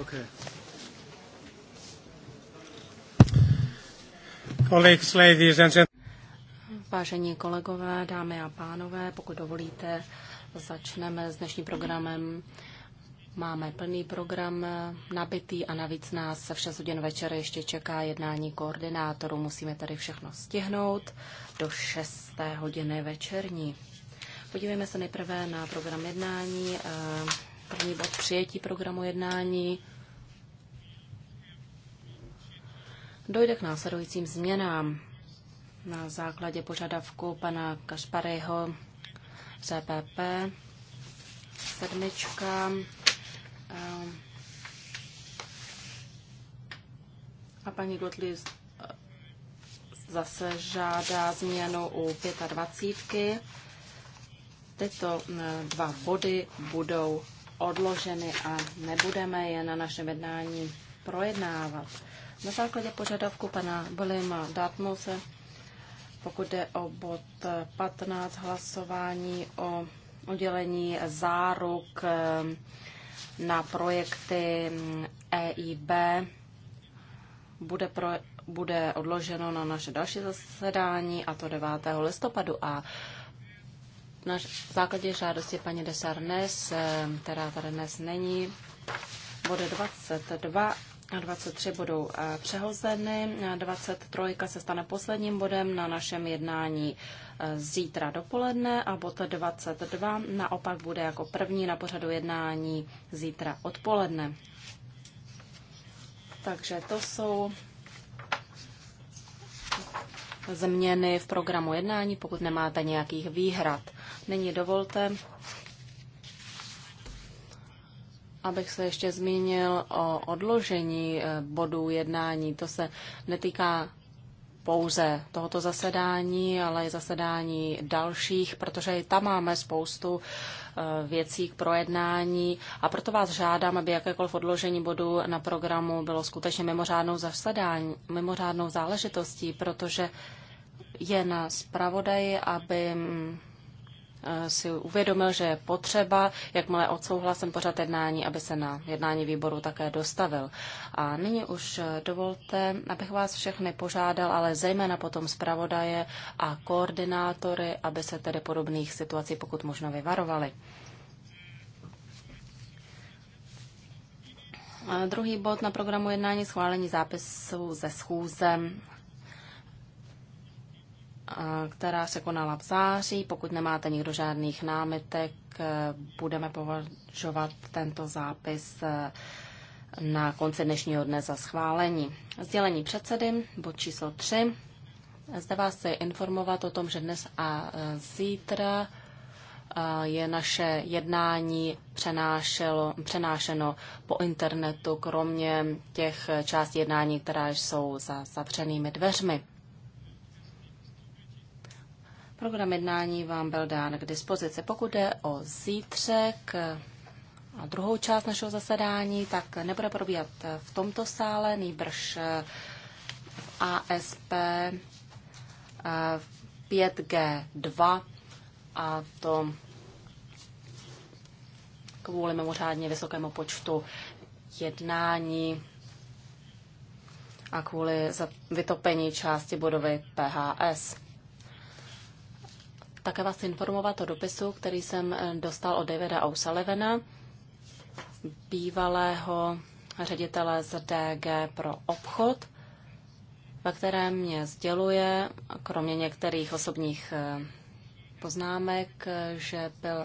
Okay. Colleagues, ladies and Vážení kolegové, dámy a pánové, pokud dovolíte, začneme s dnešním programem. Máme plný program nabitý a navíc nás se v 6 hodin večer ještě čeká jednání koordinátorů. Musíme tady všechno stihnout do 6. hodiny večerní. Podívejme se nejprve na program jednání. Eh, První bod přijetí programu jednání. Dojde k následujícím změnám. Na základě požadavku pana Kašparyho z EPP sedmička eh, a paní Gotli zase žádá změnu u 25. Tyto eh, dva body budou odloženy a nebudeme je na našem jednání projednávat. Na základě požadavku pana Belima Datmose, pokud jde o bod 15 hlasování o udělení záruk ehm, na projekty EIB, ehm, e bude, pro, bude odloženo na naše další zasedání, a to 9. listopadu. A na základě žádosti paní Desarnes, eh, která tady dnes není, body 22 a 23 budou eh, přehozeny. 23 se stane posledním bodem na našem jednání eh, zítra dopoledne a bod 22 naopak bude jako první na pořadu jednání zítra odpoledne. Takže to jsou změny v programu jednání, pokud nemáte nějakých výhrad. Nyní dovolte, abych se ještě zmínil o odložení eh, bodů jednání. To se netýká pouze tohoto zasedání, ale i zasedání dalších, protože i tam máme spoustu eh, věcí k projednání a proto vás žádám, aby jakékoliv odložení bodu na programu bylo skutečně mimořádnou zasedání, mimořádnou záležitostí, protože je na zpravodaji, aby mm, Eh, si uvědomil, že je potřeba, jakmile odsouhlasím pořad jednání, aby se na jednání výboru také dostavil. A nyní už eh, dovolte, abych vás všechny požádal, ale zejména potom zpravodaje a koordinátory, aby se tedy podobných situací pokud možno vyvarovali. A eh, druhý bod na programu jednání schválení zápisů ze schůze která se konala v září. Pokud nemáte nikdo žádných námitek, eh, budeme považovat tento zápis eh, na konci dnešního dne za schválení. Sdělení předsedy, bod číslo 3. Zde vás chci informovat o tom, že dnes a eh, zítra je naše jednání přenášeno po internetu, kromě těch částí jednání, která jsou za zavřenými dveřmi. Program jednání vám byl dán k dispozici. Pokud jde o zítřek a druhou část našeho zasedání, tak nebude probíhat v tomto sále, nejbrž v eh, ASP 5G2 eh, a to kvůli mimořádně vysokému počtu jednání a kvůli vytopení části budovy PHS také vás informovat o dopisu, který jsem eh, dostal od Davida O'Sullivana, bývalého ředitele z DG pro obchod, ve kterém mě sděluje, kromě některých osobních eh, poznámek, že byl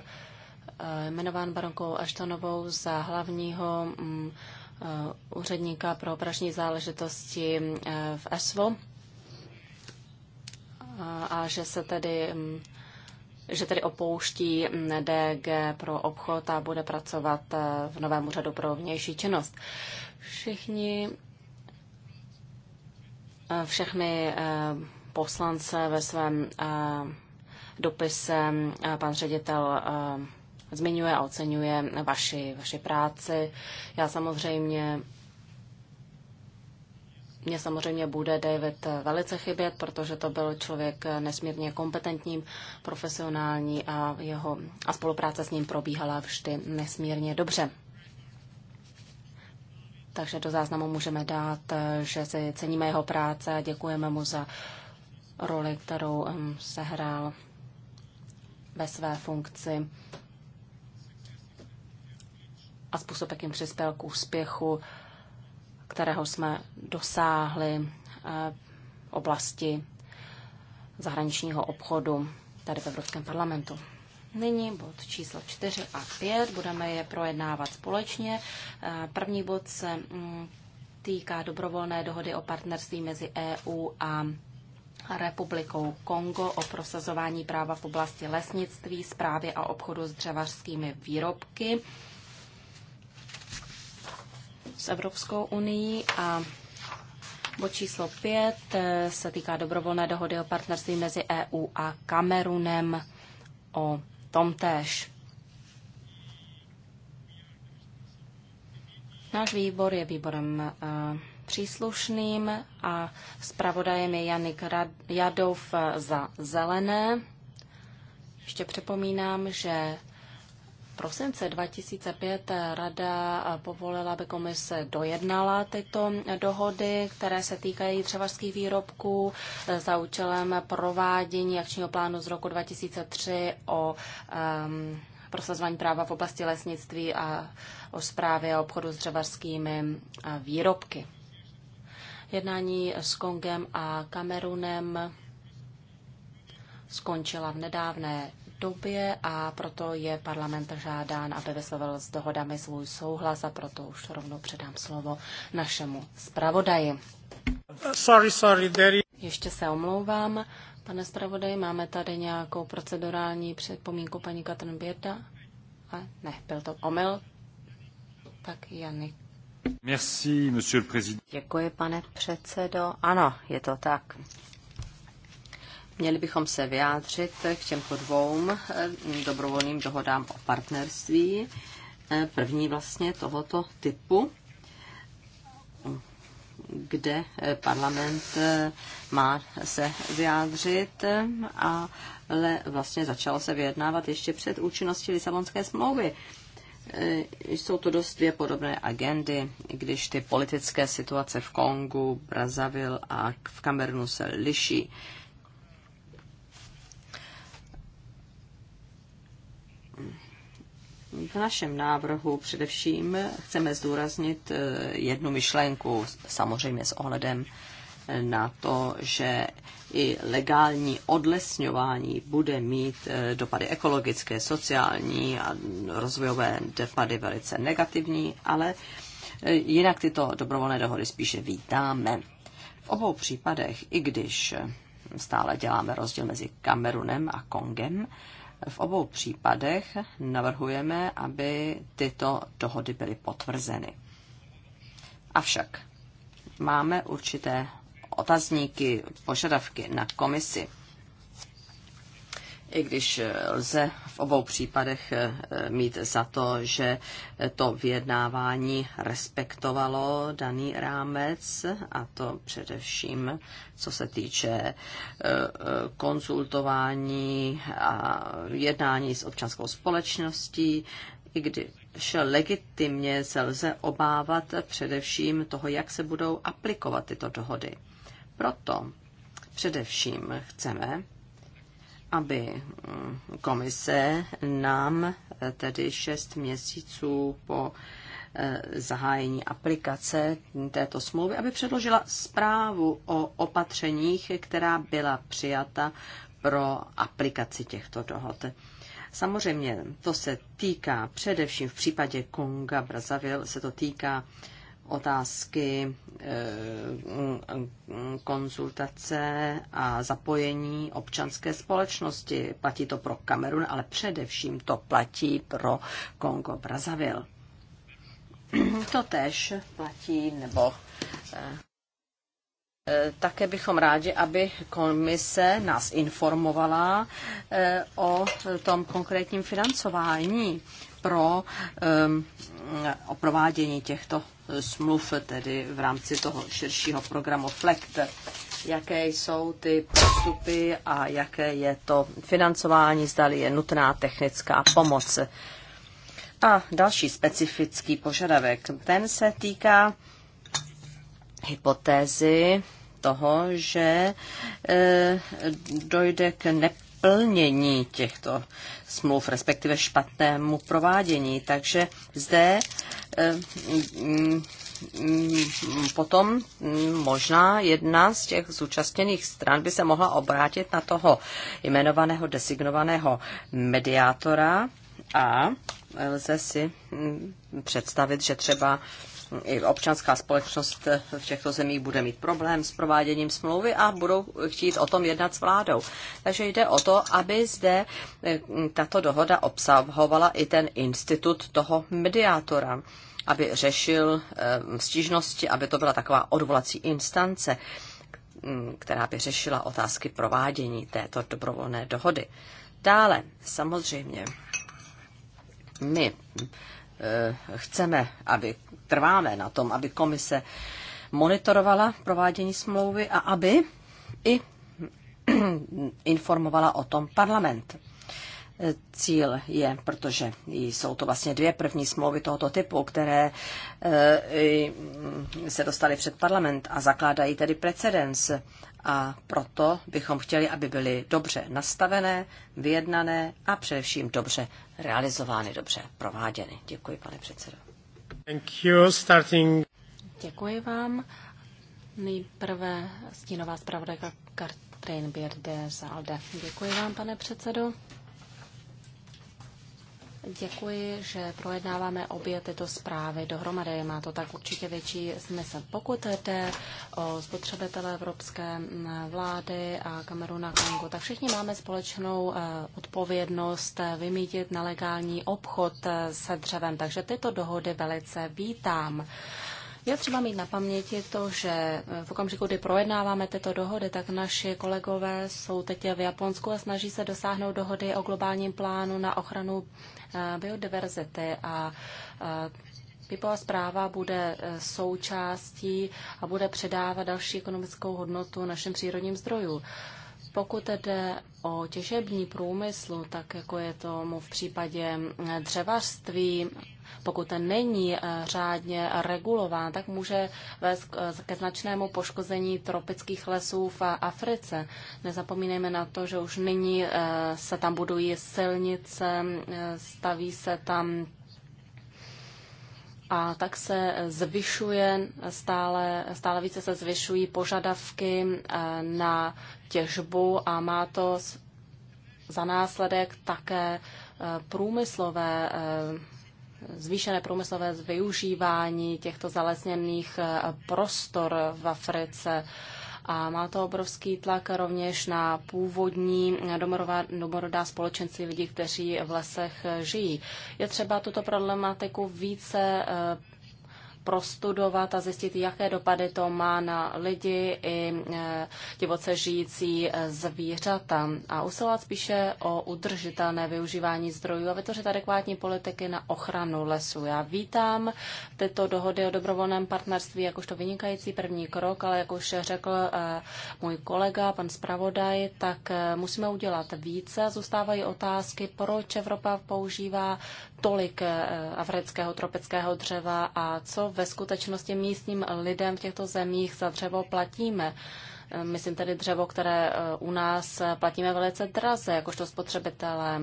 eh, jmenován baronkou Aštonovou za hlavního mm, úředníka pro operační záležitosti v ESVO a že se tedy mm, že tedy opouští DG pro obchod a bude pracovat eh, v novém úřadu pro vnější činnost. Všichni, eh, všechny eh, poslance ve svém dopise pan ředitel zmiňuje a oceňuje vaši, vaši práci. Já samozřejmě mě samozřejmě bude David velice chybět, protože to byl člověk nesmírně kompetentní, profesionální a, jeho, a spolupráce s ním probíhala vždy nesmírně dobře. Takže do záznamu můžeme dát, že si ceníme jeho práce a děkujeme mu za roli, kterou sehrál ve své funkci a způsob, jakým přispěl k úspěchu kterého jsme dosáhli eh, v oblasti zahraničního obchodu tady v Evropském parlamentu. Nyní bod číslo 4 a 5. Budeme je projednávat společně. Eh, první bod se mm, týká dobrovolné dohody o partnerství mezi EU a Republikou Kongo o prosazování práva v oblasti lesnictví, zprávy a obchodu s dřevařskými výrobky s Evropskou unii a bod číslo 5 eh, se týká dobrovolné dohody o partnerství mezi EU a Kamerunem o tom též. Náš výbor je výborem eh, příslušným a zpravodajem je Janik Jadov za zelené. Ještě připomínám, že prosince 2005 rada povolila, aby komise dojednala tyto dohody, které se týkají třevařských výrobků eh, za účelem provádění akčního plánu z roku 2003 o um, prosazování práva v oblasti lesnictví a o zprávě a obchodu s dřevařskými eh, výrobky. Jednání s Kongem a Kamerunem skončila v nedávné době a proto je parlament žádán, aby vyslovil s dohodami svůj souhlas a proto už rovnou předám slovo našemu zpravodaji. Sorry, sorry, Derry. Ještě se omlouvám. Pane zpravodaji, máme tady nějakou procedurální předpomínku paní Katrin Běrda? A ne, byl to omyl. Tak Jany. Merci, monsieur le président. Děkuji, pane předsedo. Ano, je to tak. Měli bychom se vyjádřit k těmto dvou eh, dobrovolným dohodám o partnerství. Eh, první vlastně tohoto typu, kde eh, parlament má se vyjádřit, ale vlastně začalo se vyjednávat ještě před účinností Lisabonské smlouvy. Jsou to dost dvě podobné agendy, když ty politické situace v Kongu, Brazavil a v Kamerunu se liší. V našem návrhu především chceme zdůraznit eh, jednu myšlenku, samozřejmě s ohledem na to, že i legální odlesňování bude mít eh, dopady ekologické, sociální a rozvojové dopady velice negativní, ale eh, jinak tyto dobrovolné dohody spíše vítáme. V obou případech, i když stále děláme rozdíl mezi Kamerunem a Kongem, v obou případech navrhujeme, aby tyto dohody byly potvrzeny. Avšak máme určité otazníky, požadavky na komisi i když eh, lze v obou případech eh, mít za to, že eh, to vyjednávání respektovalo daný rámec, a to především co se týče konzultování a jednání s občanskou společností, i když legitimně se lze obávat především toho, jak se budou aplikovat tyto dohody. Proto především chceme, aby mm, komise nám eh, tedy šest měsíců po eh, zahájení aplikace této smlouvy, aby předložila zprávu o opatřeních, která byla přijata pro aplikaci těchto dohod. Samozřejmě to se týká především v případě Konga Brazavil, se to týká uh, otázky eh, konzultace a zapojení občanské společnosti. Platí to pro Kamerun, ale především to platí pro Kongo Brazavil. To tež platí, nebo eh, eh, také bychom rádi, aby komise nás informovala o tom konkrétním financování pro o provádění těchto smluv, tedy v rámci toho širšího programu FLECT. Jaké jsou ty postupy a jaké je to financování, zdali je nutná technická pomoc. A další specifický požadavek, ten se týká hypotézy toho, že e, dojde k neplnění těchto smluv, respektive špatnému provádění. Takže zde potom možná jedna z těch zúčastněných stran by se mohla obrátit na toho jmenovaného, designovaného mediátora a lze si představit, že třeba i občanská společnost v těchto zemích bude mít problém s prováděním smlouvy a budou chtít o tom jednat s vládou. Takže jde o to, aby zde eh, tato dohoda obsahovala i ten institut toho mediátora aby řešil eh, stížnosti, aby to byla taková odvolací instance, mm, která by řešila otázky provádění této dobrovolné dohody. Dále, samozřejmě, my Eh, chceme, aby trváme na tom, aby komise monitorovala provádění smlouvy a aby i informovala o tom parlament cíl je, protože jsou to vlastně dvě první smlouvy tohoto typu, které eh, se dostaly před parlament a zakládají tedy precedens. A proto bychom chtěli, aby byly dobře nastavené, vyjednané a především dobře realizovány, dobře prováděny. Děkuji, pane předsedo. Thank you, starting... Děkuji vám. Nejprve stínová zpravodajka Katrin Birde z Alde. Děkuji vám, pane předsedo. Děkuji, že projednáváme obě tyto zprávy dohromady. Má to tak určitě větší smysl. Pokud jde o spotřebitele evropské mm, vlády a Kameruna Kongo, tak všichni máme společnou eh, odpovědnost eh, vymítit nelegální obchod eh, se dřevem, takže tyto dohody velice vítám. Je třeba mít na paměti to, že eh, v okamžiku, kdy projednáváme tyto dohody, tak naši kolegové jsou teď v Japonsku a snaží se dosáhnout dohody o globálním plánu na ochranu eh, biodiverzity a eh, Pipová zpráva bude součástí a bude předávat další ekonomickou hodnotu našim přírodním zdrojům. Pokud jde o těžební průmysl, tak jako je tomu v případě eh, dřevařství, pokud ten není eh, řádně regulován, tak může vést eh, ke značnému poškození tropických lesů v Africe. Nezapomínejme na to, že už nyní se tam budují silnice, staví se tam a tak se zvyšuje, stále, stále více se zvyšují požadavky eh, na těžbu a má to za následek také eh, průmyslové eh, zvýšené průmyslové využívání těchto zalesněných prostor v Africe a má to obrovský tlak rovněž na původní domorová, domorodá společenství lidí, kteří v lesech žijí. Je třeba tuto problematiku více eh, prostudovat a zjistit, jaké dopady to má na lidi i e, divoce žijící e, zvířata a usilovat spíše o udržitelné využívání zdrojů a vytvořit adekvátní politiky na ochranu lesů. Já vítám tyto dohody o dobrovolném partnerství jakožto vynikající první krok, ale jak už řekl e, můj kolega, pan zpravodaj, tak musíme udělat více. Zůstávají otázky, proč Evropa používá tolik eh, afrického tropického dřeva a co ve skutečnosti místním lidem v těchto zemích za dřevo platíme. Eh, myslím tedy dřevo, které eh, u nás platíme velice draze, jakožto spotřebitelé.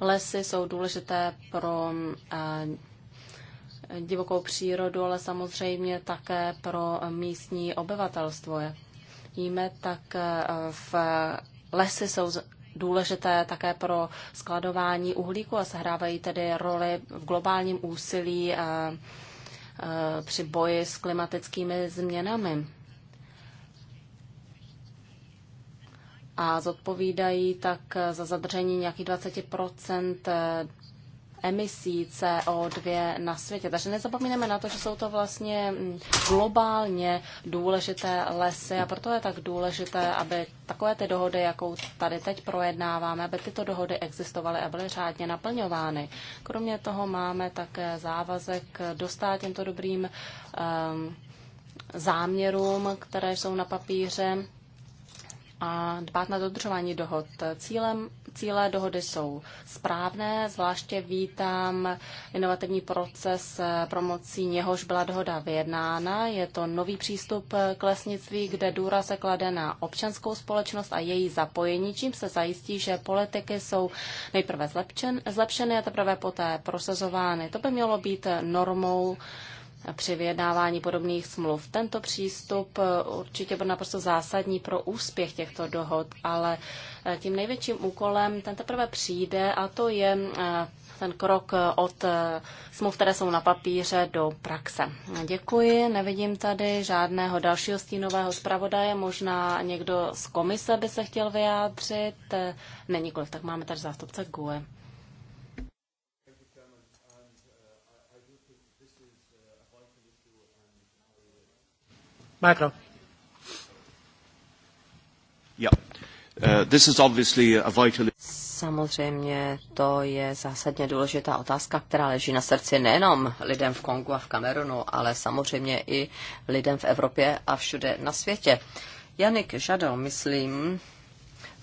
Lesy jsou důležité pro divokou přírodu, ale samozřejmě také pro místní obyvatelstvo. Víme, tak v lesy jsou důležité také pro skladování uhlíku a sehrávají tedy roli v globálním úsilí eh, eh, při boji s klimatickými změnami. A zodpovídají tak za zadržení nějakých 20 emisí CO2 na světě. Takže nezapomínáme na to, že jsou to vlastně mm, globálně důležité lesy a proto je tak důležité, aby takové ty dohody, jakou tady teď projednáváme, aby tyto dohody existovaly a byly řádně naplňovány. Kromě toho máme také závazek dostat těmto dobrým um, záměrům, které jsou na papíře a dbát na dodržování dohod. Cílem Cíle dohody jsou správné, zvláště vítám inovativní proces promocí něhož byla dohoda vyjednána. Je to nový přístup k lesnictví, kde důra se klade na občanskou společnost a její zapojení, čím se zajistí, že politiky jsou nejprve zlepšen, zlepšeny a teprve poté prosazovány. To by mělo být normou při vyjednávání podobných smluv. Tento přístup eh, určitě byl naprosto zásadní pro úspěch těchto dohod, ale eh, tím největším úkolem ten teprve přijde a to je eh, ten krok od smluv, které jsou na papíře, do praxe. Děkuji, nevidím tady žádného dalšího stínového zpravodaje, možná někdo z komise by se chtěl vyjádřit. Ne, nikoliv, tak máme tady zástupce GUE. Micro. Yeah. Uh, this is obviously a vital... Samozřejmě to je zásadně důležitá otázka, která leží na srdci nejenom lidem v Kongu a v Kamerunu, ale samozřejmě i lidem v Evropě a všude na světě. Janik Žadel, myslím,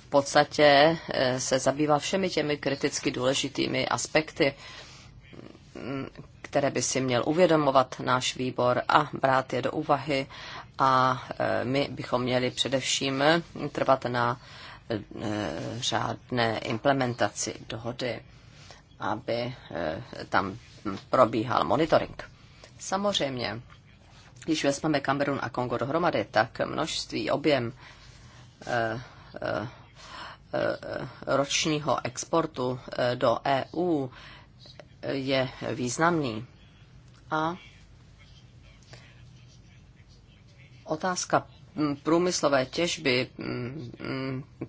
v podstatě eh, se zabývá všemi těmi kriticky důležitými aspekty, které by si měl uvědomovat náš výbor a brát je do úvahy. A e, my bychom měli především trvat na e, řádné implementaci dohody, aby e, tam probíhal monitoring. Samozřejmě, když vezmeme Kamerun a Kongo dohromady, tak množství, objem ročního exportu do EU je významný. A otázka průmyslové těžby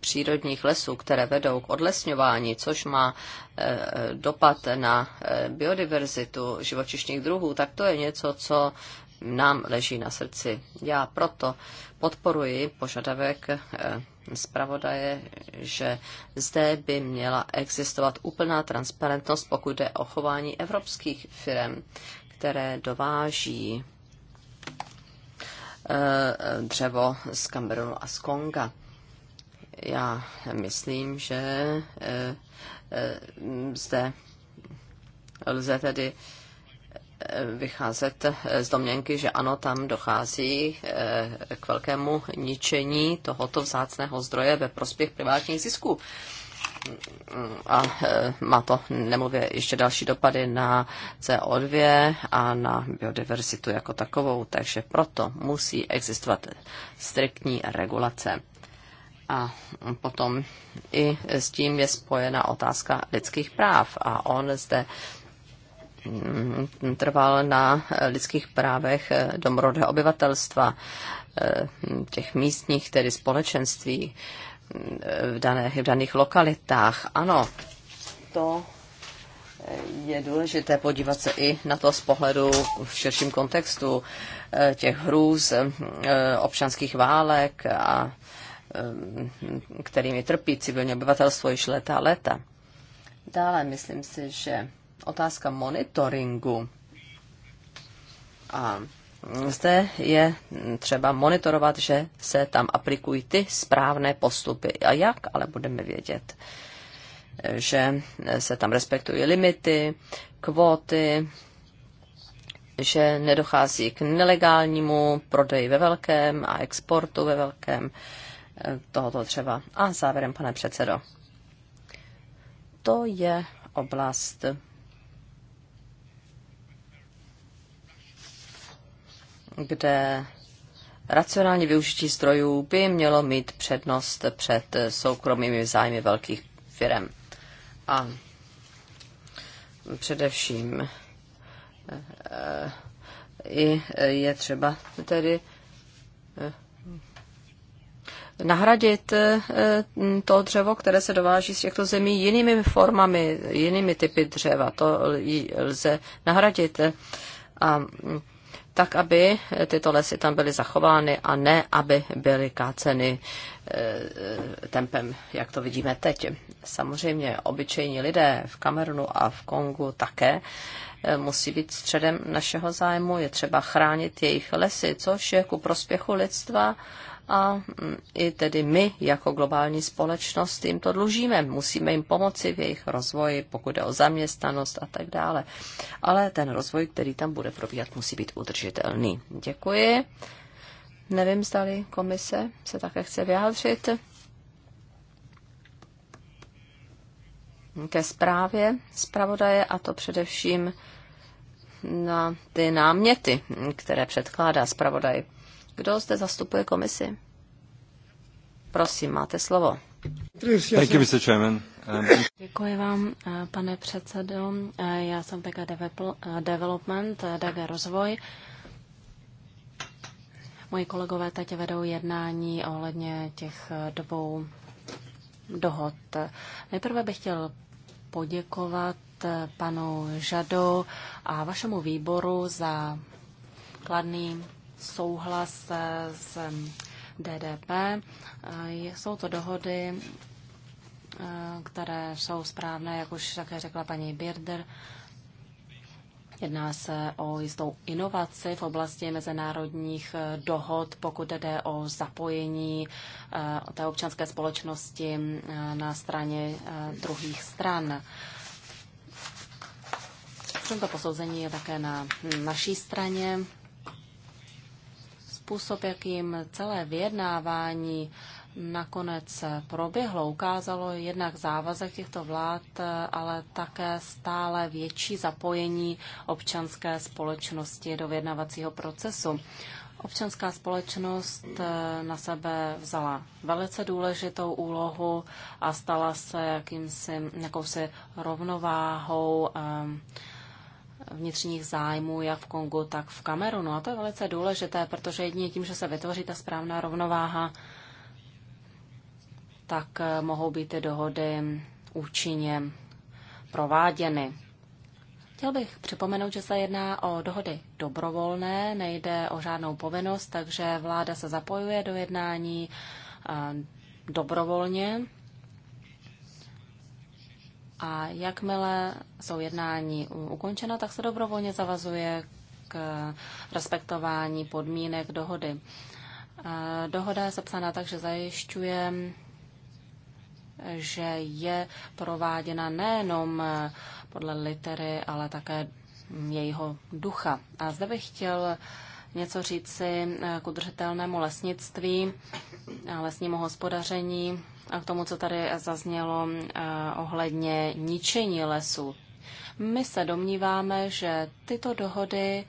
přírodních lesů, které vedou k odlesňování, což má e, dopad na e, biodiverzitu živočišních druhů, tak to je něco, co nám leží na srdci. Já proto podporuji požadavek e, zpravodaje, že zde by měla existovat úplná transparentnost, pokud jde o chování evropských firm, které dováží eh, dřevo z Kamerunu a z Konga. Já myslím, že eh, eh, zde lze tedy vycházet z domněnky, že ano, tam dochází eh, k velkému ničení tohoto vzácného zdroje ve prospěch privátních zisků a eh, má to nemluvě ještě další dopady na CO2 a na biodiverzitu jako takovou, takže proto musí existovat striktní regulace. A potom i s tím je spojena otázka lidských práv a on zde trval na lidských právech eh, domorodého obyvatelstva, eh, těch místních, tedy společenství eh, v daných, v daných lokalitách. Ano, to je důležité podívat se i na to z pohledu v širším kontextu těch hrůz, občanských válek, a kterými trpí civilní obyvatelstvo již leta a leta. Dále myslím si, že otázka monitoringu. A zde je třeba monitorovat, že se tam aplikují ty správné postupy. A jak ale budeme vědět, že se tam respektují limity, kvóty, že nedochází k nelegálnímu prodeji ve velkém a exportu ve velkém eh, tohoto třeba. A závěrem, pane předsedo, to je oblast, kde racionální využití zdrojů by mělo mít přednost před soukromými zájmy velkých firm. A především eh, eh, i je třeba tedy eh, nahradit to dřevo, které se dováží z těchto zemí jinými formami, jinými typy dřeva. To lze nahradit. A hm, tak aby tyto lesy tam byly zachovány a ne, aby byly káceny eh, tempem, jak to vidíme teď. Samozřejmě obyčejní lidé v Kamerunu a v Kongu také eh, musí být středem našeho zájmu. Je třeba chránit jejich lesy, což je ku prospěchu lidstva a mm, i tedy my jako globální společnost jim to dlužíme. Musíme jim pomoci v jejich rozvoji, pokud jde o zaměstnanost a tak dále. Ale ten rozvoj, který tam bude probíhat, musí být udržitelný. Děkuji. Nevím, zdali komise se také chce vyjádřit ke zprávě zpravodaje, a to především na ty náměty, které předkládá zpravodaj. Kdo zde zastupuje komisi? Prosím, máte slovo. Um, Děkuji vám, eh, pane předsedo. Eh, já jsem DG eh, Development, DG Rozvoj. Moji kolegové teď vedou jednání ohledně těch dvou dohod. Nejprve bych chtěl poděkovat panu Žado a vašemu výboru za kladný souhlas eh, s DDP. Eh, jsou to dohody, eh, které jsou správné, jak už také řekla paní Birder. Jedná se o jistou inovaci v oblasti mezinárodních dohod, pokud jde o zapojení té občanské společnosti na straně druhých stran. V tomto posouzení je také na naší straně způsob, jakým celé vyjednávání nakonec proběhlo, ukázalo jednak závazek těchto vlád, ale také stále větší zapojení občanské společnosti do vyjednavacího procesu. Občanská společnost eh, na sebe vzala velice důležitou úlohu a stala se jakýmsi, jakousi rovnováhou eh, vnitřních zájmů jak v Kongu, tak v Kamerunu. A to je velice důležité, protože jedině tím, že se vytvoří ta správná rovnováha, tak eh, mohou být ty dohody účinně prováděny. Chtěl bych připomenout, že se jedná o dohody dobrovolné, nejde o žádnou povinnost, takže vláda se zapojuje do jednání eh, dobrovolně a jakmile jsou jednání ukončena, tak se dobrovolně zavazuje k respektování podmínek dohody. Dohoda je sepsána tak, že zajišťuje, že je prováděna nejenom podle litery, ale také jejího ducha. A zde bych chtěl něco říci k udržitelnému lesnictví, lesnímu hospodaření k tomu, co tady zaznělo eh, ohledně ničení lesů. My se domníváme, že tyto dohody,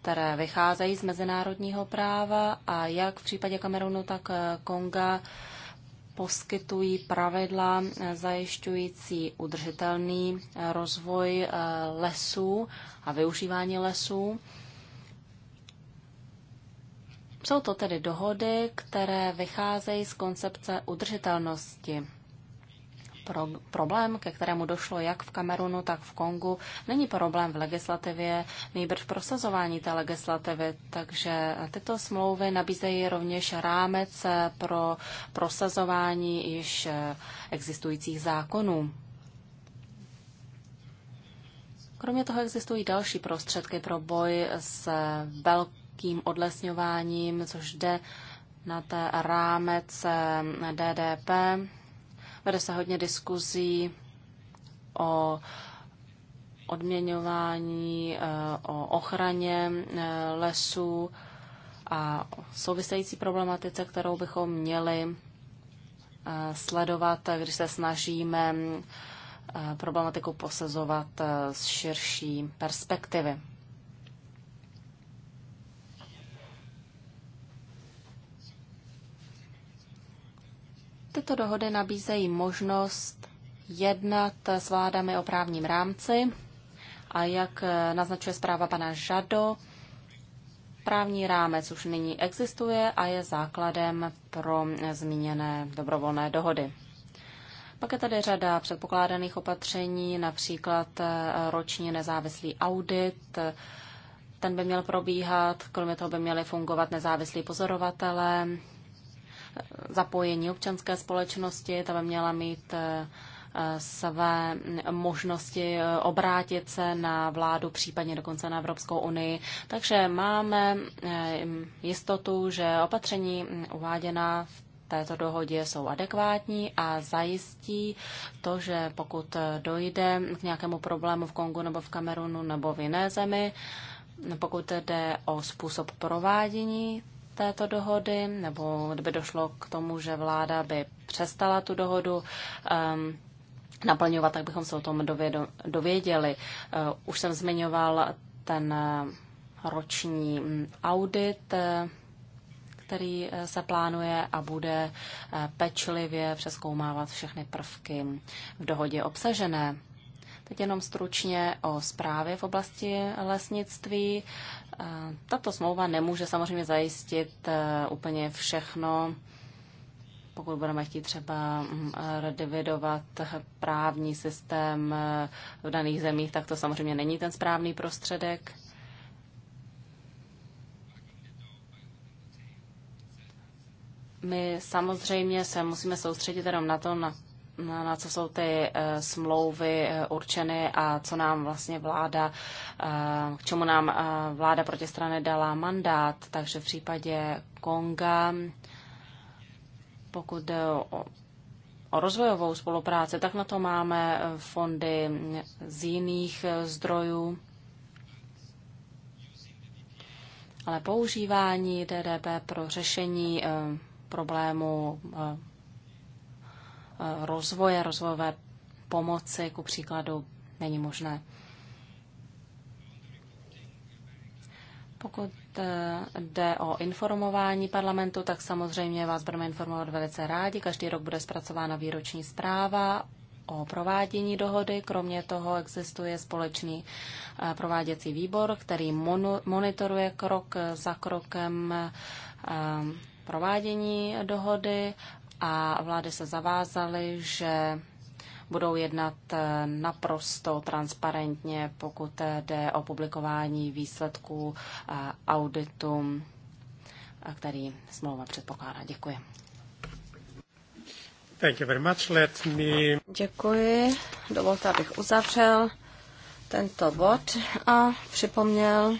které vycházejí z mezinárodního práva a jak v případě Kamerunu, tak eh, Konga, poskytují pravidla eh, zajišťující udržitelný rozvoj lesů a využívání lesů. Jsou to tedy dohody, které vycházejí z koncepce udržitelnosti. Pro, problém, ke kterému došlo jak v Kamerunu, tak v Kongu, není problém v legislativě, nejbrž v prosazování té legislativy. Takže tyto smlouvy nabízejí rovněž rámec pro prosazování již existujících zákonů. Kromě toho existují další prostředky pro boj s velkou tím odlesňováním, což jde na té rámec eh, DDP. Vede se hodně diskuzí o odměňování, eh, o ochraně eh, lesů a související problematice, kterou bychom měli sledovat, když se snažíme problematiku posazovat z širší perspektivy. tyto dohody nabízejí možnost jednat s vládami o právním rámci a jak eh, naznačuje zpráva pana Žado, právní rámec už nyní existuje a je základem pro eh, zmíněné dobrovolné dohody. Pak je tady řada předpokládaných opatření, například eh, roční nezávislý audit, ten by měl probíhat, kromě toho by měly fungovat nezávislí pozorovatelé, zapojení občanské společnosti, ta by měla mít eh, své možnosti eh, obrátit se na vládu, případně dokonce na Evropskou unii. Takže máme eh, jistotu, že opatření hm, uváděná v této dohodě jsou adekvátní a zajistí to, že pokud dojde k nějakému problému v Kongu nebo v Kamerunu nebo v jiné zemi, pokud jde o způsob provádění této dohody, nebo kdyby došlo k tomu, že vláda by přestala tu dohodu um, naplňovat, tak bychom se o tom dověděli. Uh, už jsem zmiňoval ten eh, roční mm, audit, eh, který se plánuje a bude pečlivě přeskoumávat všechny prvky v dohodě obsažené. Teď jenom stručně o zprávě v oblasti lesnictví. Tato smlouva nemůže samozřejmě zajistit e, úplně všechno, pokud budeme chtít třeba mm, revidovat právní systém e, v daných zemích, tak to samozřejmě není ten správný prostředek. My samozřejmě se musíme soustředit jenom na to, na na co jsou ty eh, smlouvy eh, určeny a co nám vlastně vláda, eh, k čemu nám vláda protistrany dala mandát. Takže v případě Konga, pokud jde o o rozvojovou spolupráci, tak na to máme fondy z jiných zdrojů. Ale používání DDP pro řešení problému rozvoje, rozvojové pomoci, ku příkladu, není možné. Pokud eh, jde o informování parlamentu, tak samozřejmě vás budeme informovat velice rádi. Každý rok bude zpracována výroční zpráva o provádění dohody. Kromě toho existuje společný eh, prováděcí výbor, který monitoruje krok eh, za krokem provádění dohody a vlády se zavázaly, že budou jednat eh, naprosto transparentně, pokud eh, jde o publikování výsledků eh, auditu, který smlouva předpokládá. Děkuji. Thank you very much. Let me... Děkuji. Dovolte, abych uzavřel tento bod a připomněl,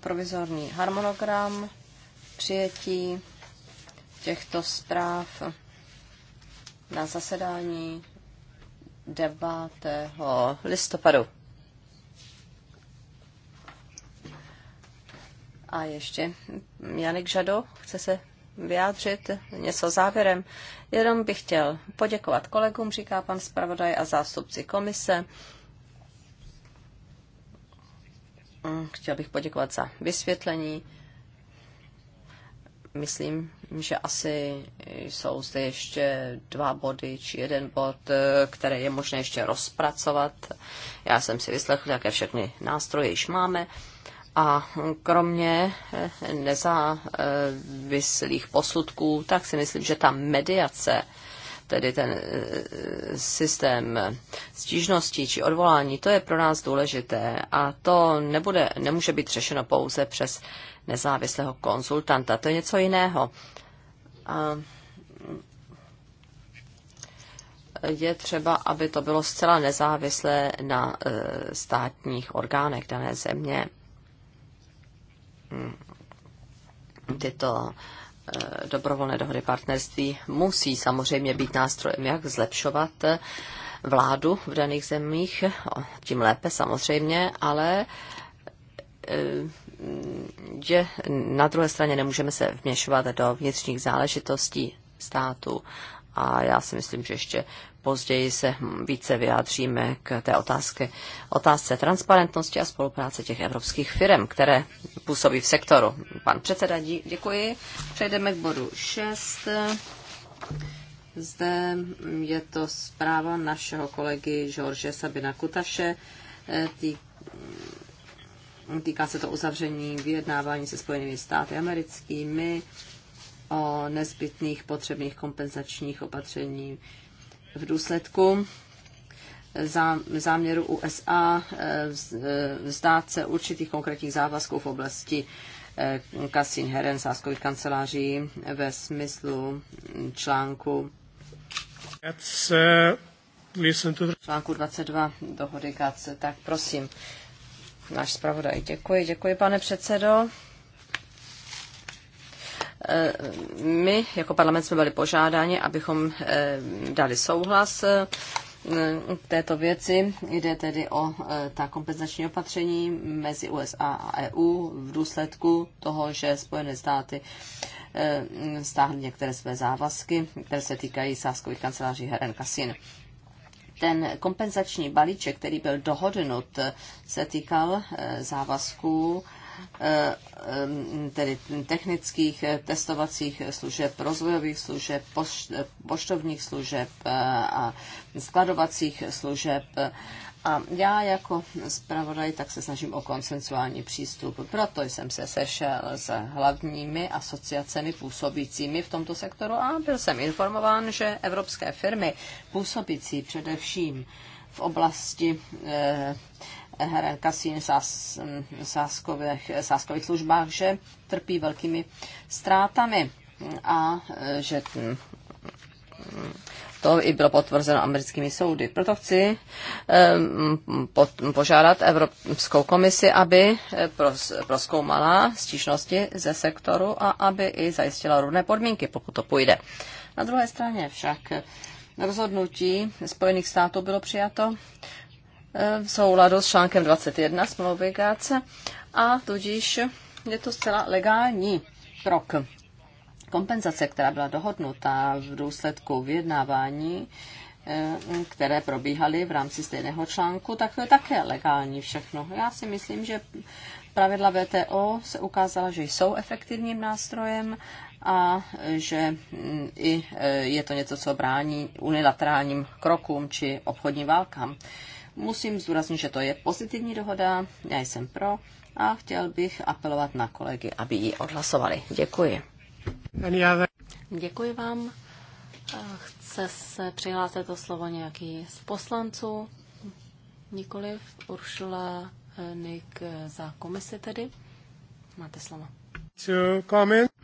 provizorní harmonogram přijetí těchto zpráv na zasedání 9. listopadu. A ještě Janik Žado chce se vyjádřit něco závěrem. Jenom bych chtěl poděkovat kolegům, říká pan zpravodaj a zástupci komise Chtěl bych poděkovat za vysvětlení. Myslím, že asi jsou zde ještě dva body či jeden bod, které je možné ještě rozpracovat. Já jsem si vyslechl, jaké všechny nástroje již máme. A kromě eh, nezávislých posudků, tak si myslím, že ta mediace tedy ten eh, systém stížností či odvolání, to je pro nás důležité a to nebude, nemůže být řešeno pouze přes nezávislého konzultanta. To je něco jiného. A mm, je třeba, aby to bylo zcela nezávislé na eh, státních orgánech dané země. Mm, tyto dobrovolné dohody partnerství musí samozřejmě být nástrojem, jak zlepšovat eh, vládu v daných zemích, tím lépe samozřejmě, ale že eh, na druhé straně nemůžeme se vměšovat do vnitřních záležitostí státu a já si myslím, že ještě později se více vyjádříme k té otázce, otázce transparentnosti a spolupráce těch evropských firm, které působí v sektoru. Pan předseda, děkuji. Přejdeme k bodu 6. Zde je to zpráva našeho kolegy George Sabina Kutaše. Týká se to uzavření vyjednávání se Spojenými státy americkými o nezbytných potřebných kompenzačních opatření v důsledku záměru USA eh, eh, vzdát se určitých konkrétních závazků v oblasti eh, kasin heren sáskových kanceláří ve smyslu článku článku 22 dohody GATS. Tak prosím, náš zpravodaj. Děkuji, děkuji pane předsedo my jako parlament jsme byli požádáni, abychom eh, dali souhlas eh, k této věci. Jde tedy o eh, ta kompenzační opatření mezi USA a EU v důsledku toho, že Spojené státy stáhly některé své závazky, které se týkají sáskových kanceláří heren kasin. Ten kompenzační balíček, který byl dohodnut, se týkal závazků Eh, tedy technických eh, testovacích služeb, rozvojových služeb, eh, poštovních služeb a skladovacích služeb. A já jako zpravodaj tak se snažím o konsensuální přístup. Proto jsem se sešel s hlavními asociacemi působícími v tomto sektoru a byl jsem informován, že evropské firmy působící především v oblasti eh, heren kasín sáskových, sáskových službách, že trpí velkými ztrátami a že to i bylo potvrzeno americkými soudy. Proto chci požádat Evropskou komisi, aby eh, proskoumala stížnosti ze sektoru a aby i zajistila rovné podmínky, pokud to půjde. Na druhé straně však rozhodnutí Spojených států bylo přijato v souladu s článkem 21 smlouvy GAC a tudíž je to zcela legální krok. Kompenzace, která byla dohodnuta v důsledku vyjednávání, eh, které probíhaly v rámci stejného článku, tak to je také legální všechno. Já si myslím, že pravidla VTO se ukázala, že jsou efektivním nástrojem a že mm, i eh, je to něco, co brání unilaterálním krokům či obchodním válkám. Musím zdůraznit, že to je pozitivní dohoda, já jsem pro a chtěl bych apelovat na kolegy, aby ji odhlasovali. Děkuji. Děkuji vám. Chce se přihlásit to slovo nějaký z poslanců? Nikoliv. Uršula Nik za komisi tedy. Máte slovo.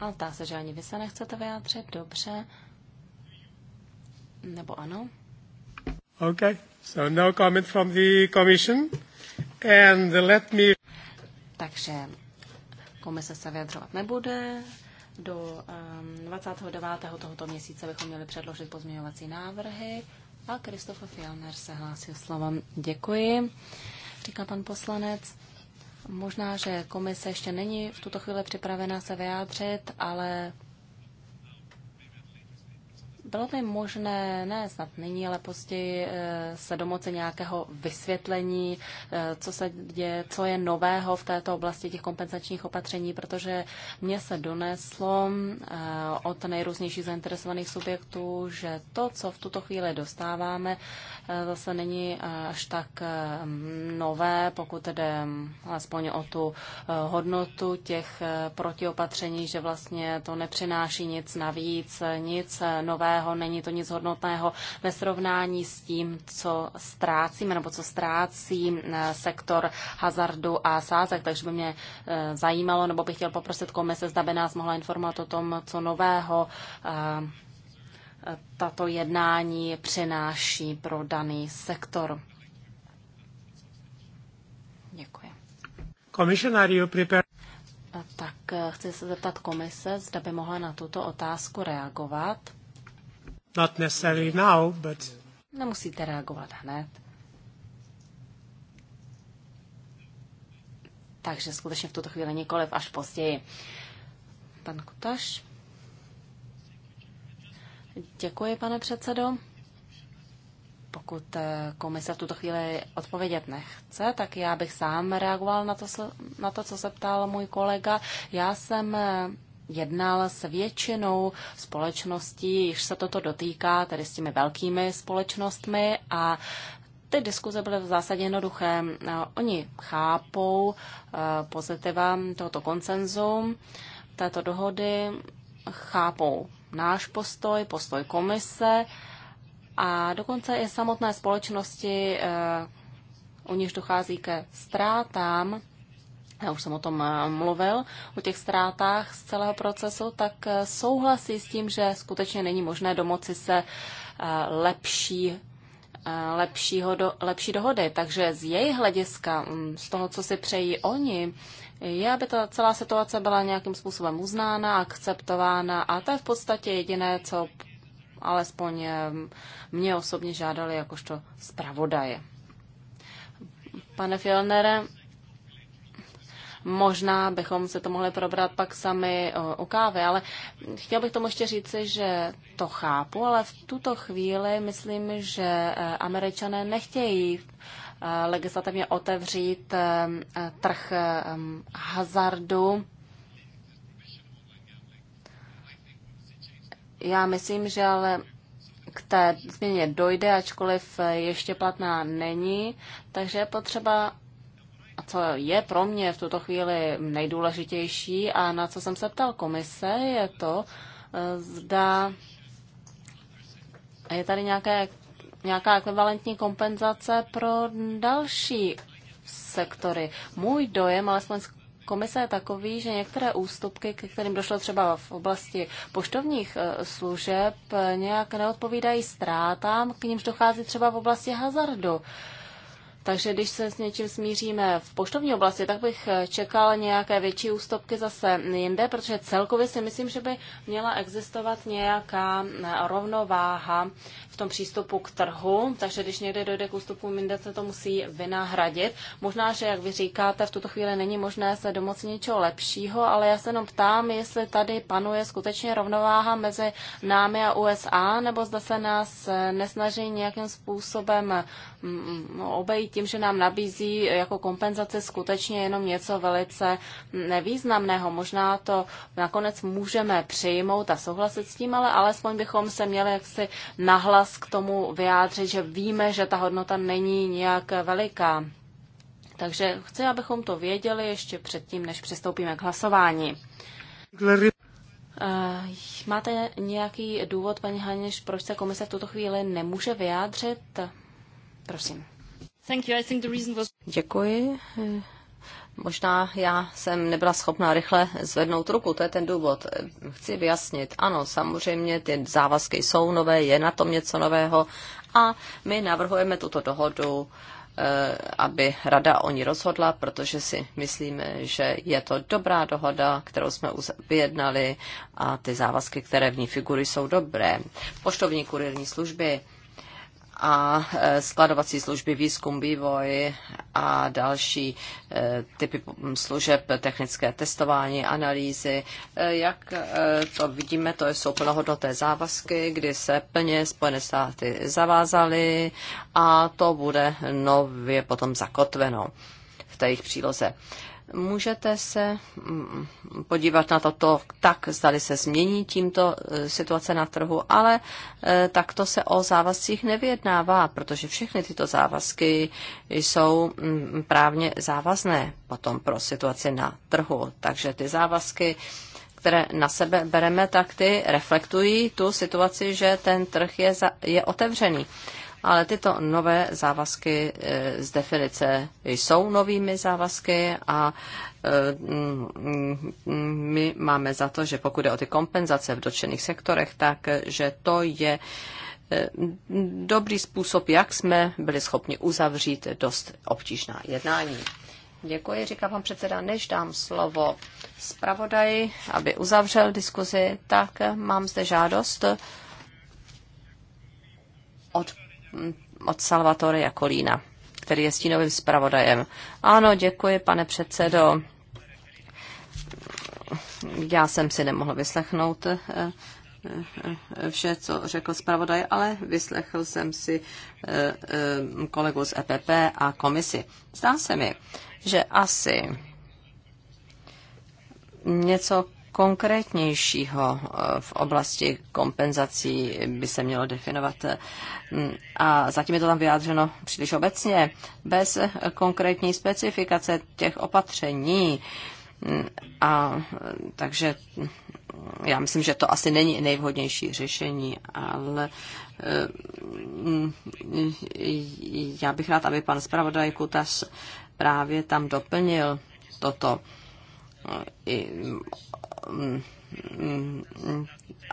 Ale tá se, že ani vy se nechcete vyjádřit. Dobře. Nebo ano? Okay. So no comment from the commission. And let me... Takže komise se vyjadřovat nebude. Do um, ehm, 29. tohoto měsíce bychom měli předložit pozměňovací návrhy. A Kristof Fjellner se hlásil slovem. Děkuji, říká pan poslanec. Možná, že komise ještě není v tuto chvíli připravená se vyjádřit, ale bylo by možné, ne snad nyní, ale později eh, se domoci nějakého vysvětlení, eh, co se děje, co je nového v této oblasti těch kompenzačních opatření, protože mě se doneslo eh, od nejrůznějších zainteresovaných subjektů, že to, co v tuto chvíli dostáváme, zase není až tak nové, pokud jde hm, aspoň o tu hodnotu těch protiopatření, že vlastně to nepřináší nic navíc, nic nového celého, není to nic hodnotného ve srovnání s tím, co ztrácíme nebo co ztrácí eh, sektor hazardu a sázek. Takže by mě eh, zajímalo, nebo bych chtěl poprosit komise, zda by nás mohla informovat o tom, co nového eh, tato jednání přináší pro daný sektor. Děkuji. Komisionáriu Tak chci se zeptat komise, zda by mohla na tuto otázku reagovat. Not necessarily now, but... Nemusíte reagovat hned. Takže skutečně v tuto chvíli nikoliv až později. Pan Kutaš. Děkuji, pane předsedo. Pokud eh, komise v tuto chvíli odpovědět nechce, tak já bych sám reagoval na to, na to co se ptal můj kolega. Já jsem eh, jednal s většinou společností, již se toto dotýká, tedy s těmi velkými společnostmi a ty diskuze byly v zásadě jednoduché. Oni chápou eh, pozitiva tohoto koncenzu, této dohody, chápou náš postoj, postoj komise a dokonce i samotné společnosti, eh, u nich dochází ke ztrátám, já už jsem o tom eh, mluvil, o těch ztrátách z celého procesu, tak eh, souhlasí s tím, že skutečně není možné domoci se eh, lepší lepšího do, lepší dohody. Takže z jejich hlediska, mm, z toho, co si přejí oni, je, aby ta celá situace byla nějakým způsobem uznána, akceptována a to je v podstatě jediné, co alespoň mě osobně žádali jakožto zpravodaje. Pane Fjellnere, Možná bychom se to mohli probrat pak sami u eh, kávy, ale chtěl bych tomu ještě říci, že to chápu, ale v tuto chvíli myslím, že eh, američané nechtějí eh, legislativně otevřít trh hazardu. Já myslím, že ale k té změně dojde, ačkoliv ještě platná není, takže je potřeba co je pro mě v tuto chvíli nejdůležitější a na co jsem se ptal komise, je to, eh, zda je tady nějaké, nějaká ekvivalentní kompenzace pro další sektory. Můj dojem, alespoň z komise je takový, že některé ústupky, ke kterým došlo třeba v oblasti poštovních eh, služeb, eh, nějak neodpovídají ztrátám, k nímž dochází třeba v oblasti hazardu. Takže když se s něčím smíříme v poštovní oblasti, tak bych čekal nějaké větší ústupky zase jinde, protože celkově si myslím, že by měla existovat nějaká rovnováha tom přístupu k trhu, takže když někde dojde k ústupu, jinde se to musí vynahradit. Možná, že jak vy říkáte, v tuto chvíli není možné se domoci něčeho lepšího, ale já se jenom ptám, jestli tady panuje skutečně rovnováha mezi námi a USA, nebo zda se nás eh, nesnaží nějakým způsobem mm, mm, no, obejít tím, že nám nabízí jako kompenzaci skutečně jenom něco velice nevýznamného. Možná to nakonec můžeme přijmout a souhlasit s tím, ale alespoň bychom se měli jaksi nahlas vás k tomu vyjádřit, že víme, že ta hodnota není nějak veliká. Takže chci, abychom to věděli ještě předtím, než přistoupíme k hlasování. Eh, máte nějaký důvod, paní Haněš, proč se komise v tuto chvíli nemůže vyjádřit? Prosím. Děkuji. Možná já jsem nebyla schopná rychle zvednout ruku, to je ten důvod. Chci vyjasnit, ano, samozřejmě ty závazky jsou nové, je na tom něco nového a my navrhujeme tuto dohodu, eh, aby rada o ní rozhodla, protože si myslíme, že je to dobrá dohoda, kterou jsme vyjednali a ty závazky, které v ní figury, jsou dobré. Poštovní kurierní služby a e, skladovací služby, výzkum, vývoj a další e, typy služeb, technické testování, analýzy. E, jak to vidíme, to jsou plnohodnoté závazky, kdy se plně Spojené státy zavázaly a to bude nově potom zakotveno v té jejich příloze. Můžete se mm, podívat na toto tak, zdali se změní tímto e, situace na trhu, ale e, takto se o závazcích nevyjednává, protože všechny tyto závazky jsou mm, právně závazné potom pro situaci na trhu. Takže ty závazky které na sebe bereme, tak ty reflektují tu situaci, že ten trh je, za, je otevřený ale tyto nové závazky e, z definice jsou novými závazky a e, mm, mm, my máme za to, že pokud je o ty kompenzace v dotčených sektorech, tak že to je e, dobrý způsob, jak jsme byli schopni uzavřít dost obtížná jednání. Děkuji, říká pan předseda. Než dám slovo zpravodaji, aby uzavřel diskuzi, tak mám zde žádost od od Salvatore Jakolína, který je stínovým zpravodajem. Ano, děkuji, pane předsedo. Já jsem si nemohl vyslechnout eh, eh, vše, co řekl zpravodaj, ale vyslechl jsem si eh, kolegu z EPP a komisi. Zdá se mi, že asi něco konkrétnějšího eh, v oblasti kompenzací by se mělo definovat. Mm, a zatím je to tam vyjádřeno příliš obecně, bez konkrétní specifikace těch opatření. Mm, a takže mm, já myslím, že to asi není nejvhodnější řešení, ale eh, já bych rád, aby pan zpravodaj Kutas právě tam doplnil toto i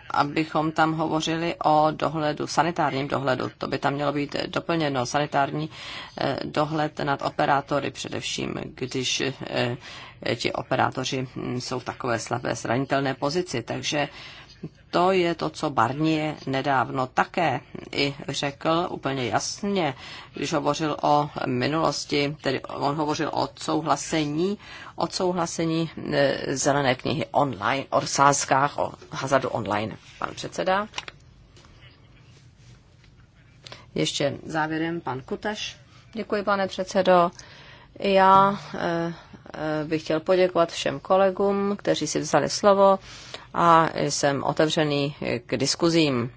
abychom tam hovořili o dohledu, sanitárním dohledu. To by tam mělo být doplněno, sanitární eh, dohled nad operátory především, když eh, ti operátoři hm, jsou v takové slabé, zranitelné pozici. Takže to je to, co Barnier nedávno také i řekl úplně jasně, když hovořil o minulosti, tedy on hovořil o souhlasení, o souhlasení e, zelené knihy online, o sázkách, o hazardu online. Pan předseda. Ještě závěrem pan Kutaš. Děkuji, pane předsedo. Já e, e, bych chtěl poděkovat všem kolegům, kteří si vzali slovo a jsem otevřený k diskuzím,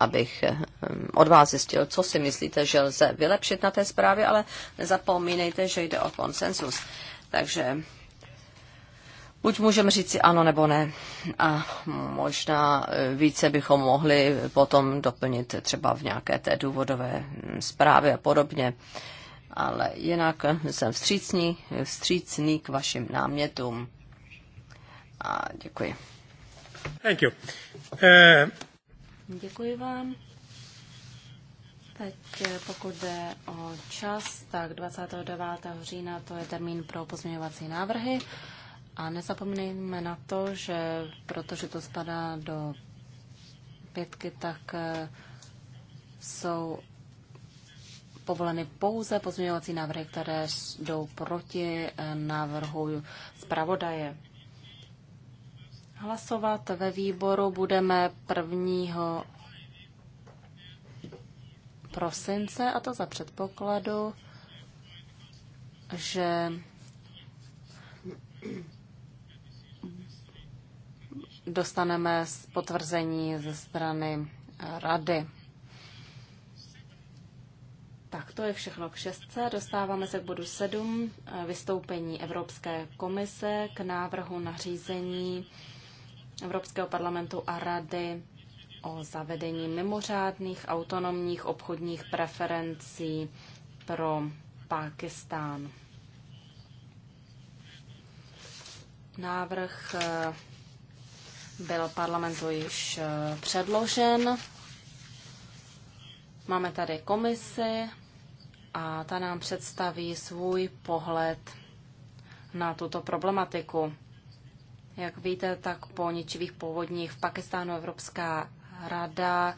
abych ehm, od vás zjistil, co si myslíte, že lze vylepšit na té zprávě, ale nezapomínejte, že jde o konsensus. Takže Buď můžeme říct si ano nebo ne. A možná eh, více bychom mohli potom doplnit třeba v nějaké té důvodové hm, zprávě a podobně. Ale jinak jsem vstřícný, vstřícný k vašim námětům. A děkuji. Thank you. Uh... Děkuji vám. Teď eh, pokud jde o čas, tak 29. října to je termín pro pozměňovací návrhy. A nezapomeňme na to, že protože to spadá do pětky, tak eh, jsou povoleny pouze pozměňovací návrhy, které jdou proti návrhu zpravodaje. Hlasovat ve výboru budeme 1. prosince a to za předpokladu, že dostaneme potvrzení ze strany rady. Tak to je všechno k šestce. Dostáváme se k bodu sedm: vystoupení Evropské komise k návrhu nařízení Evropského parlamentu a rady o zavedení mimořádných autonomních obchodních preferencí pro Pákistán. Návrh eh, byl parlamentu již eh, předložen. Máme tady komisi a ta nám představí svůj pohled na tuto problematiku. Jak víte, tak po ničivých povodních v Pakistánu Evropská rada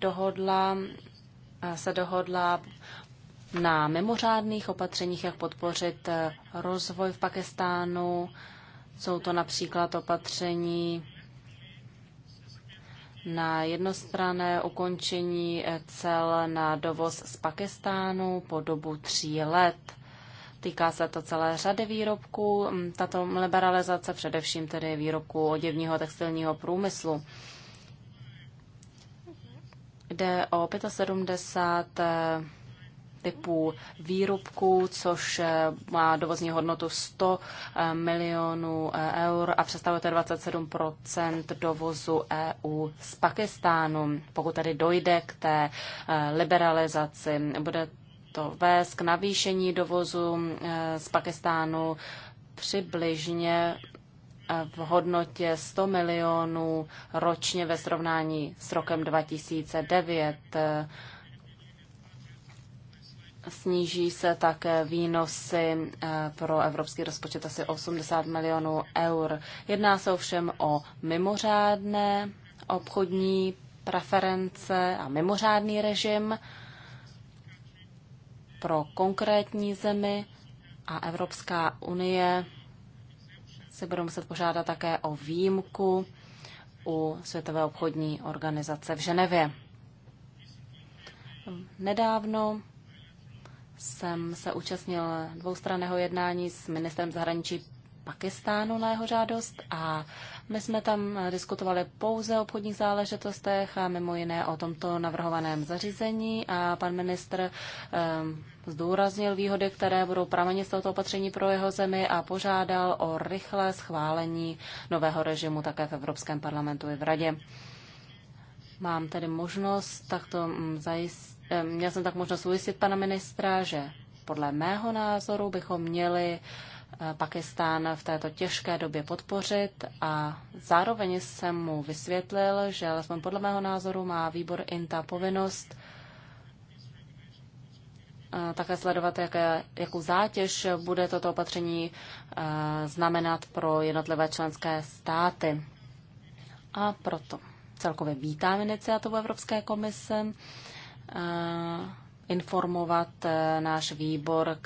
dohodla, eh, se dohodla na mimořádných opatřeních, jak podpořit eh, rozvoj v Pakistánu. Jsou to například opatření na jednostrané ukončení eh, cel na dovoz z Pakistánu po dobu tří let. Týká se to celé řady výrobků, mm, tato liberalizace především tedy výrobků oděvního textilního průmyslu. Jde o 75 eh, typů výrobků, což eh, má dovozní hodnotu 100 eh, milionů eur a představuje 27 dovozu EU z Pakistánu. Pokud tedy dojde k té liberalizaci, bude to vést k navýšení dovozu eh, z Pakistánu přibližně eh, v hodnotě 100 milionů ročně ve srovnání s rokem 2009. Eh, sníží se také výnosy pro evropský rozpočet asi 80 milionů eur. Jedná se ovšem o mimořádné obchodní preference a mimořádný režim pro konkrétní zemi a Evropská unie se budou muset požádat také o výjimku u Světové obchodní organizace v Ženevě. Nedávno jsem se účastnil dvoustraného jednání s ministrem zahraničí Pakistánu na jeho žádost a my jsme tam diskutovali pouze o obchodních záležitostech a mimo jiné o tomto navrhovaném zařízení a pan ministr ehm, zdůraznil výhody, které budou pramenit z tohoto opatření pro jeho zemi a požádal o rychlé schválení nového režimu také v Evropském parlamentu i v Radě. Mám tedy možnost takto mm, zajistit, eh, měl jsem tak možnost ujistit pana ministra, že podle mého názoru bychom měli eh, Pakistán v této těžké době podpořit a zároveň jsem mu vysvětlil, že alespoň podle mého názoru má výbor INTA povinnost také sledovat, jaké, jakou zátěž bude toto opatření znamenat pro jednotlivé členské státy. A proto celkově vítám iniciativu Evropské komise informovat e, náš výbor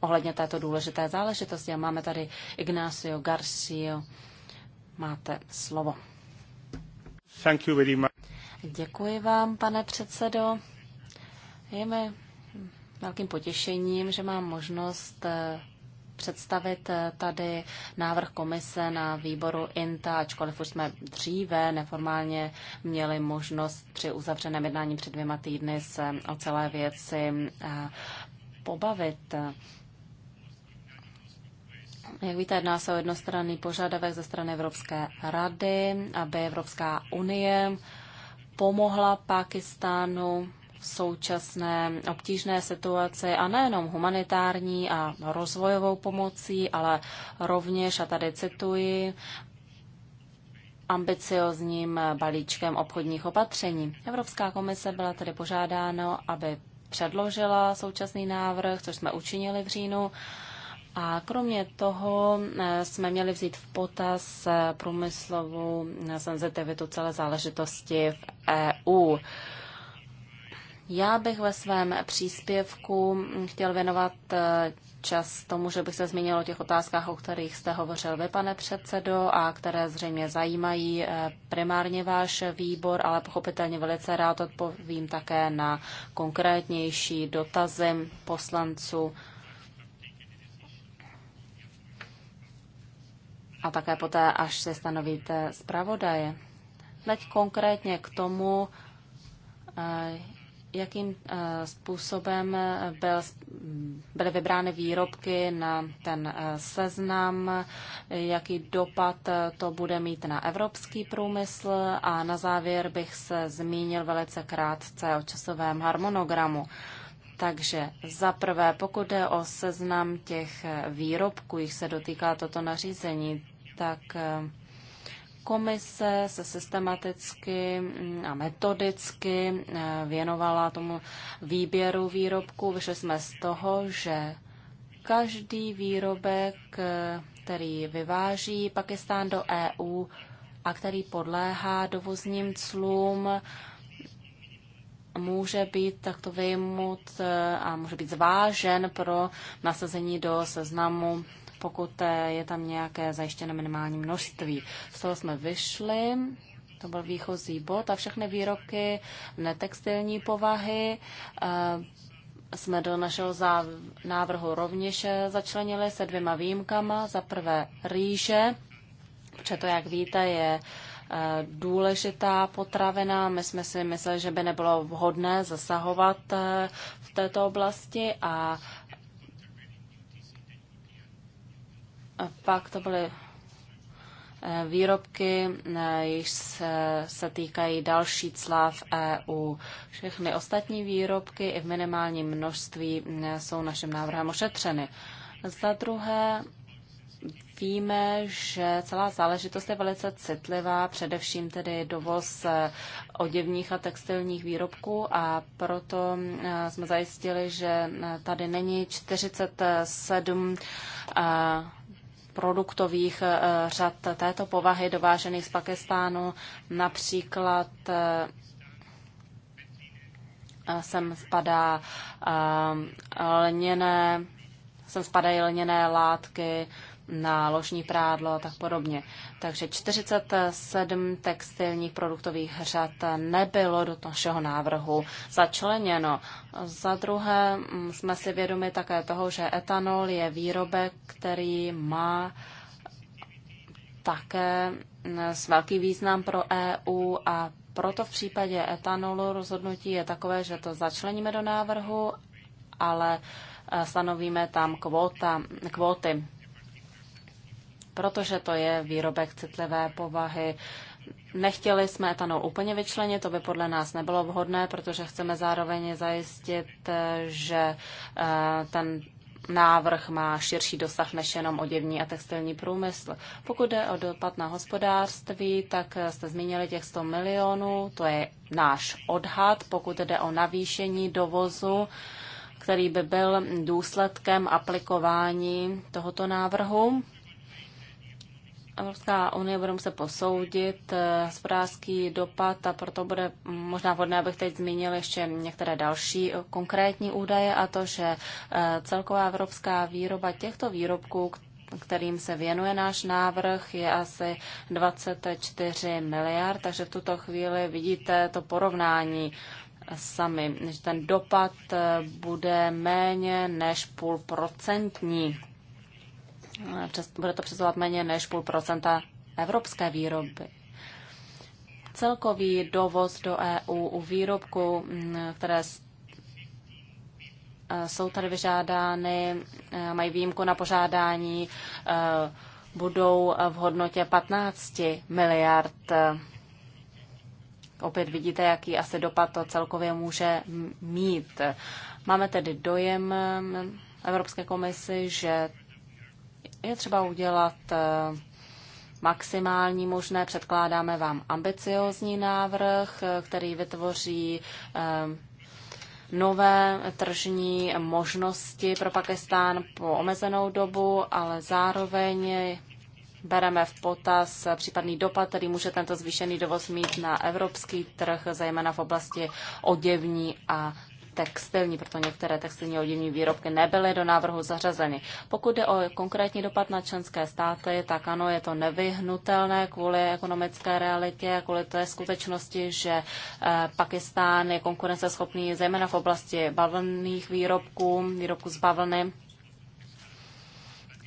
ohledně této důležité záležitosti. A máme tady Ignacio Garcio. Máte slovo. Thank you very much. Děkuji vám, pane předsedo. Je mi velkým potěšením, že mám možnost eh, představit eh, tady návrh komise na výboru INTA, ačkoliv už jsme dříve neformálně měli možnost při uzavřeném jednání před dvěma týdny se o celé věci eh, pobavit. Jak víte, jedná se o jednostranný požadavek ze strany Evropské rady, aby Evropská unie pomohla Pakistánu současné obtížné situaci a nejenom humanitární a rozvojovou pomocí, ale rovněž, a tady cituji, ambiciozním balíčkem obchodních opatření. Evropská komise byla tedy požádána, aby předložila současný návrh, což jsme učinili v říjnu. A kromě toho eh, jsme měli vzít v potaz eh, průmyslovou senzitivitu celé záležitosti v EU. Já bych ve svém příspěvku chtěl věnovat eh, čas tomu, že bych se zmínil o těch otázkách, o kterých jste hovořil vy, pane předsedo, a které zřejmě zajímají eh, primárně váš výbor, ale pochopitelně velice rád odpovím také na konkrétnější dotazy poslanců a také poté, až se stanovíte zpravodaje. Teď konkrétně k tomu, eh, jakým eh, způsobem eh, byl, byly vybrány výrobky na ten eh, seznam, jaký dopad to bude mít na evropský průmysl a na závěr bych se zmínil velice krátce o časovém harmonogramu. Takže za prvé, pokud jde o seznam těch výrobků, jich se dotýká toto nařízení, tak Komise se systematicky mm, a metodicky eh, věnovala tomu výběru výrobku. Vyšli jsme z toho, že každý výrobek, eh, který vyváží Pakistán do EU a který podléhá dovozním clům, může být takto vyjmut eh, a může být zvážen pro nasazení do seznamu pokud eh, je tam nějaké zajištěné minimální množství. Z toho jsme vyšli, to byl výchozí bod a všechny výroky netextilní povahy eh, jsme do našeho návrhu rovněž eh, začlenili se dvěma výjimkama. Za prvé rýže, protože to, jak víte, je důležitá potravina. My jsme si mysleli, že by nebylo vhodné zasahovat v této oblasti a Pak to byly eh, výrobky, eh, již se, se týkají další cla v EU. Všechny ostatní výrobky i v minimálním množství eh, jsou naším návrhem ošetřeny. Za druhé, víme, že celá záležitost je velice citlivá, především tedy dovoz oděvních a textilních výrobků a proto jsme zajistili, že tady není 47 produktových eh, řad této povahy dovážených z Pakistánu. Například eh, eh, sem spadá lněné, sem spadají lněné látky, na ložní prádlo a tak podobně. Takže 47 textilních produktových řad nebylo do našeho návrhu začleněno. Za druhé mm, jsme si vědomi také toho, že etanol je výrobek, který má také mm, s velký význam pro EU a proto v případě etanolu rozhodnutí je takové, že to začleníme do návrhu, ale e, stanovíme tam kvóta, kvóty protože to je výrobek citlivé povahy. Nechtěli jsme etanol úplně vyčlenit, to by podle nás nebylo vhodné, protože chceme zároveň zajistit, že eh, ten návrh má širší dosah než jenom oděvní a textilní průmysl. Pokud jde o dopad na hospodářství, tak eh, jste zmínili těch 100 milionů, to je náš odhad, pokud jde o navýšení dovozu, který by byl důsledkem aplikování tohoto návrhu. Evropská unie bude muset posoudit eh, hospodářský dopad a proto bude možná vhodné, abych teď zmínil ještě některé další eh, konkrétní údaje a to, že eh, celková evropská výroba těchto výrobků, kterým se věnuje náš návrh, je asi 24 miliard, takže v tuto chvíli vidíte to porovnání sami, že ten dopad bude méně než půlprocentní. procentní bude to představovat méně než půl procenta evropské výroby. Celkový dovoz do EU u výrobku, mm, které e, jsou tady vyžádány, e, mají výjimku na požádání, e, budou v hodnotě 15 miliard. Opět vidíte, jaký asi dopad to celkově může mít. Máme tedy dojem mm, Evropské komisi, že je třeba udělat eh, maximální možné. Předkládáme vám ambiciozní návrh, eh, který vytvoří eh, nové tržní možnosti pro Pakistán po omezenou dobu, ale zároveň bereme v potaz případný dopad, který může tento zvýšený dovoz mít na evropský trh, zejména v oblasti oděvní a textilní, proto některé textilní odivní výrobky nebyly do návrhu zařazeny. Pokud jde o konkrétní dopad na členské státy, tak ano, je to nevyhnutelné kvůli ekonomické realitě, kvůli té skutečnosti, že eh, Pakistán je konkurenceschopný zejména v oblasti bavlných výrobků, výrobků z bavlny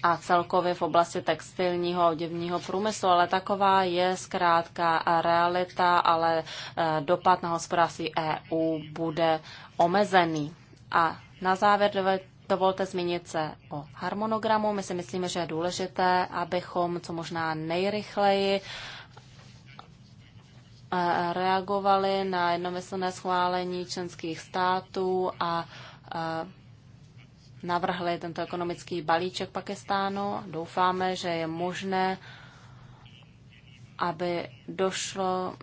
a celkově v oblasti textilního a oděvního průmyslu, ale taková je zkrátka realita, ale eh, dopad na hospodářství EU bude omezený. A na závěr dovolte zmínit se o harmonogramu. My si myslíme, že je důležité, abychom co možná nejrychleji eh, reagovali na jednomyslné schválení členských států a eh, navrhli tento ekonomický balíček Pakistánu. Doufáme, že je možné, aby došlo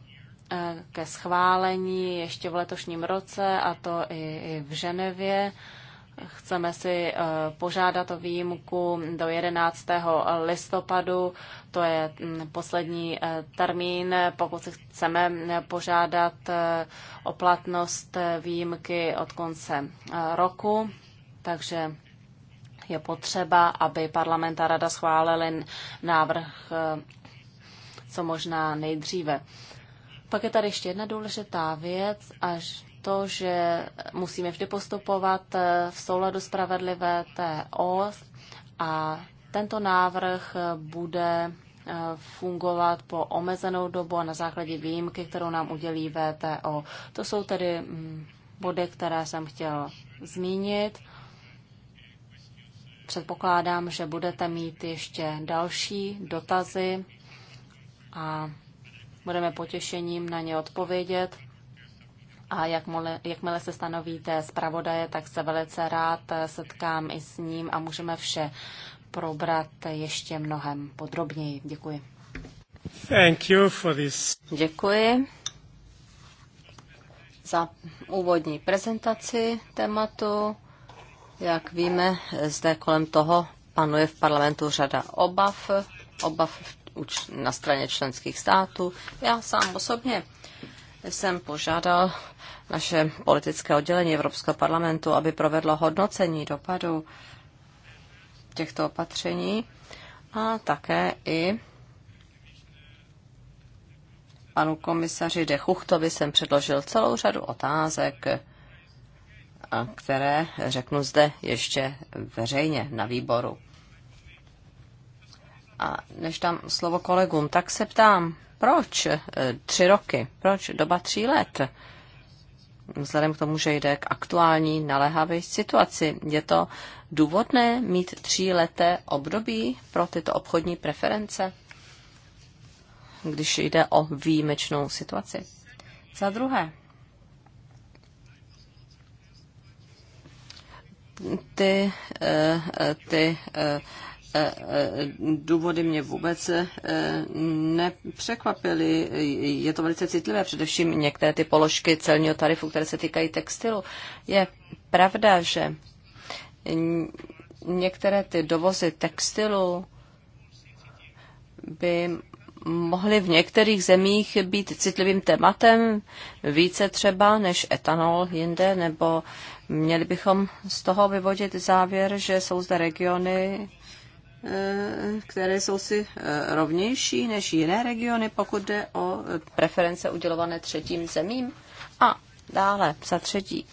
Eh, ke schválení ještě v letošním roce, a to i v Ženevě. Chceme si eh, požádat o výjimku do 11. listopadu, to je mm, poslední eh, termín, pokud si chceme požádat o platnost výjimky od konce roku. Takže je potřeba, aby parlament a rada schválili návrh co možná nejdříve. Pak je tady ještě jedna důležitá věc, až to, že musíme vždy postupovat eh, v souladu spravedlivé TO a tento návrh eh, bude eh, fungovat po omezenou dobu a na základě výjimky, kterou nám udělí VTO. To jsou tedy mm, body, které jsem chtěl zmínit. Předpokládám, že budete mít ještě další dotazy a budeme potěšením na ně odpovědět. A jakmile, jakmile se stanovíte zpravodaje, tak se velice rád setkám i s ním a můžeme vše probrat ještě mnohem podrobněji. Děkuji. Thank you for this. Děkuji za úvodní prezentaci tématu. Jak víme, zde kolem toho panuje v parlamentu řada obav, obav v na straně členských států. Já sám osobně jsem požádal naše politické oddělení Evropského parlamentu, aby provedlo hodnocení dopadu těchto opatření a také i panu komisaři De Chuchtovi jsem předložil celou řadu otázek, které řeknu zde ještě veřejně na výboru. A než dám slovo kolegům, tak se ptám, proč eh, tři roky, proč doba tří let? Vzhledem k tomu, že jde k aktuální naléhavé situaci, je to důvodné mít leté období pro tyto obchodní preference, když jde o výjimečnou situaci? Za druhé, ty, eh, eh, ty Eh, eh, důvody mě vůbec eh, nepřekvapily. Je to velice citlivé, především některé ty položky celního tarifu, které se týkají textilu. Je pravda, že některé ty dovozy textilu by mohly v některých zemích být citlivým tématem, více třeba než etanol jinde, nebo měli bychom z toho vyvodit závěr, že jsou zde regiony, Eh, které jsou si eh, rovnější než jiné regiony, pokud jde o eh, preference udělované třetím zemím. A dále, za třetí.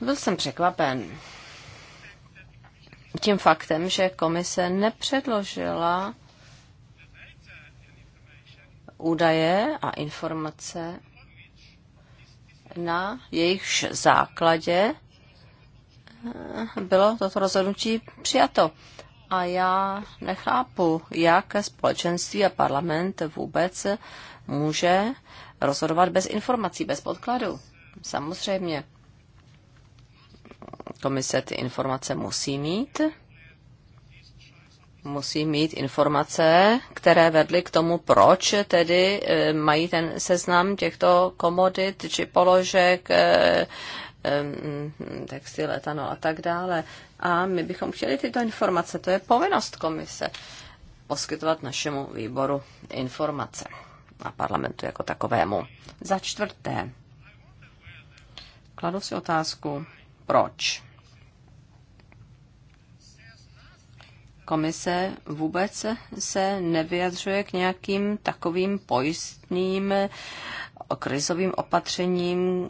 Byl jsem překvapen tím faktem, že komise nepředložila údaje a informace, na jejichž základě bylo toto rozhodnutí přijato. A já nechápu, jak společenství a parlament vůbec může rozhodovat bez informací, bez podkladu. Samozřejmě komise ty informace musí mít, musí mít informace, které vedly k tomu, proč tedy eh, mají ten seznam těchto komodit či položek eh, textil, etanol a tak dále. A my bychom chtěli tyto informace, to je povinnost komise, poskytovat našemu výboru informace a parlamentu jako takovému. Za čtvrté, kladu si otázku, proč? komise vůbec se nevyjadřuje k nějakým takovým pojistným krizovým opatřením,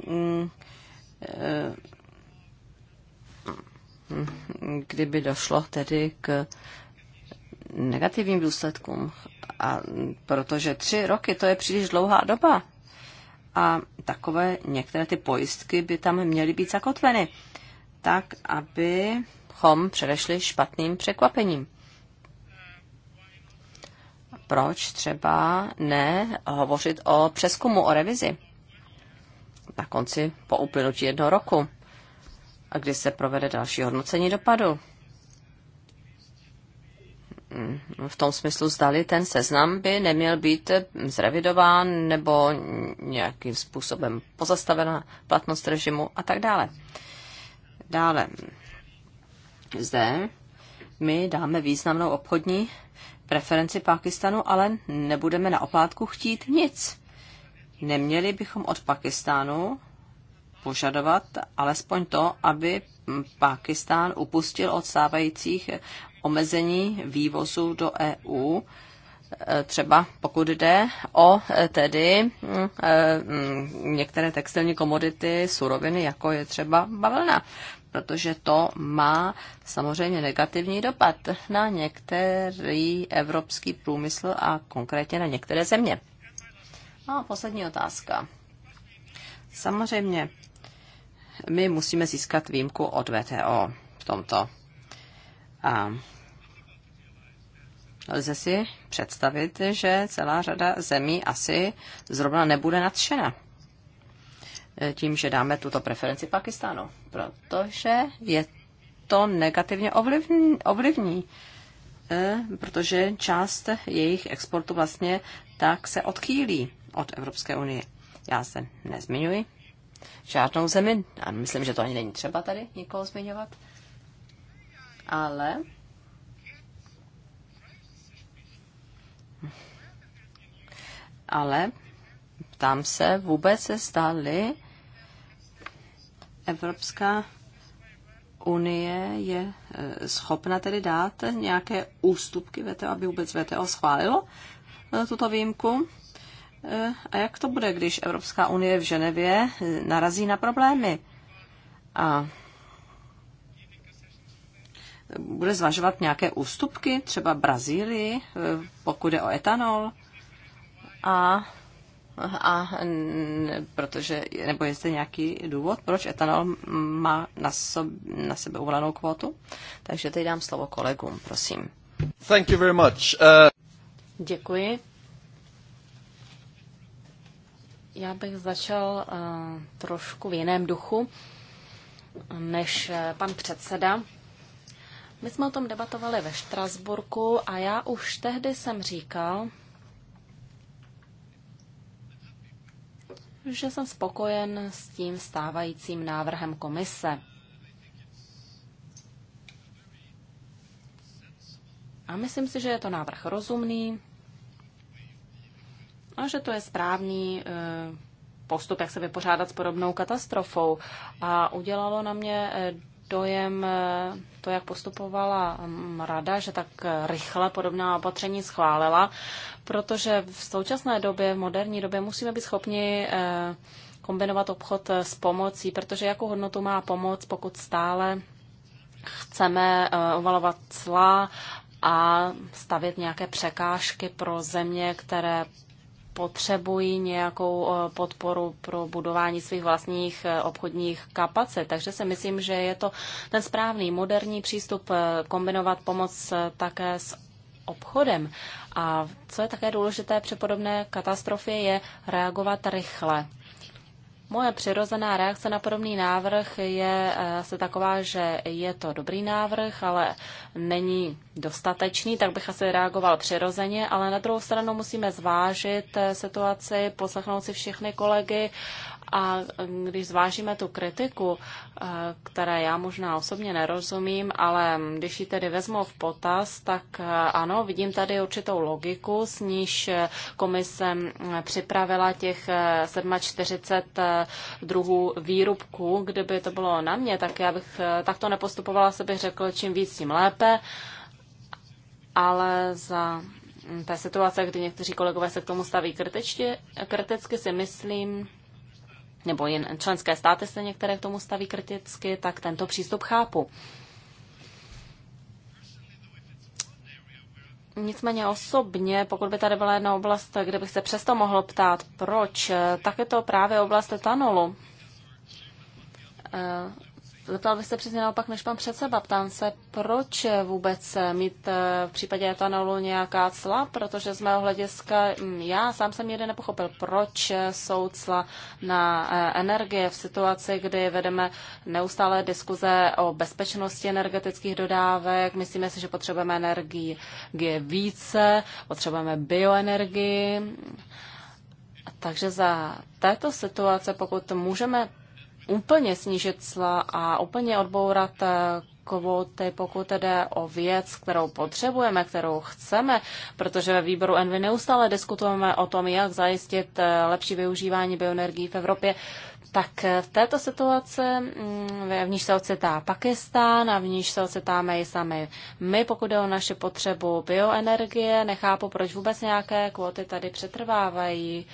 kdyby došlo tedy k negativním důsledkům. A protože tři roky to je příliš dlouhá doba. A takové některé ty pojistky by tam měly být zakotveny, tak abychom předešli špatným překvapením. Proč třeba ne hovořit o přeskumu, o revizi? na konci po uplynutí jednoho roku, a kdy se provede další hodnocení dopadu. Mm, v tom smyslu zdali ten seznam by neměl být zrevidován nebo nějakým způsobem pozastavena platnost režimu a tak dále. Dále. Zde my dáme významnou obchodní preferenci Pákistanu, ale nebudeme na oplátku chtít nic. Neměli bychom od Pakistánu požadovat alespoň to, aby Pakistán upustil od stávajících omezení vývozu do EU, třeba pokud jde o eh, tedy eh, mm, některé textilní komodity, suroviny, jako je třeba bavlna, protože to má samozřejmě negativní dopad na některý evropský průmysl a konkrétně na některé země. A no, poslední otázka. Samozřejmě, my musíme získat výjimku od VTO v tomto. A lze si představit, že celá řada zemí asi zrovna nebude nadšena tím, že dáme tuto preferenci Pakistánu, protože je to negativně ovlivní, ovlivní eh, protože část jejich exportu vlastně tak se odchýlí od Evropské unie. Já se nezmiňuji žádnou zemi, a myslím, že to ani není třeba tady nikoho zmiňovat, ale ale ptám se vůbec, stály Evropská unie je eh, schopna tedy dát nějaké ústupky VTO, aby vůbec VTO schválilo eh, tuto výjimku. A jak to bude, když Evropská unie v Ženevě eh, narazí na problémy a bude zvažovat nějaké ústupky, třeba Brazílii, eh, pokud je o etanol? A, a protože, nebo je zde nějaký důvod, proč etanol má na, sob, na sebe uvolenou kvotu? Takže teď dám slovo kolegům, prosím. Thank you very much. Uh... uh- Děkuji. Já bych začal uh, trošku v jiném duchu než eh, pan předseda. My jsme o tom debatovali ve Štrasburku a já už tehdy jsem říkal, že jsem spokojen s tím stávajícím návrhem komise. A myslím si, že je to návrh rozumný, a že to je správný eh, postup, jak se vypořádat s podobnou katastrofou. A udělalo na mě eh, dojem eh, to, jak postupovala mm, rada, že tak rychle podobná opatření schválila, protože v současné době, v moderní době musíme být schopni kombinovat obchod s pomocí, protože jakou hodnotu má pomoc, pokud stále chceme uvalovat cla a stavět nějaké překážky pro země, které potřebují nějakou eh, podporu pro budování svých vlastních eh, obchodních kapacit. Takže si myslím, že je to ten správný moderní přístup eh, kombinovat pomoc také s obchodem. A co je také důležité při podobné katastrofě, je reagovat rychle. Moje přirozená reakce na podobný návrh je eh, asi taková, že je to dobrý návrh, ale není dostatečný, tak bych asi reagoval přirozeně, ale na druhou stranu musíme zvážit eh, situaci, poslechnout si všechny kolegy a eh, když zvážíme tu kritiku, eh, které já možná osobně nerozumím, ale hm, když ji tedy vezmu v potaz, tak eh, ano, vidím tady určitou logiku, s níž komise hm, připravila těch 47 druhů výrubků. Kdyby to bylo na mě, tak já bych takto nepostupovala, se bych řekl, čím víc, tím lépe. Ale za hm, té situace, kdy někteří kolegové se k tomu staví kritičtě, kriticky, si myslím, nebo jen členské státy se některé k tomu staví kriticky, tak tento přístup chápu. Nicméně osobně, pokud by tady byla jedna oblast, kde bych se přesto mohl ptát, proč, tak je to právě oblast etanolu. Eh, Zeptal byste přesně naopak než pan předseda. Ptám se, proč vůbec mít eh, v případě etanolu nějaká cla, protože z mého hlediska hm, já sám jsem jeden nepochopil, proč jsou cla na eh, energie v situaci, kdy vedeme neustále diskuze o bezpečnosti energetických dodávek. Myslíme si, že potřebujeme energii více, potřebujeme bioenergii. Takže za této situace, pokud můžeme úplně snížit cla a úplně odbourat eh, kvóty, pokud jde o věc, kterou potřebujeme, kterou chceme, protože ve výboru Envy neustále diskutujeme o tom, jak zajistit eh, lepší využívání bioenergií v Evropě, tak eh, v této situaci, mm, v níž se ocitá Pakistán a v níž se ocitáme i sami my, pokud jde o naši potřebu bioenergie, nechápu, proč vůbec nějaké kvóty tady přetrvávají. Uh,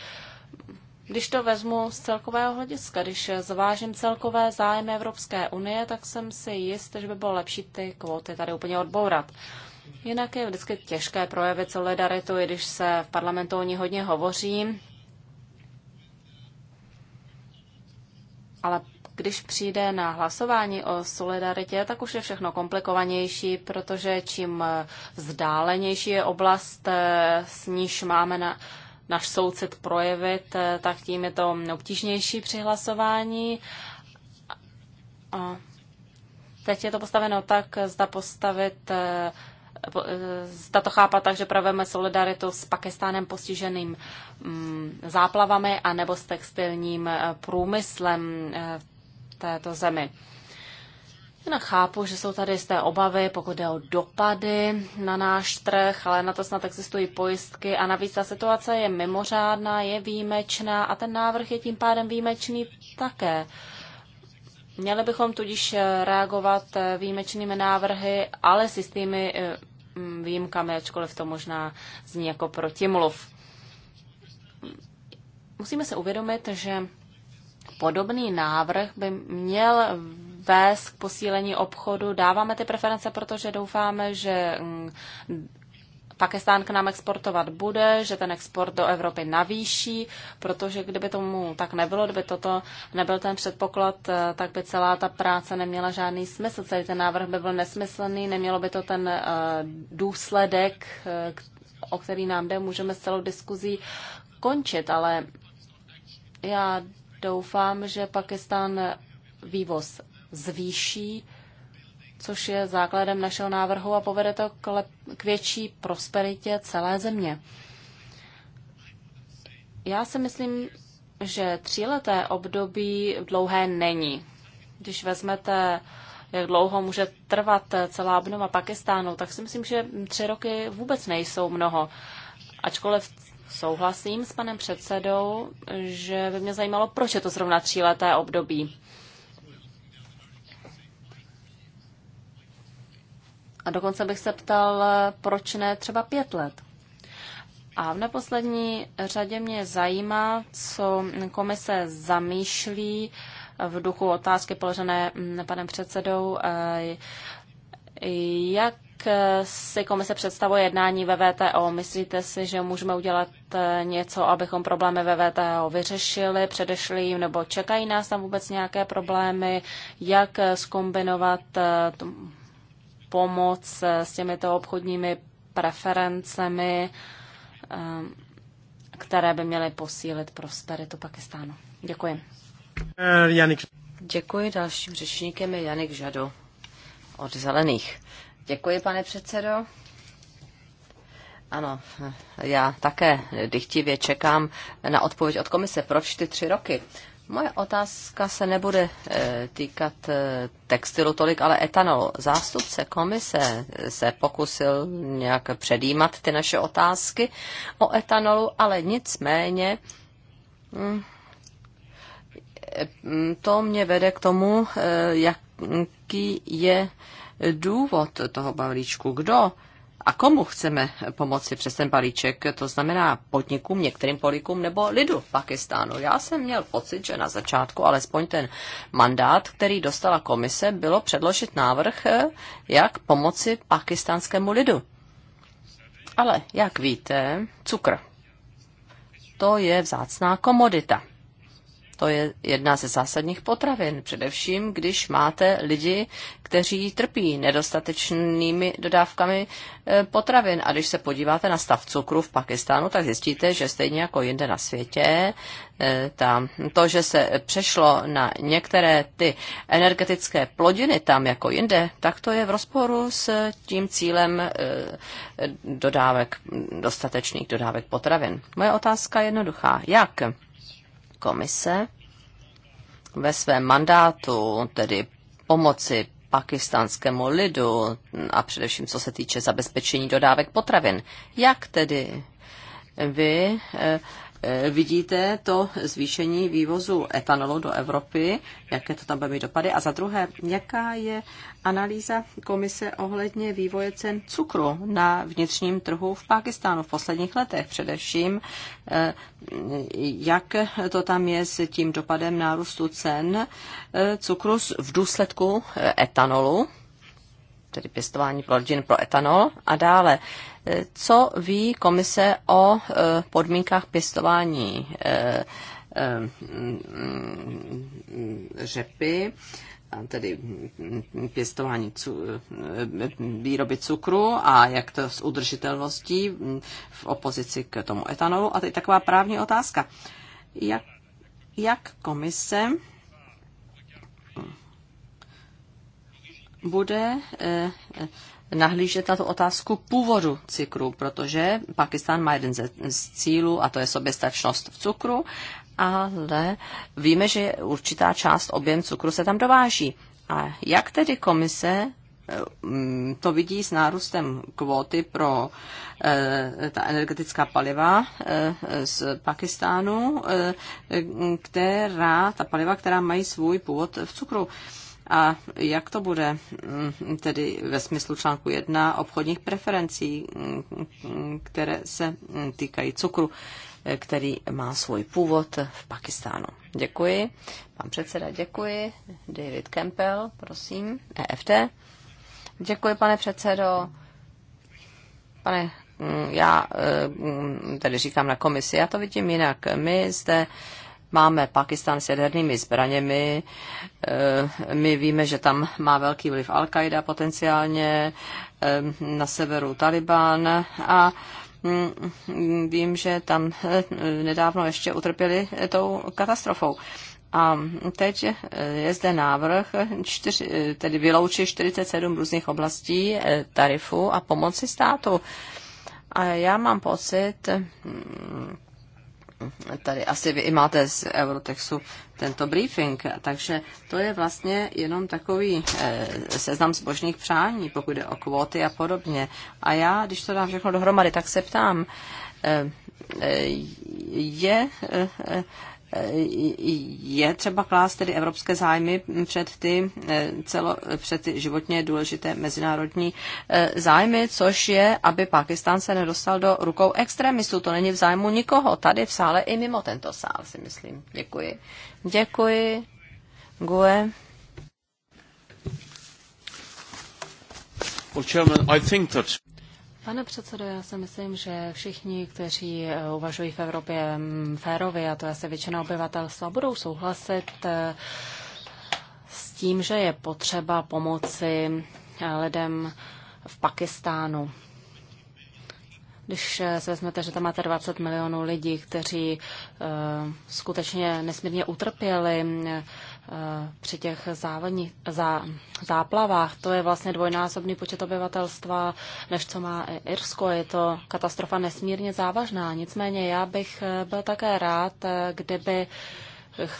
když to vezmu z celkového hlediska, když zvážím celkové zájmy Evropské unie, tak jsem si jist, že by bylo lepší ty kvóty tady úplně odbourat. Jinak je vždycky těžké projevit solidaritu, i když se v parlamentu o ní hodně hovoří. Ale když přijde na hlasování o solidaritě, tak už je všechno komplikovanější, protože čím vzdálenější je oblast, eh, s níž máme na, náš soucit projevit, eh, tak tím je to obtížnější při hlasování. teď je to postaveno tak, zda postavit eh, eh, zda to chápat tak, že praveme solidaritu s Pakistánem postiženým mm, záplavami anebo s textilním průmyslem v této zemi. Jinak chápu, že jsou tady jisté obavy, pokud jde o dopady na náš trh, ale na to snad existují pojistky a navíc ta situace je mimořádná, je výjimečná a ten návrh je tím pádem výjimečný také. Měli bychom tudíž reagovat výjimečnými návrhy, ale s jistými eh, mm, výjimkami, ačkoliv to možná zní jako protimluv. Musíme se uvědomit, že podobný návrh by měl vést k posílení obchodu. Dáváme ty preference, protože doufáme, že mm, Pakistán k nám exportovat bude, že ten export do Evropy navýší, protože kdyby tomu tak nebylo, kdyby toto nebyl ten předpoklad, eh, tak by celá ta práce neměla žádný smysl. Celý ten návrh by byl nesmyslný, nemělo by to ten eh, důsledek, eh, o který nám jde, můžeme s celou diskuzí končit, ale já doufám, že Pakistán vývoz zvýší, což je základem našeho návrhu a povede to k, lep- k větší prosperitě celé země. Já si myslím, že tříleté období dlouhé není. Když vezmete, jak dlouho může trvat celá obnova Pakistánu, tak si myslím, že tři roky vůbec nejsou mnoho. Ačkoliv souhlasím s panem předsedou, že by mě zajímalo, proč je to zrovna tříleté období. A dokonce bych se ptal, proč ne třeba pět let. A v neposlední řadě mě zajímá, co komise zamýšlí v duchu otázky položené mm, panem předsedou, eh, jak si komise představuje jednání ve VTO? Myslíte si, že můžeme udělat eh, něco, abychom problémy ve VTO vyřešili, předešli jim, nebo čekají nás tam vůbec nějaké problémy? Jak skombinovat eh, pomoc eh, s těmito obchodními preferencemi, eh, které by měly posílit prosperitu Pakistánu. Děkuji. Eh, Janik. Děkuji. Dalším řečníkem je Janik Žadu od Zelených. Děkuji, pane předsedo. Ano, já také dychtivě čekám na odpověď od komise. Proč ty tři roky? Moje otázka se nebude eh, týkat eh, textilu tolik, ale etanolu. Zástupce komise eh, se pokusil nějak předjímat ty naše otázky o etanolu, ale nicméně hm, hm, to mě vede k tomu, jaký je důvod toho balíčku. Kdo a komu chceme pomoci přes ten balíček, to znamená podnikům, některým politikům nebo lidu Pakistánu. Já jsem měl pocit, že na začátku alespoň ten mandát, který dostala komise, bylo předložit návrh, jak pomoci pakistánskému lidu. Ale jak víte, cukr. To je vzácná komodita. To je jedna ze zásadních potravin, především když máte lidi, kteří trpí nedostatečnými dodávkami e, potravin. A když se podíváte na stav cukru v Pakistánu, tak zjistíte, že stejně jako jinde na světě, e, tam, to, že se přešlo na některé ty energetické plodiny tam jako jinde, tak to je v rozporu s tím cílem e, dodávek, dostatečných dodávek potravin. Moje otázka je jednoduchá. Jak komise ve svém mandátu, tedy pomoci pakistánskému lidu a především co se týče zabezpečení dodávek potravin. Jak tedy vy eh, Eh, vidíte to zvýšení vývozu etanolu do Evropy, jaké to tam bude mít dopady? A za druhé, jaká je analýza komise ohledně vývoje cen cukru na vnitřním trhu v Pákistánu v posledních letech? Především, eh, jak to tam je s tím dopadem nárůstu cen eh, cukru v důsledku etanolu? tedy pěstování plodin pro etanol a dále co ví komise o e, podmínkách pěstování e, e, mm, řepy, tedy pěstování cu, výroby cukru a jak to s udržitelností mm, v opozici k tomu etanolu. A teď taková právní otázka. Jak, jak komise bude nahlížet na tu otázku původu cukru, protože Pakistan má jeden z cílů, a to je soběstačnost v cukru, ale víme, že určitá část objem cukru se tam dováží. A jak tedy komise eh, mm, to vidí s nárůstem kvóty pro eh, ta energetická paliva eh, z Pakistánu, která, ta paliva, která mají svůj původ v cukru. A jak to bude mm, tedy ve smyslu článku 1 obchodních preferencí, mm, které se mm, týkají cukru, eh, který má svůj původ v Pakistánu? Děkuji. Pan předseda, děkuji. David Campbell, prosím, EFT. Děkuji, pane předsedo. Pane já eh, tedy říkám na komisi, já to vidím jinak. My zde máme Pakistan s jadernými zbraněmi. Eh, my víme, že tam má velký vliv Al-Qaida potenciálně, eh, na severu Taliban a mm, vím, že tam eh, nedávno ještě utrpěli tou katastrofou. A teď je zde návrh čtyři, tedy vyloučit 47 různých oblastí tarifu a pomoci státu. A já mám pocit, mm, tady asi vy i máte z Eurotexu tento briefing, takže to je vlastně jenom takový eh, seznam zbožných přání, pokud jde o kvóty a podobně. A já, když to dám všechno dohromady, tak se ptám, eh, eh, je je třeba klást tedy evropské zájmy před ty, eh, celo, před ty životně důležité mezinárodní eh, zájmy, což je, aby Pakistán se nedostal do rukou extremistů. To není v zájmu nikoho, tady v sále i mimo tento sál, si myslím. Děkuji. Děkuji. Gue. Well, Chairman, I think that Pane předsedo, já si myslím, že všichni, kteří eh, uvažují v Evropě mm, férově, a to je asi většina obyvatelstva, budou souhlasit eh, s tím, že je potřeba pomoci eh, lidem v Pakistánu. Když se vezmete, že tam máte 20 milionů lidí, kteří skutečně nesmírně utrpěli Eh, při těch závodní, zá, záplavách, to je vlastně dvojnásobný počet obyvatelstva, než co má Irsko. Je to katastrofa nesmírně závažná. Nicméně já bych eh, byl také rád, eh, kdyby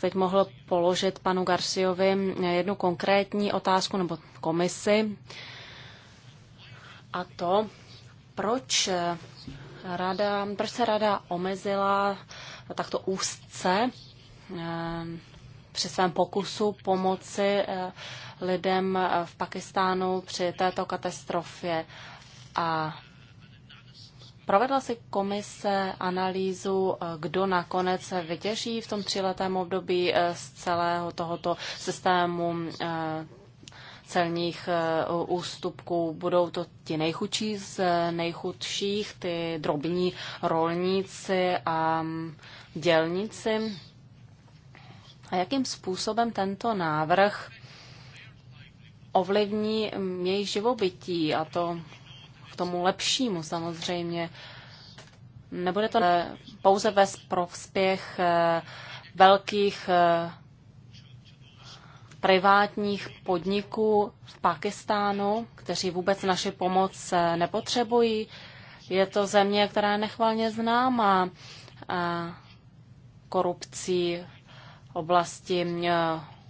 teď mohl položit panu Garciovi jednu konkrétní otázku nebo komisi. A to, proč, rada, proč se rada omezila takto úzce při svém pokusu pomoci eh, lidem eh, v Pakistánu při této katastrofě. A provedla si komise analýzu, eh, kdo nakonec vytěží v tom tříletém období z celého tohoto systému celních ústupků. Budou to ti nejchudší z nejchudších, ty drobní rolníci a mm, dělníci a jakým způsobem tento návrh ovlivní mm, jejich živobytí a to k tomu lepšímu samozřejmě. Nebude to pouze ve prospěch eh, velkých eh, privátních podniků v Pakistánu, kteří vůbec naši pomoc eh, nepotřebují. Je to země, která je nechvalně známá korupcí, oblasti e,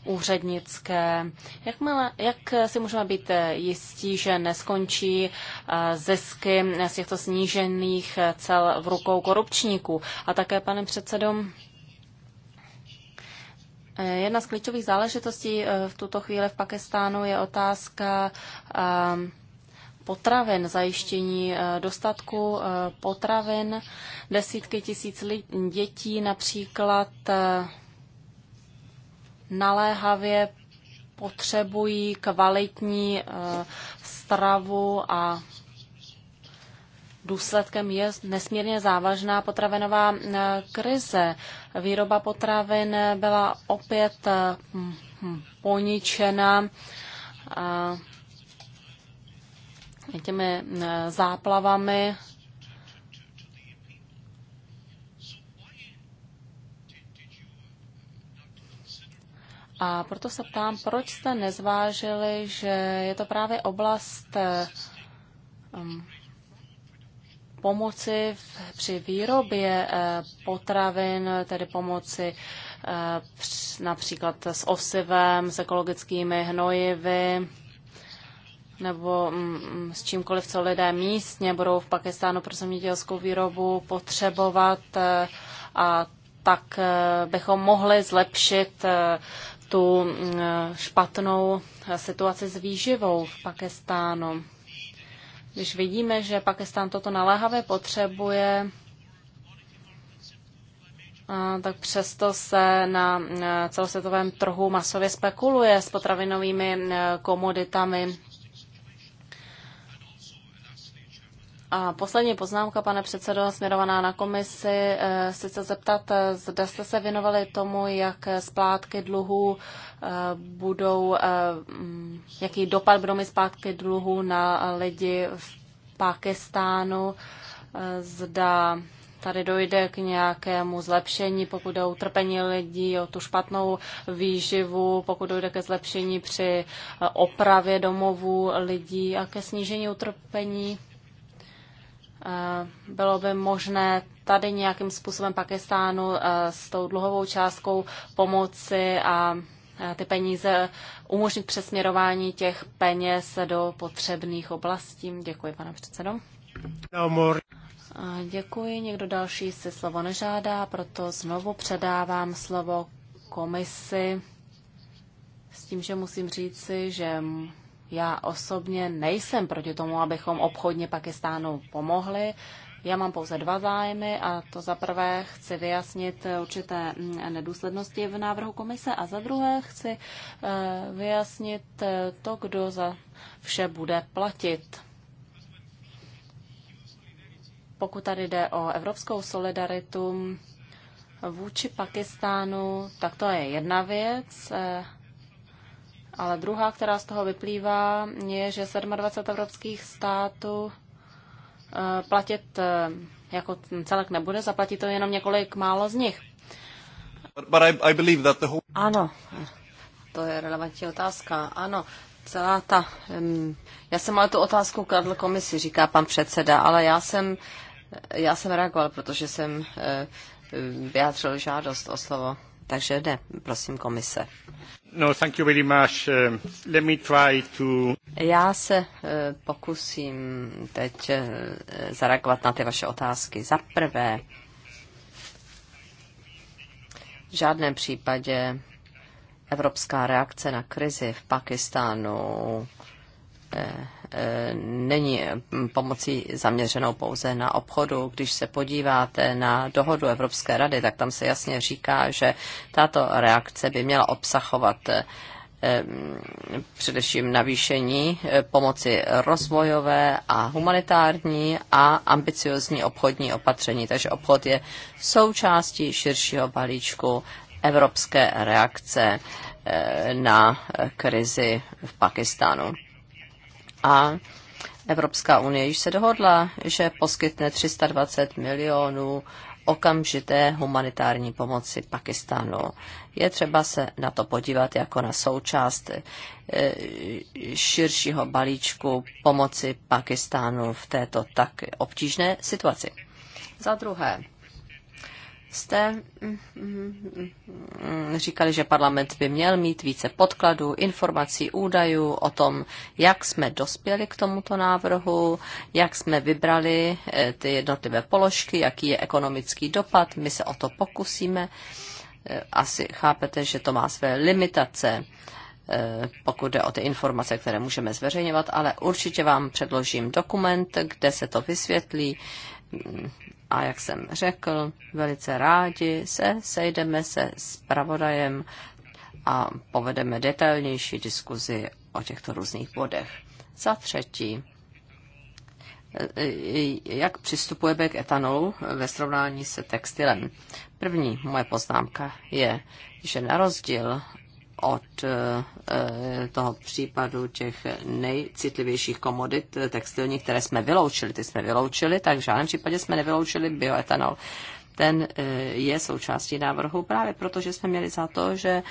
úřednické. Jak, má, jak si můžeme být e, jistí, že neskončí e, zisky z těchto snížených cel v rukou korupčníků? A také, pane předsedo, jedna z klíčových záležitostí v tuto chvíli v Pakistánu je otázka potravin, zajištění dostatku potravin. Desítky tisíc dětí například naléhavě potřebují kvalitní eh, stravu a důsledkem je nesmírně závažná potravinová eh, krize. Výroba potravin byla opět eh, hm, hm, poničena těmi záplavami A proto se ptám, proč jste nezvážili, že je to právě oblast eh, um, pomoci v, při výrobě eh, potravin, tedy pomoci eh, například s osivem, s ekologickými hnojivy nebo mm, mm, s čímkoliv, co lidé místně budou v Pakistánu pro zemědělskou výrobu potřebovat a tak bychom mohli zlepšit tu mm, špatnou eh, situaci s výživou v Pakistánu. Když vidíme, že Pakistán toto naléhavě potřebuje, eh, tak přesto se na eh, celosvětovém trhu masově spekuluje s potravinovými komoditami A poslední poznámka, pane předsedo, směrovaná na komisi. Chci eh, se zeptat, eh, zda jste se věnovali tomu, jak splátky dluhů eh, budou, mm, jaký dopad budou mít splátky dluhů na lidi v Pakistánu, zda tady dojde k nějakému zlepšení, pokud o utrpení lidí, o tu špatnou výživu, pokud dojde ke zlepšení při opravě domovů lidí a ke snížení utrpení Eh, bylo by možné tady nějakým způsobem Pakistánu eh, s tou dluhovou částkou pomoci a eh, ty peníze umožnit přesměrování těch peněz do potřebných oblastí. Děkuji, pane předsedo. Děkuji, někdo další si slovo nežádá, proto znovu předávám slovo komisi s tím, že musím říci, že já osobně nejsem proti tomu, abychom obchodně Pakistánu pomohli. Já mám pouze dva zájmy a to za prvé chci vyjasnit určité mm, nedůslednosti v návrhu komise a za druhé chci eh, vyjasnit eh, to, kdo za vše bude platit. Pokud tady jde o evropskou solidaritu vůči Pakistánu, tak to je jedna věc. Eh, ale druhá, která z toho vyplývá, je, že 27 evropských států eh, platit eh, jako celek nebude, zaplatí to jenom několik málo z nich. But I, I believe that the whole... Ano, to je relevantní otázka. Ano, celá ta... Um, já jsem ale tu otázku kladl komisi, říká pan předseda, ale já jsem, já jsem reagoval, protože jsem uh, vyjádřil žádost o slovo. Takže ne, prosím komise. No, thank you very much. Um, let me try to... Já se uh, pokusím teď uh, zareagovat na ty vaše otázky. Za prvé, v žádném případě evropská reakce na krizi v Pakistánu eh, E, není pomocí zaměřenou pouze na obchodu. Když se podíváte na dohodu Evropské rady, tak tam se jasně říká, že tato reakce by měla obsahovat e, především navýšení e, pomoci rozvojové a humanitární a ambiciozní obchodní opatření. Takže obchod je součástí širšího balíčku evropské reakce na krizi v Pakistánu a Evropská unie již se dohodla, že poskytne 320 milionů okamžité humanitární pomoci Pakistánu. Je třeba se na to podívat jako na součást e, širšího balíčku pomoci Pakistánu v této tak obtížné situaci. Za druhé, jste mm, mm, říkali, že parlament by měl mít více podkladů, informací, údajů o tom, jak jsme dospěli k tomuto návrhu, jak jsme vybrali eh, ty jednotlivé položky, jaký je ekonomický dopad. My se o to pokusíme. Eh, asi chápete, že to má své limitace eh, pokud jde o ty informace, které můžeme zveřejňovat, ale určitě vám předložím dokument, kde se to vysvětlí a jak jsem řekl, velice rádi se sejdeme se pravodajem a povedeme detailnější diskuzi o těchto různých bodech. Za třetí, jak přistupujeme k etanolu ve srovnání se textilem. První moje poznámka je, že na rozdíl od eh, eh, toho případu těch nejcitlivějších komodit eh, textilních, které jsme vyloučili. Ty jsme vyloučili, tak v žádném případě jsme nevyloučili bioetanol. Ten je součástí návrhu právě proto, že jsme měli za to, že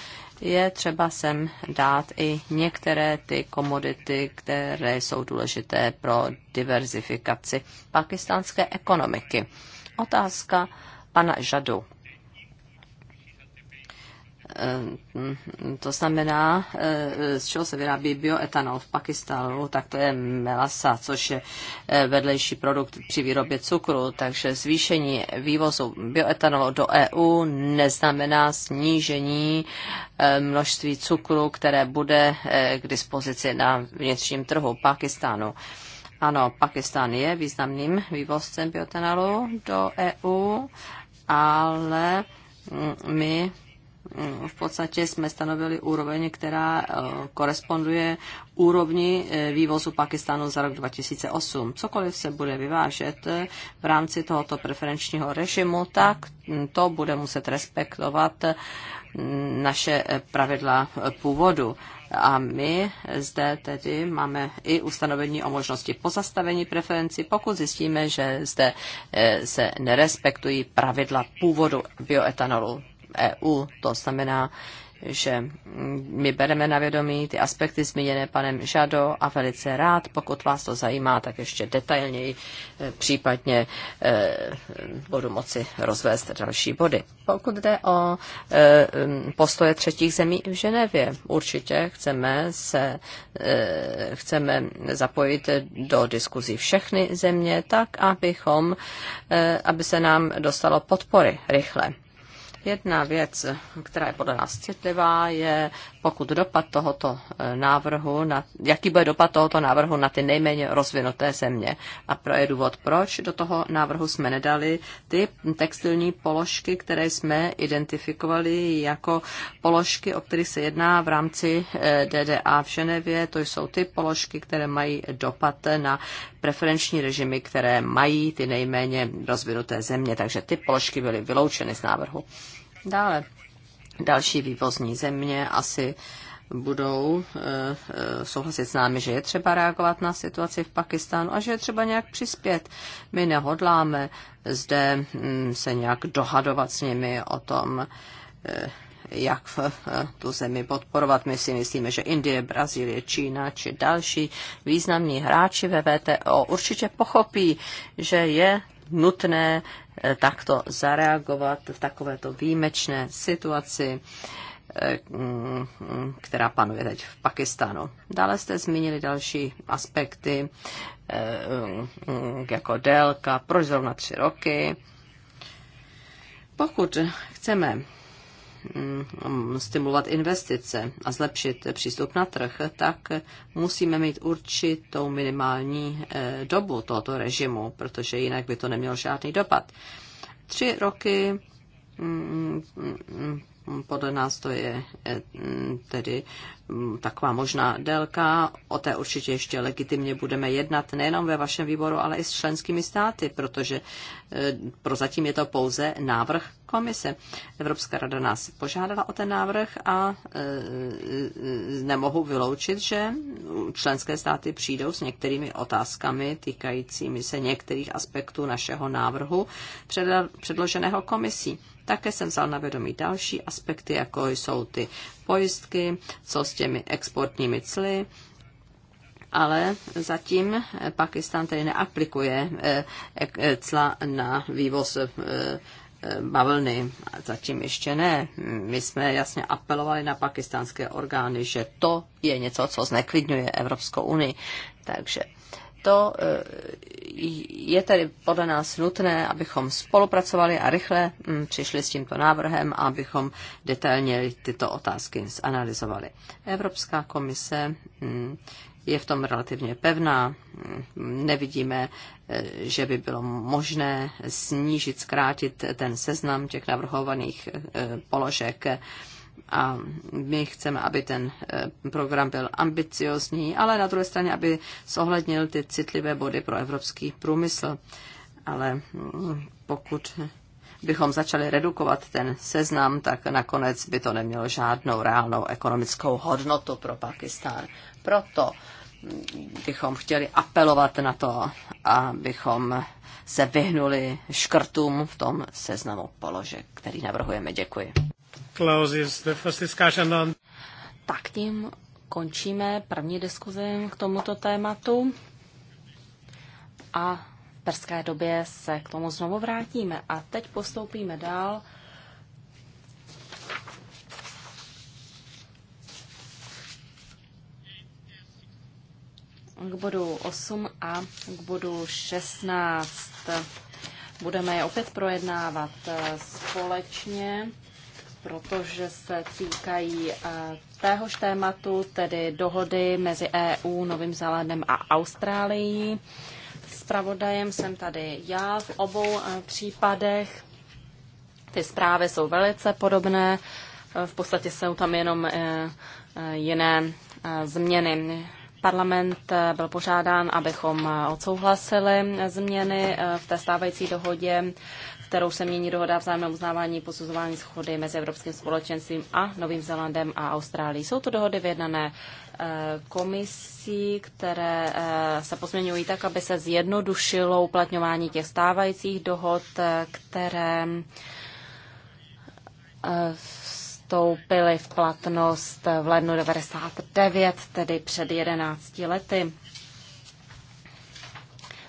je třeba sem dát i některé ty komodity, které jsou důležité pro diverzifikaci pakistánské ekonomiky. Otázka pana Žadu Eh, to znamená, eh, z čeho se vyrábí bioetanol v Pakistanu, tak to je melasa, což je eh, vedlejší produkt při výrobě cukru. Takže zvýšení vývozu bioetanolu do EU neznamená snížení množství cukru, které bude k dispozici na vnitřním trhu Pakistánu. Ano, Pakistán je významným vývozcem bioetanolu do EU, ale mm, my v podstatě jsme stanovili úroveň, která eh, koresponduje úrovni eh, vývozu Pakistánu za rok 2008. Cokoliv se bude vyvážet eh, v rámci tohoto preferenčního režimu, tak to bude muset respektovat mm, naše pravidla původu. A my zde tedy máme i ustanovení o možnosti pozastavení preferenci, pokud zjistíme, že zde se nerespektují pravidla původu bioetanolu. EU. To znamená, že my bereme na vědomí ty aspekty zmíněné panem Žado a velice rád, pokud vás to zajímá, tak ještě detailněji e, případně e, budu moci rozvést další body. Pokud jde o e, postoje třetích zemí v Ženevě, určitě chceme se chceme zapojit do diskuzí všechny země tak, abychom, aby se nám dostalo podpory rychle Jedna věc, která je podle nás citlivá, je pokud dopad tohoto eh, návrhu, na, jaký bude dopad tohoto návrhu na ty nejméně rozvinuté země. A pro je důvod, proč do toho návrhu jsme nedali ty textilní položky, které jsme identifikovali jako položky, o kterých se jedná v rámci eh, DDA v Ženevě. To jsou ty položky, které mají dopad na preferenční režimy, které mají ty nejméně rozvinuté země. Takže ty položky byly vyloučeny z návrhu. Dále, další vývozní země asi budou eh, eh, souhlasit s námi, že je třeba reagovat na situaci v Pakistánu a že je třeba nějak přispět. My nehodláme zde mm, se nějak dohadovat s nimi o tom, eh, jak v tu zemi podporovat. My si myslíme, že Indie, Brazílie, Čína či další významní hráči ve VTO určitě pochopí, že je nutné eh, takto zareagovat v takovéto výjimečné situaci, eh, mm, která panuje teď v Pakistánu. Dále jste zmínili další aspekty, eh, mm, jako délka, proč zrovna tři roky. Pokud chceme Mm, stimulovat investice a zlepšit přístup na trh, tak musíme mít určitou minimální eh, dobu tohoto režimu, protože jinak by to nemělo žádný dopad. Tři roky mm, mm, podle nás to je eh, tedy taková možná délka. O té určitě ještě legitimně budeme jednat nejenom ve vašem výboru, ale i s členskými státy, protože eh, prozatím je to pouze návrh komise. Evropská rada nás požádala o ten návrh a eh, nemohu vyloučit, že členské státy přijdou s některými otázkami týkajícími se některých aspektů našeho návrhu předloženého komisí. Také jsem vzal na vědomí další aspekty, jako jsou ty pojistky, co s těmi exportními cly, ale zatím Pakistan tedy neaplikuje eh, eh, cla na vývoz eh, bavlny. Zatím ještě ne. My jsme jasně apelovali na pakistánské orgány, že to je něco, co zneklidňuje Evropskou unii. Takže proto eh, je tedy podle nás nutné, abychom spolupracovali a rychle hm, přišli s tímto návrhem, abychom detailně tyto otázky zanalizovali. Evropská komise hm, je v tom relativně pevná. Hm, nevidíme, eh, že by bylo možné snížit, zkrátit ten seznam těch navrhovaných eh, položek a my chceme, aby ten eh, program byl ambiciozní, ale na druhé straně, aby zohlednil ty citlivé body pro evropský průmysl. Ale mm, pokud bychom začali redukovat ten seznam, tak nakonec by to nemělo žádnou reálnou ekonomickou hodnotu pro Pakistán. Proto mm, bychom chtěli apelovat na to, abychom se vyhnuli škrtům v tom seznamu položek, který navrhujeme. Děkuji closes the first discussion on... Tak tím končíme první diskuzi k tomuto tématu a v perské době se k tomu znovu vrátíme. A teď postoupíme dál. k bodu 8 a k bodu 16. Budeme je opět projednávat společně protože se týkají eh, téhož tématu, tedy dohody mezi EU, Novým Zélandem a Austrálií. Spravodajem jsem tady já v obou eh, případech. Ty zprávy jsou velice podobné, eh, v podstatě jsou tam jenom jiné změny. Parlament byl požádán, abychom odsouhlasili změny v té stávající dohodě kterou se mění dohoda vzájemného uznávání posuzování schody mezi Evropským společenstvím a Novým Zélandem a Austrálií. Jsou to dohody vyjednané eh, komisí, které eh, se posměňují tak, aby se zjednodušilo uplatňování těch stávajících dohod, eh, které vstoupily v platnost v lednu 99, tedy před 11 lety.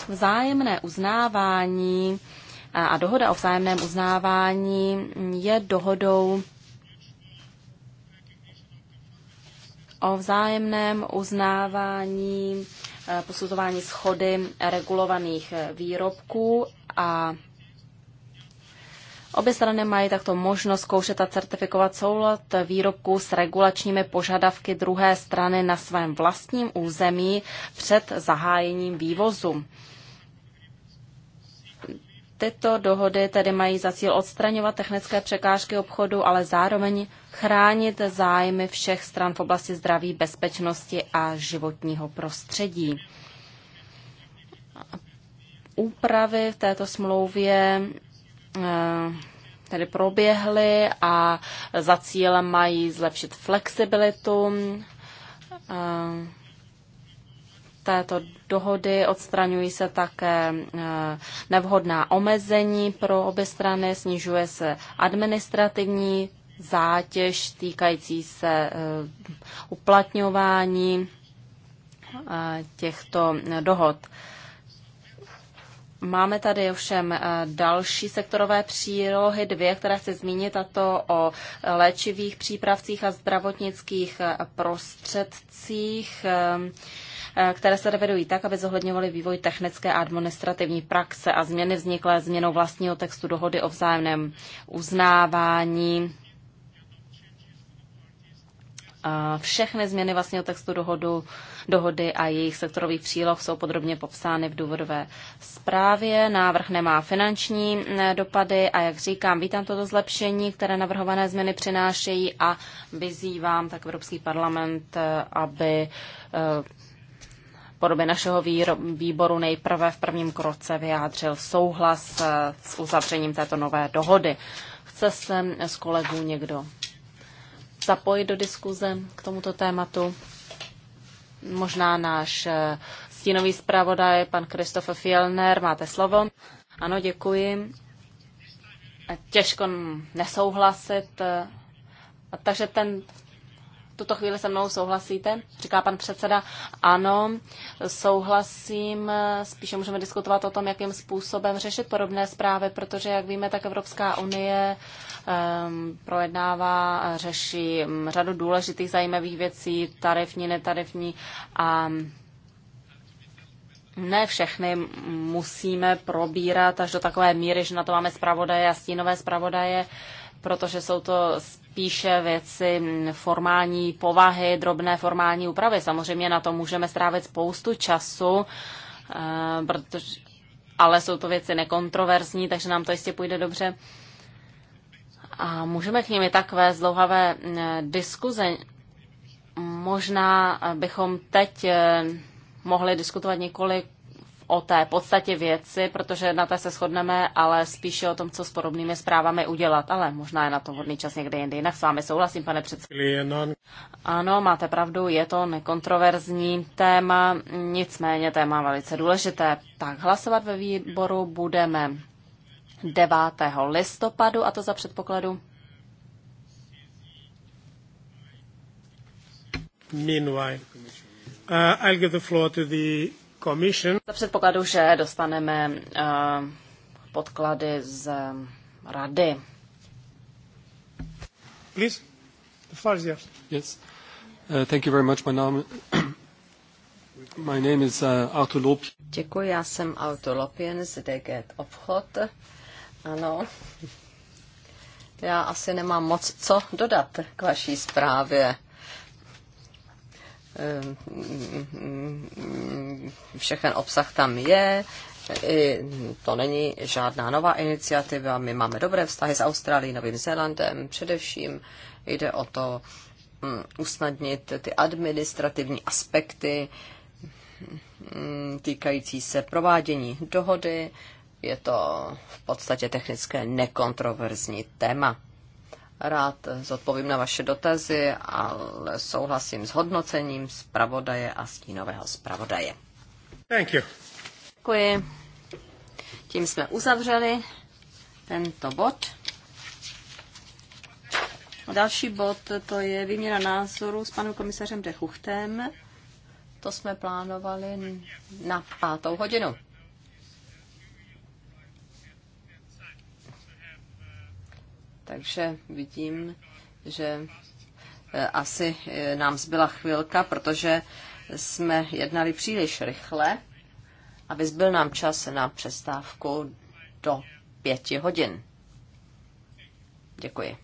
Vzájemné uznávání a dohoda o vzájemném uznávání je dohodou o vzájemném uznávání e, posuzování schody regulovaných e, výrobků a Obě strany mají takto možnost zkoušet a certifikovat soulad výrobků s regulačními požadavky druhé strany na svém vlastním území před zahájením vývozu. Tyto dohody tedy mají za cíl odstraňovat technické překážky obchodu, ale zároveň chránit zájmy všech stran v oblasti zdraví, bezpečnosti a životního prostředí. Úpravy v této smlouvě eh, tedy proběhly a za cílem mají zlepšit flexibilitu eh, této dohody, odstraňují se také eh, nevhodná omezení pro obě strany, snižuje se administrativní zátěž týkající se eh, uplatňování eh, těchto dohod. Máme tady ovšem další sektorové přílohy, dvě, které chci zmínit, a to o léčivých přípravcích a zdravotnických prostředcích které se revidují tak, aby zohledňovaly vývoj technické a administrativní praxe a změny vzniklé změnou vlastního textu dohody o vzájemném uznávání. Všechny změny vlastního textu dohodu, dohody a jejich sektorových příloh jsou podrobně popsány v důvodové zprávě. Návrh nemá finanční mm, dopady a jak říkám, vítám toto zlepšení, které navrhované změny přinášejí a vyzývám tak Evropský parlament, eh, aby eh, podobě našeho výboru nejprve v prvním kroce vyjádřil souhlas eh, s uzavřením této nové dohody. Chce se s kolegů někdo zapojit do diskuze k tomuto tématu? Možná náš eh, stínový zpravodaj, pan Kristof Fielner, máte slovo. Ano, děkuji. Těžko nesouhlasit. Eh, takže ten tuto chvíli se mnou souhlasíte? Říká pan předseda. Ano, souhlasím. Spíše můžeme diskutovat o tom, jakým způsobem řešit podobné zprávy, protože, jak víme, tak Evropská unie um, projednává, řeší řadu důležitých zajímavých věcí, tarifní, netarifní a ne všechny musíme probírat až do takové míry, že na to máme zpravodaje a stínové zpravodaje, protože jsou to spíše věci formální povahy, drobné formální úpravy. Samozřejmě na to můžeme strávit spoustu času, eh, protože, ale jsou to věci nekontroverzní, takže nám to jistě půjde dobře. A můžeme k nimi tak vést dlouhavé eh, diskuze. Možná eh, bychom teď mohli diskutovat několik o té podstatě věci, protože na té se shodneme, ale spíše o tom, co s podobnými zprávami udělat. Ale možná je na to hodný čas někde jindy. Jinak s vámi souhlasím, pane předsedo. Ano, máte pravdu, je to nekontroverzní téma, nicméně téma velice důležité. Tak hlasovat ve výboru budeme 9. listopadu, a to za předpokladu Meanwhile, uh, I'll give the floor to the za předpokladu, že dostaneme eh, podklady z eh, rady. Please, the floor is yours. Yes. Uh, thank you very much. My name, my name is uh, Artur Lop. Děkuji, já jsem Artur Lopien z DG Obchod. Ano. Já asi nemám moc co dodat k vaší zprávě. Ehm, všechen obsah tam je, i to není žádná nová iniciativa. My máme dobré vztahy s Austrálií, Novým Zélandem. Především jde o to hm, usnadnit ty administrativní aspekty hm, týkající se provádění dohody. Je to v podstatě technické nekontroverzní téma. Rád zodpovím na vaše dotazy, ale souhlasím s hodnocením zpravodaje a stínového zpravodaje. Thank you. Děkuji. Tím jsme uzavřeli tento bod. Další bod to je výměna názoru s panem komisařem Dechuchtem. To jsme plánovali na pátou hodinu. Takže vidím, že e, asi e, nám zbyla chvilka, protože jsme jednali příliš rychle, aby zbyl nám čas na přestávku do pěti hodin. Děkuji.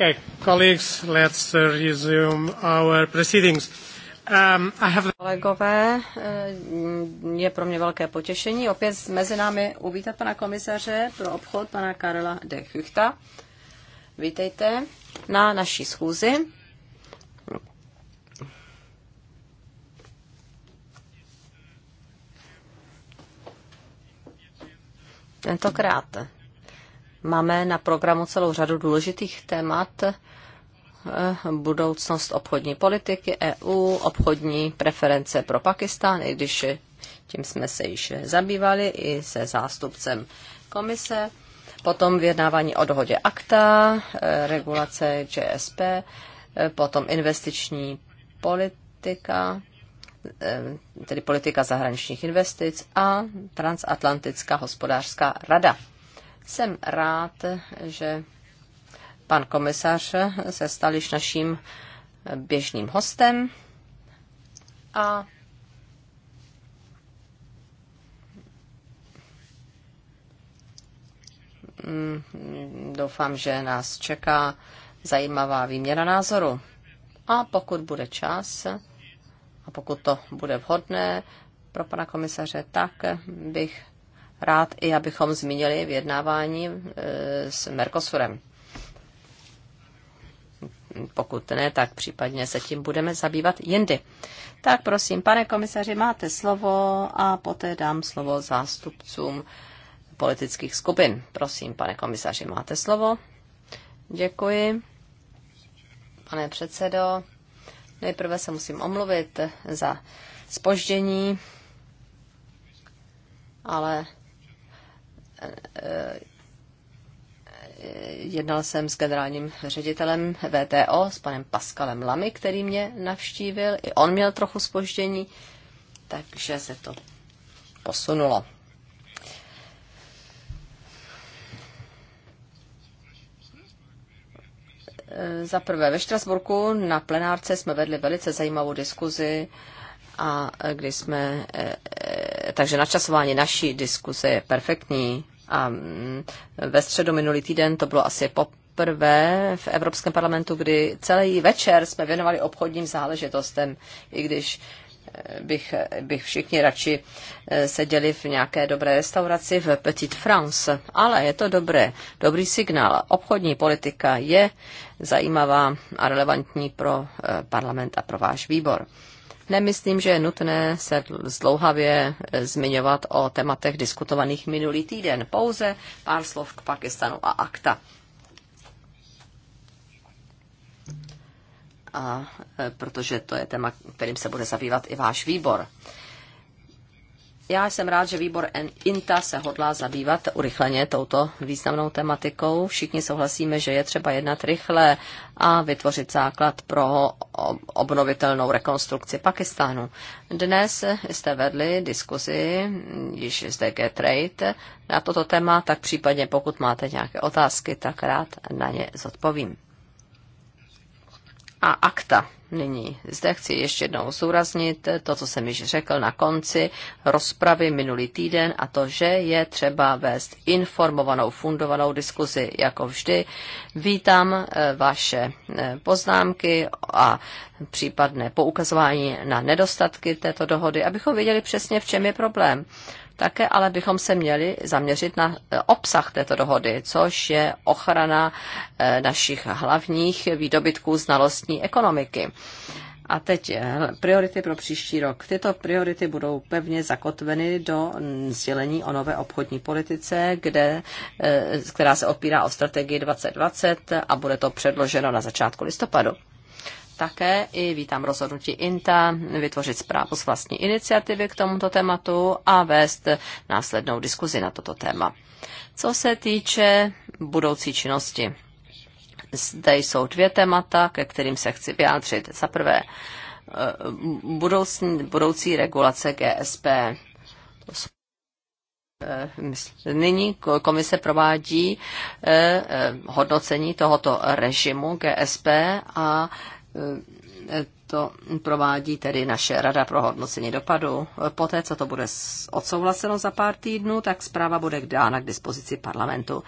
Okay, colleagues, let's uh, resume our proceedings. Um, I have... Kolegové, eh, je pro mě velké potěšení opět mezi námi uvítat pana komisaře pro obchod, pana Karela de Chuchta. Vítejte na naší schůzi. Tentokrát Máme na programu celou řadu důležitých témat, eh, budoucnost obchodní politiky EU, obchodní preference pro Pakistán, i když eh, tím jsme se již zabývali i se zástupcem komise. Potom vyjednávání o dohodě akta, eh, regulace GSP, potom investiční politika, tedy politika zahraničních investic a transatlantická hospodářská rada. Jsem rád, že pan komisař se stal již naším běžným hostem a mm, doufám, že nás čeká zajímavá výměna názoru. A pokud bude čas a pokud to bude vhodné pro pana komisaře, tak bych rád i abychom zmínili vyjednávání e, s Mercosurem. Pokud ne, tak případně se tím budeme zabývat jindy. Tak prosím, pane komisaři, máte slovo a poté dám slovo zástupcům politických skupin. Prosím, pane komisaři, máte slovo. Děkuji. Pane předsedo, nejprve se musím omluvit za spoždění, ale jednal jsem s generálním ředitelem VTO, s panem Paskalem Lamy, který mě navštívil. I on měl trochu spoždění, takže se to posunulo. Za prvé, ve Štrasburku na plenárce jsme vedli velice zajímavou diskuzi a kdy jsme, e, e, takže načasování naší diskuse je perfektní a mm, ve středu minulý týden to bylo asi po poprvé v Evropském parlamentu, kdy celý večer jsme věnovali obchodním záležitostem, i když e, bych, bych všichni radši seděli v nějaké dobré restauraci v Petit France. Ale je to dobré, dobrý signál. Obchodní politika je zajímavá a relevantní pro parlament a pro váš výbor. Nemyslím, že je nutné se zdlouhavě eh, zmiňovat o tématech diskutovaných minulý týden. Pouze pár slov k Pakistanu a akta. A eh, protože to je téma, kterým se bude zabývat i váš výbor. Já jsem rád, že výbor INTA se hodlá zabývat urychleně touto významnou tematikou. Všichni souhlasíme, že je třeba jednat rychle a vytvořit základ pro obnovitelnou rekonstrukci Pakistánu. Dnes jste vedli diskuzi již zde DG Trade na toto téma, tak případně pokud máte nějaké otázky, tak rád na ně zodpovím. A akta nyní. Zde chci ještě jednou zúraznit to, co jsem již řekl na konci rozpravy minulý týden, a to, že je třeba vést informovanou, fundovanou diskuzi, jako vždy. Vítám eh, vaše eh, poznámky a případné poukazování na nedostatky této dohody, abychom věděli přesně, v čem je problém. Také ale bychom se měli zaměřit na e, obsah této dohody, což je ochrana e, našich hlavních výdobytků znalostní ekonomiky. A teď e, priority pro příští rok. Tyto priority budou pevně zakotveny do sdělení o nové obchodní politice, kde, která se opírá o strategii 2020 a bude to předloženo na začátku listopadu také i vítám rozhodnutí INTA vytvořit zprávu z vlastní iniciativy k tomuto tématu a vést následnou diskuzi na toto téma. Co se týče budoucí činnosti, zde jsou dvě témata, ke kterým se chci vyjádřit. Za prvé, eh, budoucí, budoucí regulace GSP. To jsou eh, Nyní komise provádí eh, hodnocení tohoto režimu GSP a to provádí tedy naše Rada pro hodnocení dopadu. Poté, co to bude odsouhlaseno za pár týdnů, tak zpráva bude dána k dispozici parlamentu.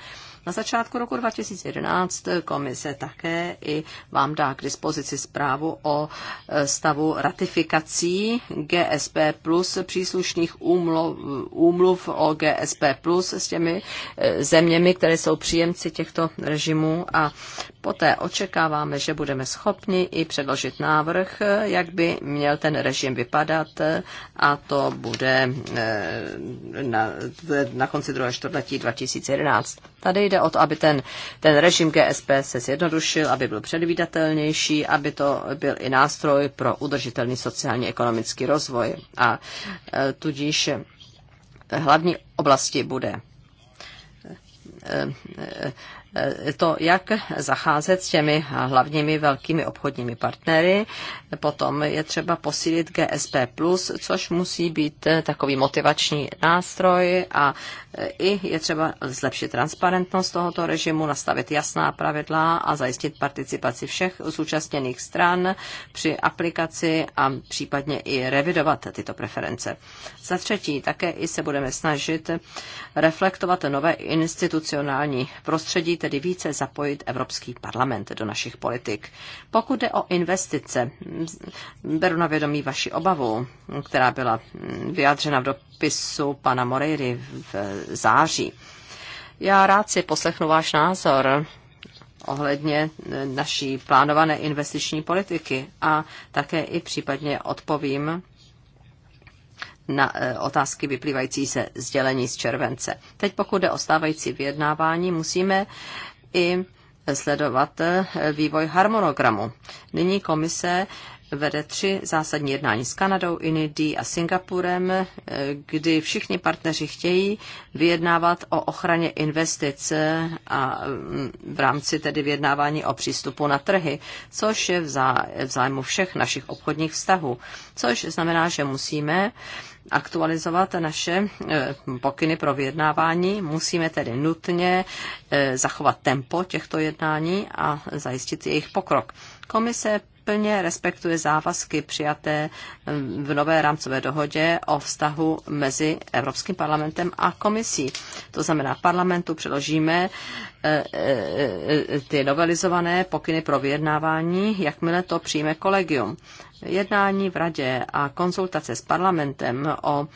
Na začátku roku 2011 komise také i vám dá k dispozici zprávu o e, stavu ratifikací GSP plus příslušných úmluv, úmluv o GSP plus s těmi e, zeměmi, které jsou příjemci těchto režimů a Poté očekáváme, že budeme schopni i předložit návrh, jak by měl ten režim vypadat a to bude eh, na, na konci druhé čtvrtletí 2011. Tady jde o to, aby ten, ten režim GSP se zjednodušil, aby byl předvídatelnější, aby to byl i nástroj pro udržitelný sociálně ekonomický rozvoj a eh, tudíž eh, hlavní oblasti bude Eh, to, jak zacházet s těmi hlavními velkými obchodními partnery. Potom je třeba posílit GSP+, což musí být eh, takový motivační nástroj a eh, i je třeba zlepšit transparentnost tohoto režimu, nastavit jasná pravidla a zajistit participaci všech zúčastněných stran při aplikaci a případně i revidovat tyto preference. Za třetí, také i se budeme snažit reflektovat nové institucionální prostředí tedy více zapojit Evropský parlament do našich politik. Pokud jde o investice, beru na vědomí vaši obavu, která byla vyjádřena v dopisu pana Moreiry v září. Já rád si poslechnu váš názor ohledně naší plánované investiční politiky a také i případně odpovím na e, otázky vyplývající se sdělení z července. Teď pokud jde o stávající vyjednávání, musíme i sledovat e, vývoj harmonogramu. Nyní komise vede tři zásadní jednání s Kanadou, Indií a Singapurem, e, kdy všichni partneři chtějí vyjednávat o ochraně investic a mm, v rámci tedy vyjednávání o přístupu na trhy, což je v zájmu všech našich obchodních vztahů. Což znamená, že musíme uh, aktualizovat naše eh, pokyny pro vyjednávání. Musíme tedy nutně eh, zachovat tempo těchto jednání a zajistit jejich pokrok. Komise plně respektuje závazky přijaté eh, v nové rámcové dohodě o vztahu mezi Evropským parlamentem a komisí. To znamená, parlamentu přeložíme ty novelizované pokyny pro vyjednávání, jakmile to přijme kolegium jednání v radě a konzultace s parlamentem o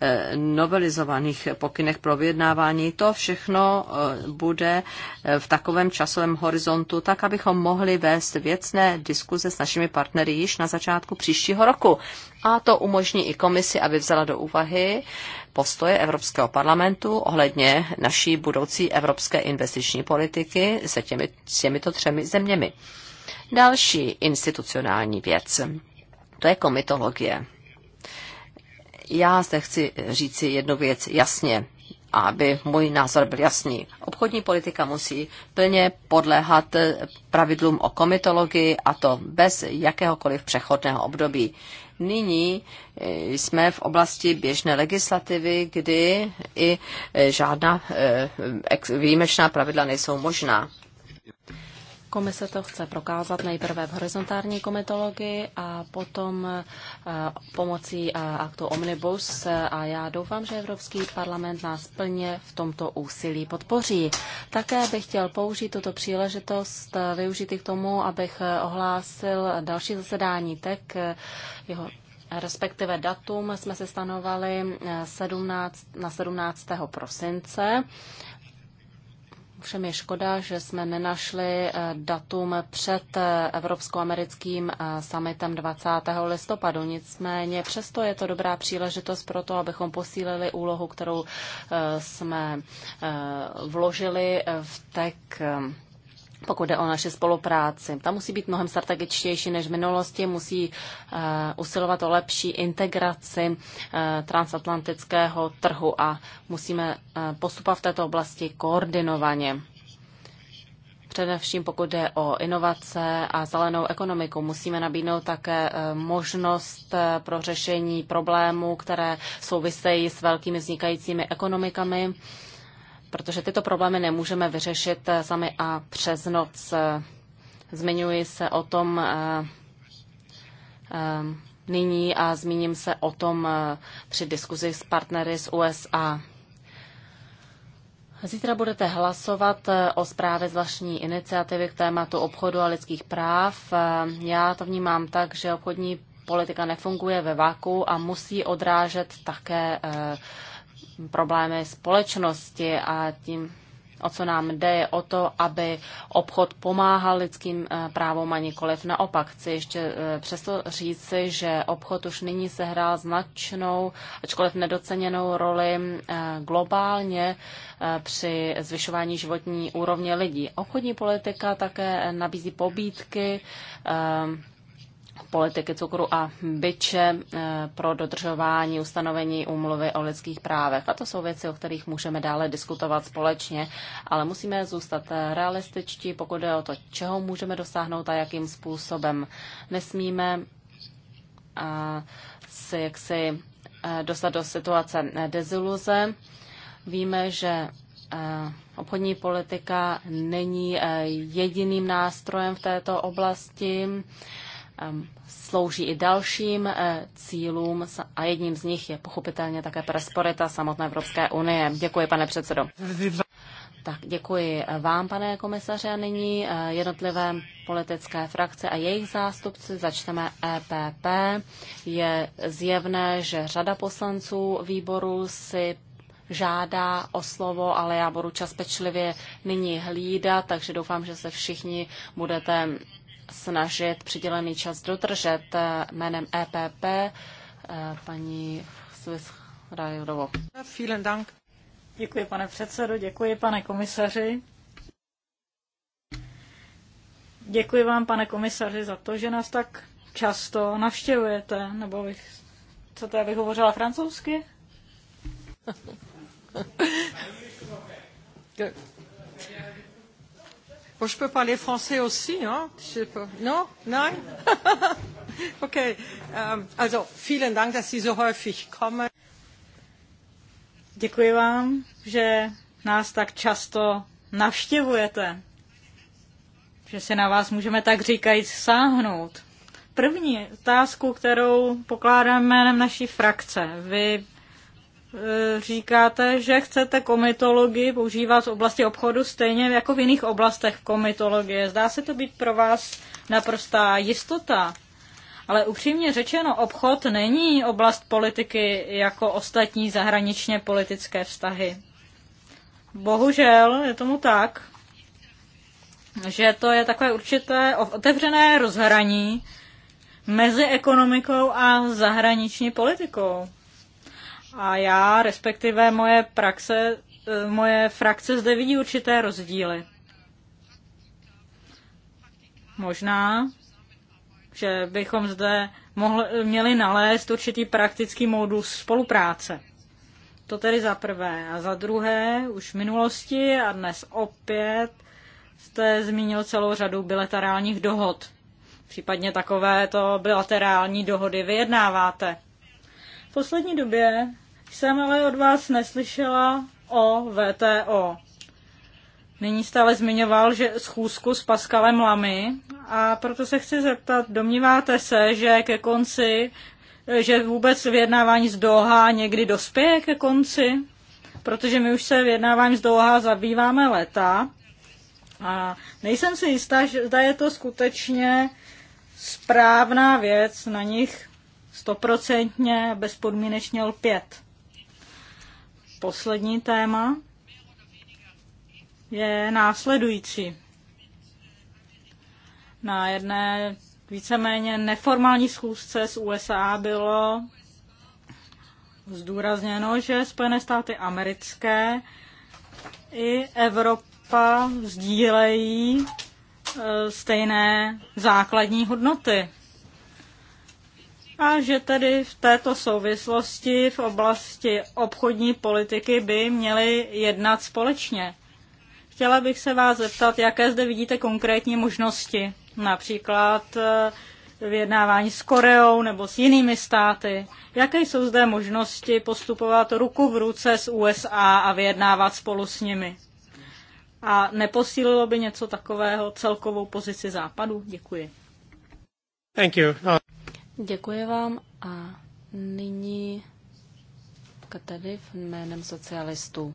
e, novelizovaných pokynech pro vyjednávání, to všechno e, bude e, v takovém časovém horizontu, tak abychom mohli vést věcné diskuze s našimi partnery již na začátku příštího roku. A to umožní i komisi, aby vzala do úvahy postoje Evropského parlamentu ohledně naší budoucí evropské investiční politiky se těmi, s těmito třemi zeměmi. Další institucionální věc to je komitologie. Já zde chci říci jednu věc jasně, aby můj názor byl jasný. Obchodní politika musí plně podléhat pravidlům o komitologii a to bez jakéhokoliv přechodného období. Nyní jsme v oblasti běžné legislativy, kdy i žádná eh, výjimečná pravidla nejsou možná. Komise to chce prokázat nejprve v horizontální komitologii a potom eh, pomocí eh, aktu Omnibus a já doufám, že Evropský parlament nás plně v tomto úsilí podpoří. Také bych chtěl použít tuto příležitost, eh, využít i k tomu, abych ohlásil další zasedání TEK, jeho respektive datum jsme se stanovali 17, na 17. prosince. Všem je škoda, že jsme nenašli eh, datum před eh, Evropsko-americkým eh, summitem 20. listopadu. Nicméně přesto je to dobrá příležitost pro to, abychom posílili úlohu, kterou jsme vložili v TEK pokud jde o naše spolupráci. Ta musí být mnohem strategičtější než v minulosti, musí uh, usilovat o lepší integraci uh, transatlantického trhu a musíme uh, postupovat v této oblasti koordinovaně. Především pokud jde o inovace a zelenou ekonomiku, musíme nabídnout také možnost pro řešení problémů, které souvisejí s velkými vznikajícími ekonomikami protože tyto problémy nemůžeme vyřešit eh, sami a přes noc. Eh, zmiňuji se o tom eh, nyní a zmíním se o tom při diskuzi s partnery z USA. Zítra budete hlasovat o zprávě zvláštní iniciativy k tématu obchodu a lidských práv. Já to vnímám tak, že obchodní politika nefunguje ve váku a musí odrážet také problémy společnosti a tím, o co nám jde, je o to, aby obchod pomáhal lidským eh, právům a nikoliv naopak. Chci ještě eh, přesto říci, že obchod už nyní sehrál značnou, ačkoliv nedoceněnou roli eh, globálně při zvyšování životní úrovně lidí. Obchodní politika také nabízí pobídky politiky cukru a byče eh, pro dodržování ustanovení úmluvy o lidských právech. A to jsou věci, o kterých můžeme dále diskutovat společně, ale musíme zůstat realističtí, pokud je o to, čeho můžeme dosáhnout a jakým způsobem. Nesmíme eh, se jaksi eh, dostat do situace deziluze. Víme, že obchodní politika není jediným nástrojem v této oblasti slouží i dalším eh, cílům a jedním z nich je pochopitelně také presporita samotné Evropské unie. Děkuji, pane předsedo. Tak děkuji eh, vám, pane komisaře, a nyní eh, jednotlivé politické frakce a jejich zástupci. Začneme EPP. Je zjevné, že řada poslanců výboru si žádá o slovo, ale já budu čas pečlivě nyní hlídat, takže doufám, že se všichni budete snažit přidělený čas dodržet jménem EPP paní Swiss Vielen Dank. Děkuji, pane předsedo, děkuji, pane komisaři. Děkuji vám, pane komisaři, za to, že nás tak často navštěvujete, nebo to je, abych hovořila francouzsky? Good. je peux parler français aussi, hein? Je sais Non? Nein? okay. Um, also, vielen Dank, dass Sie so häufig kommen. Děkuji vám, že nás tak často navštěvujete, že se na vás můžeme tak říkajíc sáhnout. První otázku, kterou pokládám jménem naší frakce. Vy Eh, říkáte, že chcete komitologii používat v oblasti obchodu stejně jako v jiných oblastech komitologie. Zdá se to být pro vás naprostá jistota. Ale upřímně řečeno, obchod není oblast politiky jako ostatní zahraničně politické vztahy. Bohužel je tomu tak, že to je takové určité otevřené rozhraní mezi ekonomikou a zahraniční politikou. A já, respektive moje praxe, eh, moje frakce zde vidí určité rozdíly. Možná, že bychom zde mohli, měli nalézt určitý praktický modus spolupráce. To tedy za prvé. A za druhé, už v minulosti a dnes opět jste zmínil celou řadu bilaterálních dohod. Případně takové to bilaterální dohody vyjednáváte. V poslední době jsem ale od vás neslyšela o VTO. Nyní stále zmiňoval, že schůzku s Paskalem Lamy a proto se chci zeptat, domníváte se, že ke konci, že vůbec vyjednávání z Doha někdy dospěje ke konci? Protože my už se vyjednáváním z Doha zabýváme leta a nejsem si jistá, že zda je to skutečně správná věc na nich stoprocentně bezpodmínečně lpět poslední téma je následující. Na jedné víceméně neformální schůzce z USA bylo zdůrazněno, že Spojené státy americké i Evropa sdílejí e, stejné základní hodnoty a že tedy v této souvislosti v oblasti obchodní politiky by měli jednat společně. Chtěla bych se vás zeptat, jaké zde vidíte konkrétní možnosti, například eh, vyjednávání s Koreou nebo s jinými státy. Jaké jsou zde možnosti postupovat ruku v ruce s USA a vyjednávat spolu s nimi? A neposílilo by něco takového celkovou pozici Západu? Děkuji. Thank you. Uh... Děkuji vám a nyní tady v jménem socialistů.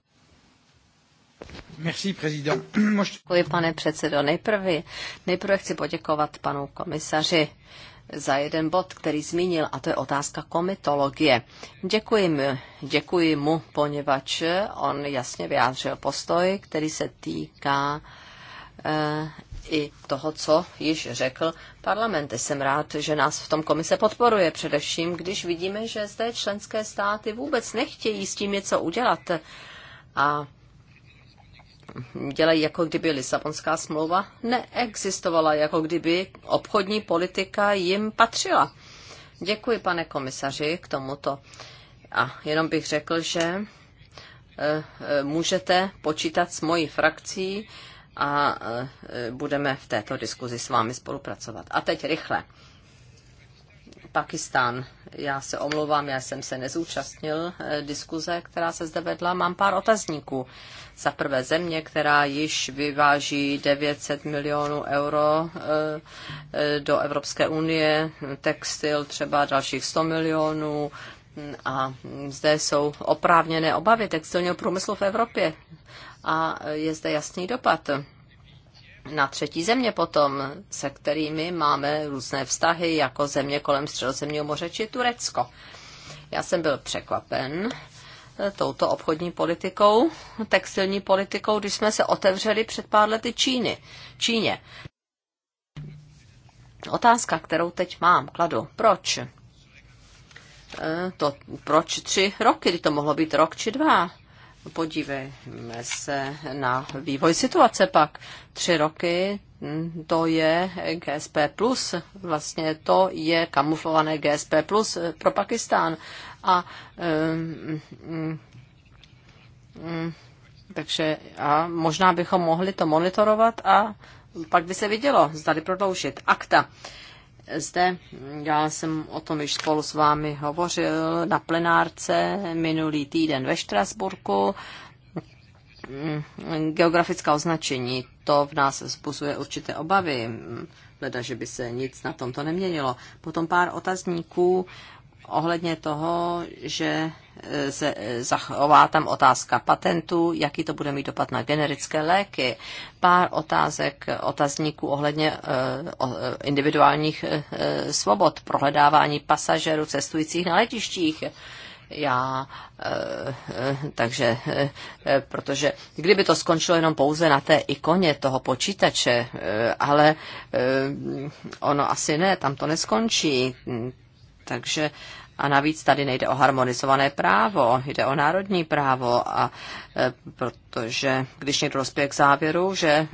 Merci, prezident. Děkuji, pane předsedo. Nejprve, nejprve chci poděkovat panu komisaři za jeden bod, který zmínil, a to je otázka komitologie. Děkuji mu, děkuji mu poněvadž on jasně vyjádřil postoj, který se týká eh, i toho, co již řekl parlament. Jsem rád, že nás v tom komise podporuje, především když vidíme, že zde členské státy vůbec nechtějí s tím něco udělat a dělají, jako kdyby Lisabonská smlouva neexistovala, jako kdyby obchodní politika jim patřila. Děkuji, pane komisaři, k tomuto. A jenom bych řekl, že eh, eh, můžete počítat s mojí frakcí, a e, budeme v této diskuzi s vámi spolupracovat. A teď rychle. Pakistán. Já se omlouvám, já jsem se nezúčastnil e, diskuze, která se zde vedla. Mám pár otazníků. Za prvé země, která již vyváží 900 milionů euro e, do Evropské unie, textil třeba dalších 100 milionů, a zde jsou oprávněné obavy textilního průmyslu v Evropě a je zde jasný dopad na třetí země potom, se kterými máme různé vztahy, jako země kolem Středozemního moře či Turecko. Já jsem byl překvapen eh, touto obchodní politikou, textilní politikou, když jsme se otevřeli před pár lety Číny, Číně. Otázka, kterou teď mám, kladu, proč? Eh, to, proč tři roky, kdy to mohlo být rok či dva? Podívejme se na vývoj situace pak. Tři roky hm, to je GSP+, plus. vlastně to je kamuflované GSP+, plus eh, pro Pakistán. A um, um, um, takže a možná bychom mohli to monitorovat a pak by se vidělo, zdali prodloužit. Akta. Uh, zde já jsem o tom již spolu s vámi hovořil na plenárce minulý týden ve Štrasburku. Geografická označení, to v nás vzbuzuje určité obavy, hleda, že by se nic na tomto neměnilo. Potom pár otazníků ohledně toho, že se zachová tam otázka patentů, jaký to bude mít dopad na generické léky, pár otázek, otazníků ohledně eh, eh, individuálních eh, svobod, prohledávání pasažerů cestujících na letištích, já, takže, protože kdyby to skončilo jenom pouze na té ikoně toho počítače, ale ono asi ne, tam to neskončí. Hm, takže a navíc tady nejde o harmonizované právo, jde o národní právo, a e, protože když někdo rozpěje k závěru, že e,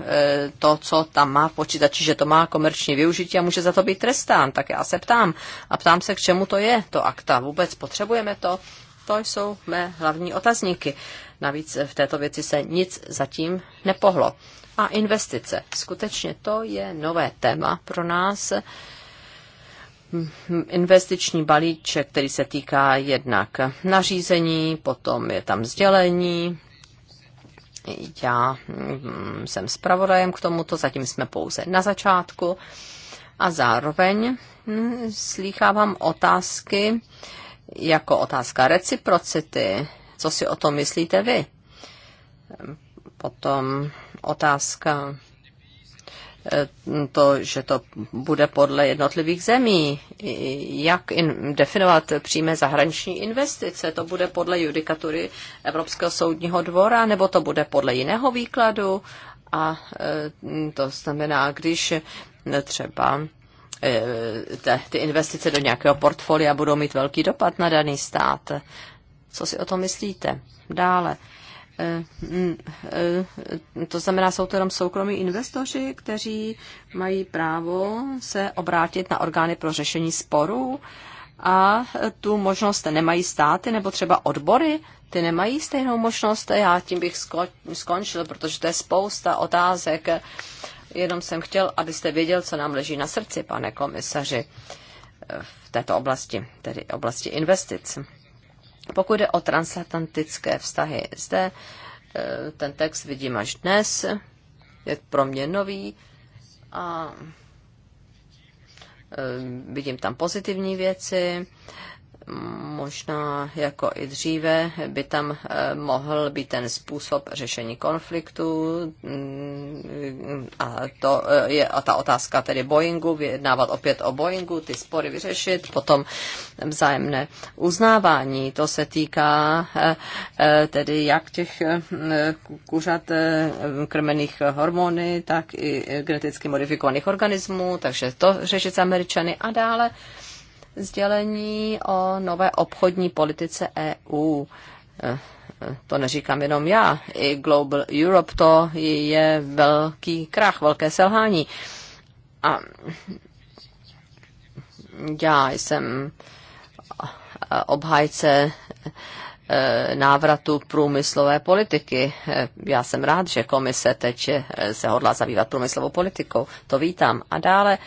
to, co tam má v počítači, že to má komerční využití a může za to být trestán, tak já se ptám. A ptám se, k čemu to je, to akta. Vůbec potřebujeme to? To jsou mé hlavní otazníky. Navíc v této věci se nic zatím nepohlo. A investice. Skutečně to je nové téma pro nás. E, investiční balíček, který se týká jednak nařízení, potom je tam sdělení. Já mm, jsem zpravodajem k tomuto, zatím jsme pouze na začátku. A zároveň mm, slýchávám otázky jako otázka reciprocity. Co si o tom myslíte vy? Potom otázka Eh, to, že to bude podle jednotlivých zemí. Jak in, definovat přímé zahraniční investice? To bude podle judikatury Evropského soudního dvora, nebo to bude podle jiného výkladu? A eh, to znamená, když eh, třeba ty investice do nějakého portfolia budou mít velký dopad na daný stát. Co si o tom myslíte? Dále Eh, mm, eh, to znamená, jsou to jenom soukromí investoři, kteří mají právo se obrátit na orgány pro řešení sporů a tu možnost nemají státy nebo třeba odbory, ty nemají stejnou možnost. Já tím bych skončil, protože to je spousta otázek. Jenom jsem chtěl, abyste věděl, co nám leží na srdci, pane komisaři, eh, v této oblasti, tedy oblasti investic. Pokud jde o transatlantické vztahy, zde e, ten text vidím až dnes, je pro mě nový a e, vidím tam pozitivní věci možná jako i dříve by tam eh, mohl být ten způsob řešení konfliktu mm, a, to eh, je, a ta otázka tedy Boeingu, vyjednávat opět o Boeingu, ty spory vyřešit, potom vzájemné uznávání, to se týká eh, tedy jak těch kuřat krmených hormony, tak i geneticky modifikovaných organismů, takže to řešit s Američany a dále sdělení o nové obchodní politice EU. Eh, eh, to neříkám jenom já, i Global Europe to je velký krach, velké selhání. A já jsem eh, obhájce návratu průmyslové politiky. Já jsem rád, že komise teď se hodlá zabývat průmyslovou politikou. To vítám. A dále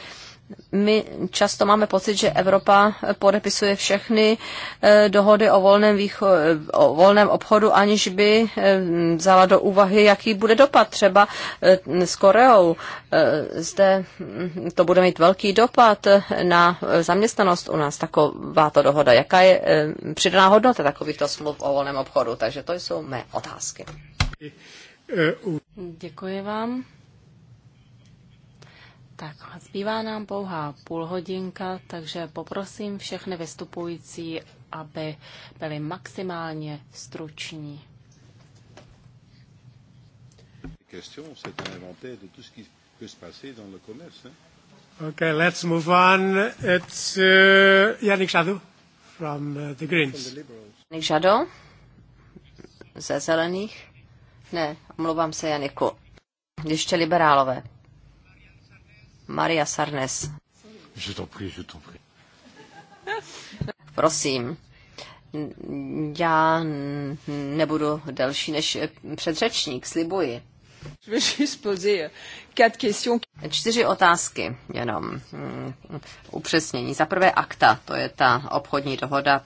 my často máme pocit, že Evropa podepisuje všechny eh, dohody o volném, výcho- o volném obchodu, aniž by eh, vzala do úvahy, jaký bude dopad třeba eh, s Koreou. Zde hm, to bude mít velký dopad na zaměstnanost u nás, taková to dohoda. Jaká je přidaná hodnota takovýchto smluv o volném obchodu? Takže to jsou mé otázky. Děkuji vám. Tak zbývá nám pouhá půl hodinka, takže poprosím všechny vystupující, aby byli maximálně struční. Okay, let's move on. It's uh, Janik Žadu from uh, the Greens. Janik Žado ze Zelených. Ne, omlouvám se Janiku. Ještě liberálové. Maria Sarnes. Je t'en prie, je t'en prie. Prosím. Já nebudu delší než eh, předřečník, slibuji. Euh, Čtyři otázky jenom mm, upřesnění. Za prvé akta, to je ta obchodní dohoda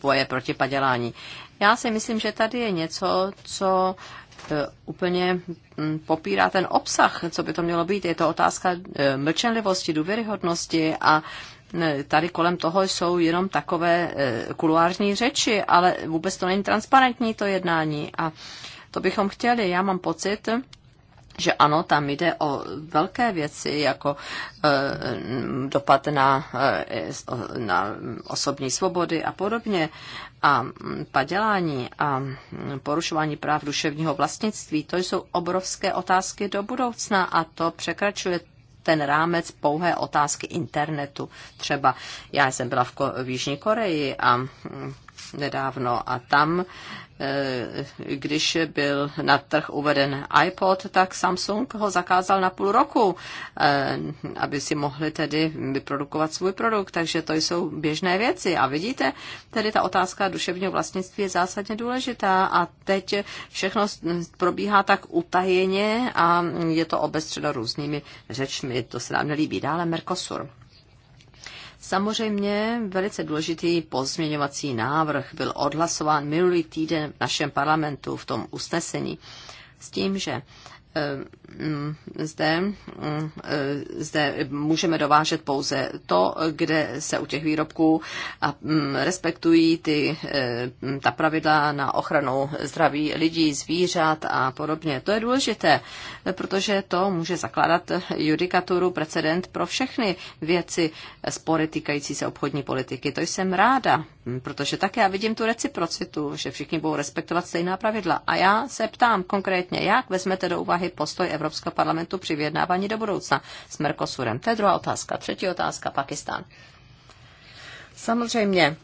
boje proti padělání. Já si myslím, že tady je něco, co uh, E, úplně mm, popírá ten obsah, co by to mělo být. Je to otázka e, mlčenlivosti, důvěryhodnosti a e, tady kolem toho jsou jenom takové kuluární řeči, ale vůbec to není transparentní, to jednání. A to bychom chtěli. Já mám pocit, že ano, tam jde o velké věci, jako e, dopad na, e, na osobní svobody a podobně a padělání a porušování práv duševního vlastnictví, to jsou obrovské otázky do budoucna a to překračuje ten rámec pouhé otázky internetu. Třeba já jsem byla v, Ko- v Jižní Koreji a nedávno a tam Eh, když byl na trh uveden iPod, tak Samsung ho zakázal na půl roku, eh, aby si mohli tedy vyprodukovat svůj produkt. Takže to jsou běžné věci. A vidíte, tedy ta otázka duševního vlastnictví je zásadně důležitá. A teď všechno probíhá tak utajeně a je to obestřeno různými řečmi. To se nám nelíbí. Dále Mercosur. Samozřejmě velice důležitý pozměňovací návrh byl odhlasován minulý týden v našem parlamentu v tom usnesení s tím, že Ehm, zde, ehm, zde můžeme dovážet pouze to, kde se u těch výrobků a mm, respektují ty, ehm, ta pravidla na ochranu zdraví lidí, zvířat a podobně. To je důležité, protože to může zakládat judikaturu precedent pro všechny věci spory týkající se obchodní politiky. To jsem ráda, hm, protože také já vidím tu reciprocitu, že všichni budou respektovat stejná pravidla. A já se ptám konkrétně, jak vezmete do úvahy úvahy postoj Evropského parlamentu při vyjednávání do budoucna s Mercosurem? To je druhá otázka. Třetí otázka, Pakistán. Samozřejmě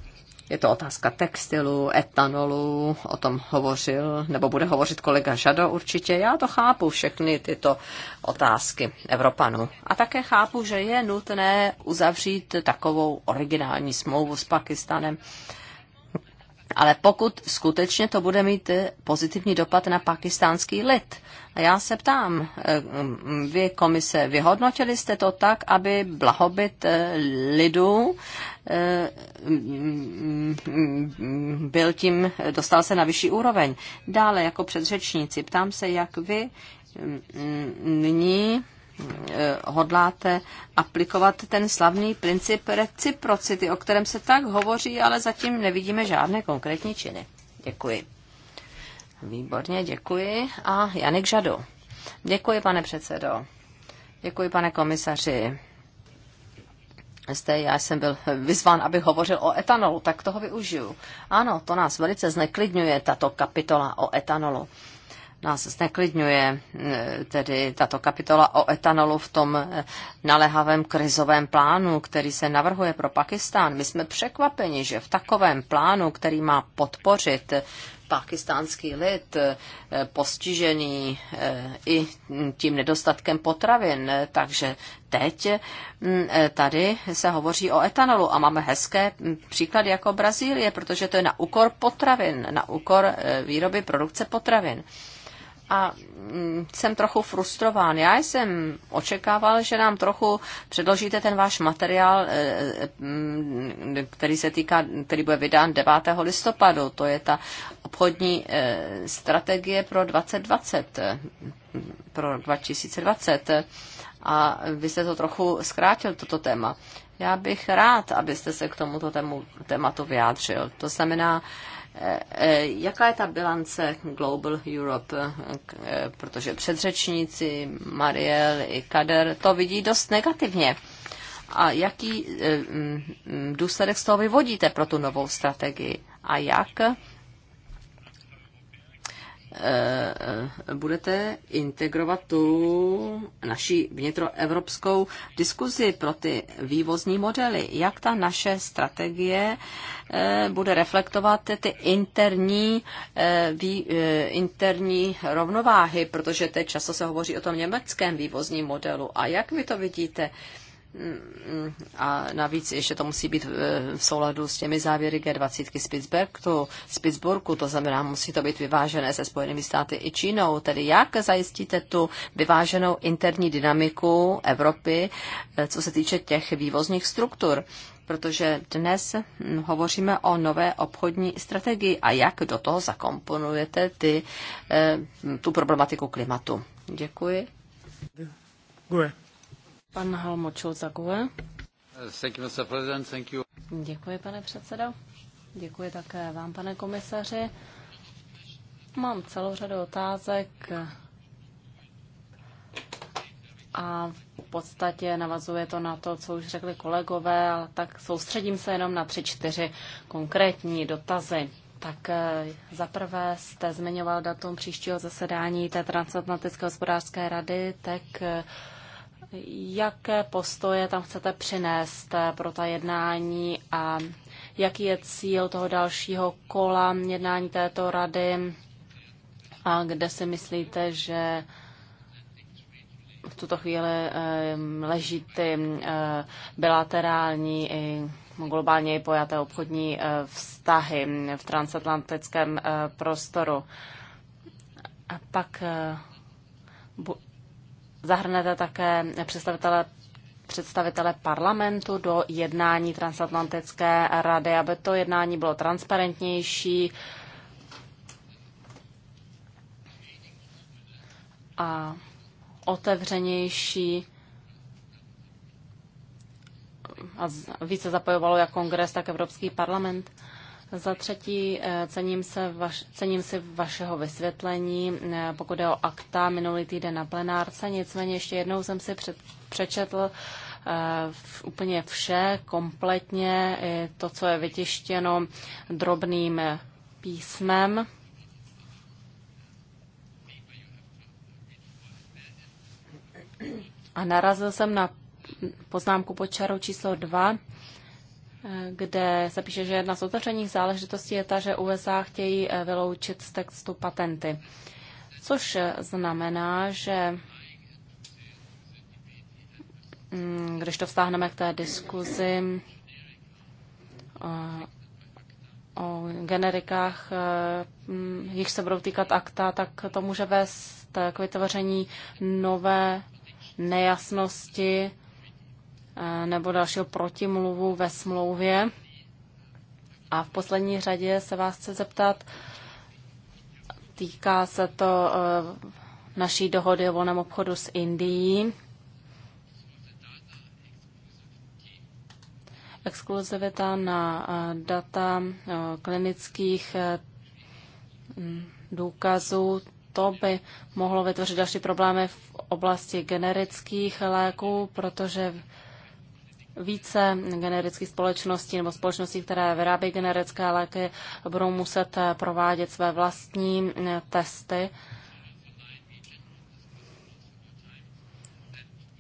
je to otázka textilu, etanolu, o tom hovořil, nebo bude hovořit kolega Žado určitě. Já to chápu, všechny tyto otázky Evropanů. A také chápu, že je nutné uzavřít takovou originální smlouvu s Pakistanem ale pokud skutečně to bude mít eh, pozitivní dopad na pakistánský lid. A já se ptám, eh, mm, vy komise, vyhodnotili jste to tak, aby blahobyt eh, lidů mm, mm, byl tím, dostal se na vyšší úroveň. Dále jako předřečníci, ptám se, jak vy nyní Eh, hodláte aplikovat ten slavný princip reciprocity, o kterém se tak hovoří, ale zatím nevidíme žádné konkrétní činy. Děkuji. Výborně, děkuji. A Janik Žadu. Děkuji, pane předsedo. Děkuji, pane komisaři. Zde já jsem byl vyzván, abych hovořil o etanolu, tak toho využiju. Ano, to nás velice zneklidňuje, tato kapitola o etanolu nás zneklidňuje eh, tedy tato kapitola o etanolu v tom eh, nalehavém krizovém plánu, který se navrhuje pro Pakistán. My jsme překvapeni, že v takovém plánu, který má podpořit eh, pakistánský lid postižený i tím nedostatkem potravin. Takže teď mm, tady se hovoří o etanolu a máme hezké mm, příklady jako Brazílie, protože to je na úkor potravin, na úkor výroby produkce potravin a mm, jsem trochu frustrován. Já jsem očekával, že nám trochu předložíte ten váš materiál, eh, eh, mm, který se týká, který bude vydán 9. listopadu. To je ta obchodní eh, strategie pro 2020, pro 2020. A vy jste to trochu zkrátil, toto téma. Já bych rád, abyste se k tomuto tému, tématu vyjádřil. To znamená, eh, Eh, eh, jaká je ta bilance Global Europe? Eh, protože předřečníci, Mariel i Kader to vidí dost negativně. A jaký mm, důsledek z toho vyvodíte pro tu novou strategii? A jak Eh, budete integrovat tu naší vnitroevropskou diskuzi pro ty vývozní modely. Jak ta naše strategie eh, bude reflektovat ty interní, eh, interní rovnováhy, protože teď často se hovoří o tom německém vývozním modelu. A jak vy to vidíte? a navíc ještě to musí být v souladu s těmi závěry G20 z Pittsburghu, to znamená, musí to být vyvážené se Spojenými státy i Čínou. Tedy jak zajistíte tu vyváženou interní dynamiku Evropy, eh, co se týče těch vývozních struktur? Protože dnes hovoříme o nové obchodní strategii a jak do toho zakomponujete ty, eh, tu problematiku klimatu. Děkuji. Děkuji. Pan Halmo Čulzakové. Děkuji, pane předsedo. Děkuji také vám, pane komisaři. Mám celou řadu otázek a v podstatě navazuje to na to, co už řekli kolegové, ale tak soustředím se jenom na tři, čtyři konkrétní dotazy. Tak eh, za prvé jste zmiňoval datum příštího zasedání té transatlantické hospodářské rady, tak eh, jaké postoje tam chcete přinést eh, pro ta jednání a jaký je cíl toho dalšího kola jednání této rady a kde si myslíte, že v tuto chvíli leží ty bilaterální i globálně pojaté obchodní eh, vztahy v transatlantickém eh, prostoru. A pak zahrnete také představitele představitele parlamentu do jednání transatlantické rady, aby to jednání bylo transparentnější a otevřenější a více zapojovalo jak kongres, tak Evropský parlament. Za třetí, eh, cením, se vaš, cením si vašeho vysvětlení, eh, pokud je o akta minulý týden na plenárce, nicméně ještě jednou jsem si před, přečetl eh, v, úplně vše, kompletně to, co je vytištěno drobným písmem. A narazil jsem na poznámku pod čarou číslo 2, kde se píše, že jedna z otevřených záležitostí je ta, že USA chtějí eh, vyloučit z textu patenty. Což eh, znamená, že mm, když to vztáhneme k té diskuzi eh, o generikách, mm, jich se budou týkat akta, tak to může vést k vytvoření nové nejasnosti Eh, nebo dalšího protimluvu ve smlouvě. A v poslední řadě se vás chce zeptat, týká se to eh, naší dohody o volném obchodu s Indií. Exkluzivita na eh, data klinických mm, důkazů, to by mohlo vytvořit další problémy v oblasti generických léků, protože více generických společností nebo společností, které vyrábí generické léky, budou muset provádět své vlastní eh, testy.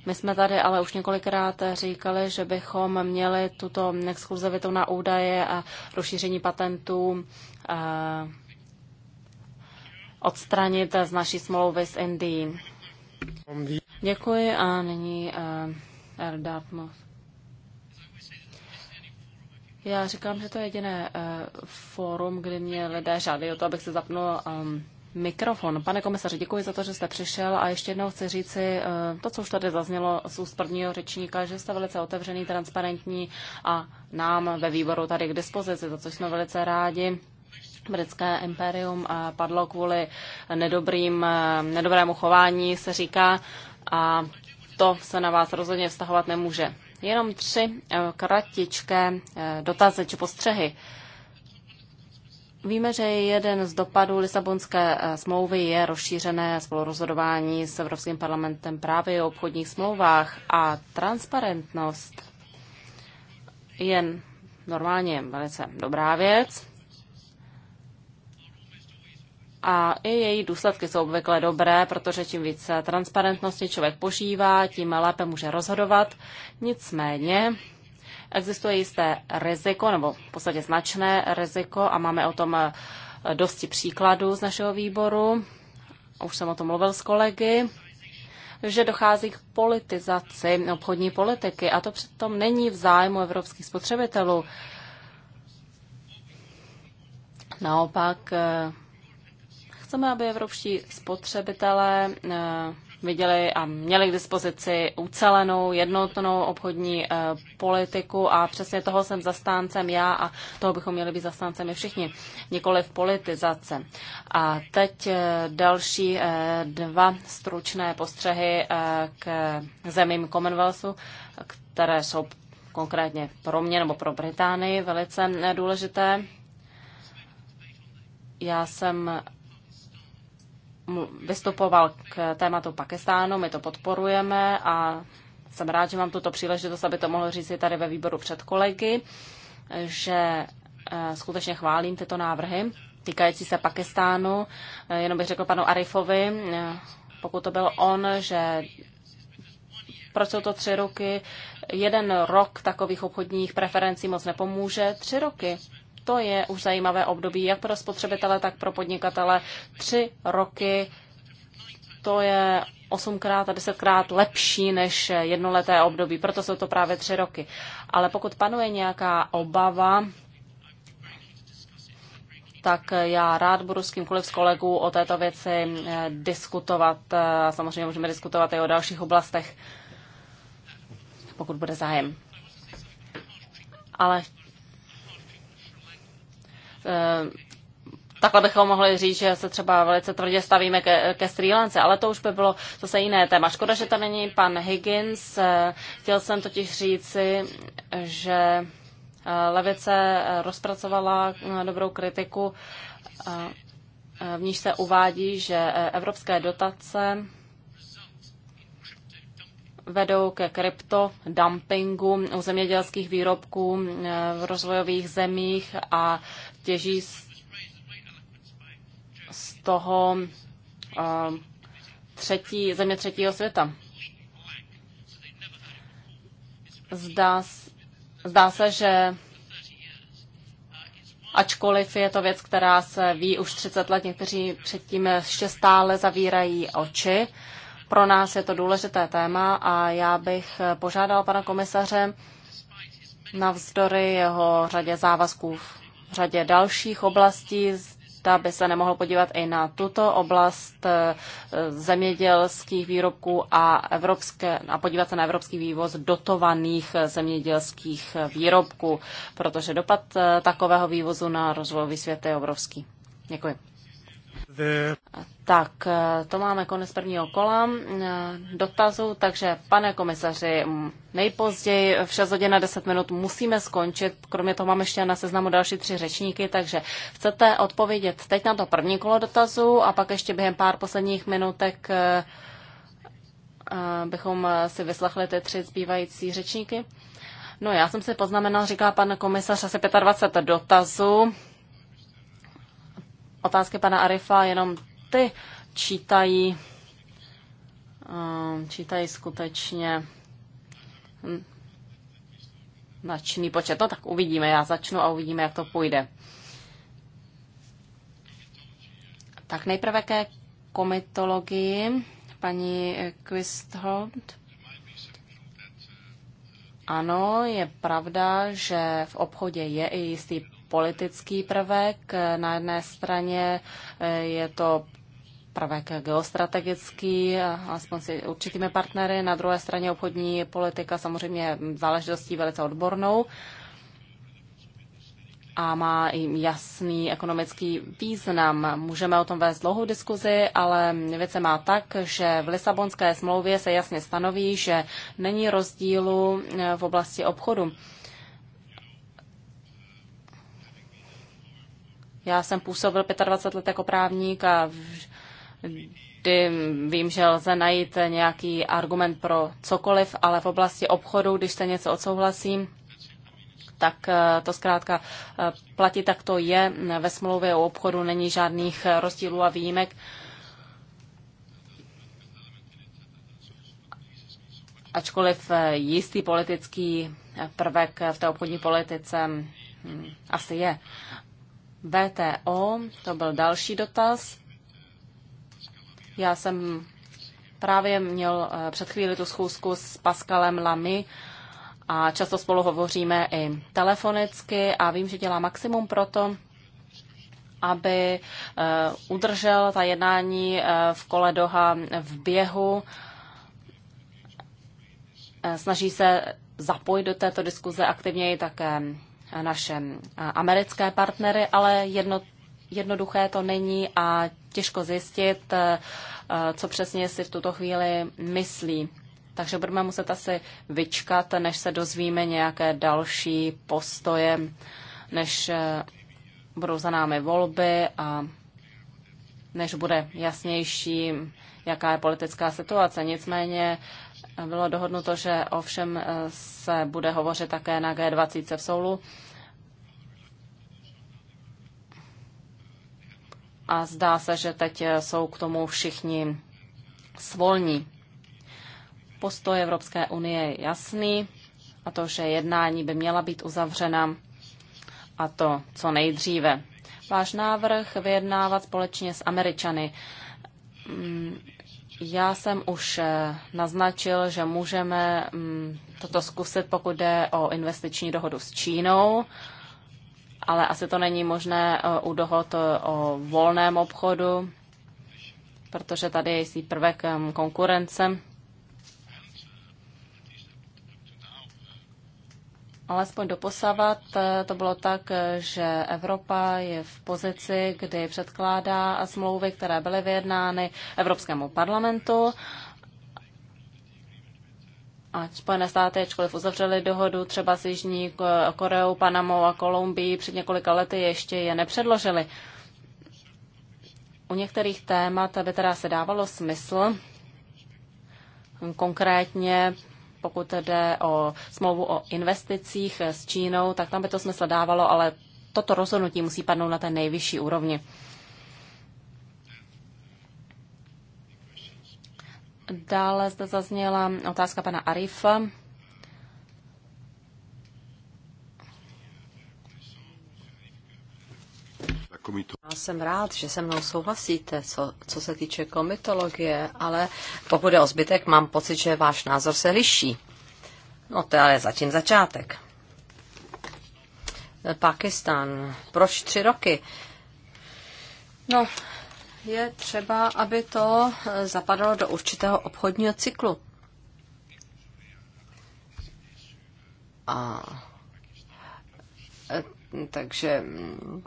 My jsme tady ale už několikrát říkali, že bychom měli tuto exkluzivitu na údaje a rozšíření patentů eh, odstranit z naší smlouvy s Indií. Děkuji a nyní eh, Dartmouth. Já říkám, že to je jediné uh, fórum, kde mě lidé žádají o to, abych se zapnul um, mikrofon. Pane komisaři, děkuji za to, že jste přišel a ještě jednou chci říci uh, to, co už tady zaznělo z úst prvního řečníka, že jste velice otevřený, transparentní a nám ve výboru tady k dispozici, za což jsme velice rádi. Britské impérium padlo kvůli nedobrým, nedobrému chování, se říká, a to se na vás rozhodně vztahovat nemůže. Jenom tři eh, kratičké eh, dotazy či postřehy. Víme, že jeden z dopadů Lisabonské eh, smlouvy je rozšířené spolurozhodování s Evropským parlamentem právě o obchodních smlouvách a transparentnost jen normálně velice dobrá věc a i její důsledky jsou obvykle dobré, protože čím více transparentnosti člověk požívá, tím lépe může rozhodovat. Nicméně existuje jisté riziko, nebo v podstatě značné riziko a máme o tom eh, dosti příkladů z našeho výboru. Už jsem o tom mluvil s kolegy že dochází k politizaci obchodní politiky a to přitom není v zájmu evropských spotřebitelů. Naopak eh, Chceme, aby evropští spotřebitelé eh, viděli a měli k dispozici ucelenou, jednotnou obchodní eh, politiku a přesně toho jsem zastáncem já a toho bychom měli být i všichni, nikoli v politizace. A teď eh, další dva stručné postřehy k zemím Commonwealthu, které jsou konkrétně pro mě nebo pro Británii velice důležité. Já jsem vystupoval k tématu Pakistánu, my to podporujeme a jsem rád, že mám tuto příležitost, aby to mohl říct i tady ve výboru před kolegy, že eh, skutečně chválím tyto návrhy týkající se Pakistánu. Eh, jenom bych řekl panu Arifovi, eh, pokud to byl on, že proč jsou to tři roky? Jeden rok takových obchodních preferencí moc nepomůže. Tři roky to je už zajímavé období jak pro spotřebitele, tak pro podnikatele. Tři roky to je osmkrát a desetkrát lepší než jednoleté období, proto jsou to právě tři roky. Ale pokud panuje nějaká obava, tak já rád budu s kýmkoliv z kolegů o této věci eh, diskutovat. Eh, samozřejmě můžeme diskutovat i o dalších oblastech, pokud bude zájem. Ale Eh, takhle bychom mohli říct, že se třeba velice tvrdě stavíme ke, ke Sri Lance, ale to už by bylo zase jiné téma. Škoda, že tam není pan Higgins. Eh, chtěl jsem totiž říci, že eh, levice rozpracovala dobrou kritiku, v níž se uvádí, že evropské dotace vedou ke kryptodumpingu u zemědělských výrobků v rozvojových zemích a těží z, z toho a, eh, třetí, země třetího světa. Zdá, zdá se, že ačkoliv je to věc, která se ví už 30 let, někteří předtím ještě stále zavírají oči. Pro nás je to důležité téma a já bych požádal pana komisaře navzdory jeho řadě závazků v řadě dalších oblastí. Zda by se nemohl podívat i na tuto oblast eh, zemědělských výrobků a, evropské, a podívat se na evropský vývoz dotovaných eh, zemědělských eh, výrobků, protože dopad takového vývozu na rozvojový svět je obrovský. Děkuji. Tak, to máme konec prvního kola eh, dotazu, takže pane komisaři, nejpozději v 6 hodin na 10 minut musíme skončit. Kromě toho máme ještě na seznamu další tři řečníky, takže chcete odpovědět teď na to první kolo dotazu a pak ještě během pár posledních minutek eh, eh, bychom si vyslechli ty tři zbývající řečníky. No já jsem si poznamenal, říká pan komisař, asi 25 dotazů otázky pana Arifa jenom ty čítají, eh, čítají skutečně načný počet. No tak uvidíme, já začnu a uvidíme, jak to půjde. Tak nejprve ke komitologii paní Quisthold. Ano, je pravda, že v obchodě je i jistý politický prvek. Na jedné straně eh, je to prvek geostrategický, eh, aspoň s určitými partnery, na druhé straně obchodní politika samozřejmě záležitostí velice odbornou a má i jasný ekonomický význam. Můžeme o tom vést dlouhou diskuzi, ale věc se má tak, že v Lisabonské smlouvě se jasně stanoví, že není rozdílu eh, v oblasti obchodu. Já jsem působil 25 let jako právník a vždy vím, že lze najít nějaký argument pro cokoliv, ale v oblasti obchodu, když se něco odsouhlasím, tak eh, to zkrátka eh, platí, tak to je. Ve smlouvě o obchodu není žádných rozdílů a výjimek. Ačkoliv eh, jistý politický prvek v té obchodní politice hm, asi je. VTO, to byl další dotaz. Já jsem právě měl eh, před chvíli tu schůzku s Pascalem Lamy a často spolu hovoříme i telefonicky a vím, že dělá maximum pro to, aby eh, udržel ta jednání eh, v kole Doha v běhu. Snaží se zapojit do této diskuze aktivněji také naše eh, americké partnery, ale jedno, jednoduché to není a těžko zjistit, eh, eh, co přesně si v tuto chvíli myslí. Takže budeme muset asi vyčkat, než se dozvíme nějaké další postoje, než budou za námi volby a než bude jasnější, jaká je politická situace. Nicméně bylo dohodnuto, že ovšem eh, se bude hovořit také na G20 v Soulu. A zdá se, že teď eh, jsou k tomu všichni svolní. Postoj Evropské unie je jasný a to, že jednání by měla být uzavřena a to co nejdříve. Váš návrh vyjednávat společně s Američany mm, já jsem už eh, naznačil, že můžeme mm, toto zkusit, pokud jde o investiční dohodu s Čínou, ale asi to není možné eh, u dohod eh, o volném obchodu, protože tady je jistý prvek konkurence. Alespoň doposavat eh, to bylo tak, eh, že Evropa je v pozici, kdy předkládá smlouvy, které byly vyjednány Evropskému parlamentu. A Spojené státy, ačkoliv uzavřeli dohodu třeba s Jižní Koreou, Panamou a Kolumbií před několika lety, ještě je nepředložily. U některých témat by teda se dávalo smysl konkrétně pokud jde o smlouvu o investicích s Čínou, tak tam by to smysl dávalo, ale toto rozhodnutí musí padnout na té nejvyšší úrovni. Dále zde zazněla otázka pana Arifa. Já jsem rád, že se mnou souhlasíte, co, co se týče komitologie, ale pokud je o zbytek, mám pocit, že váš názor se liší. No to je ale zatím začátek. Pakistan. Proč tři roky? No, je třeba, aby to eh, zapadalo do určitého obchodního cyklu. A eh, takže mm,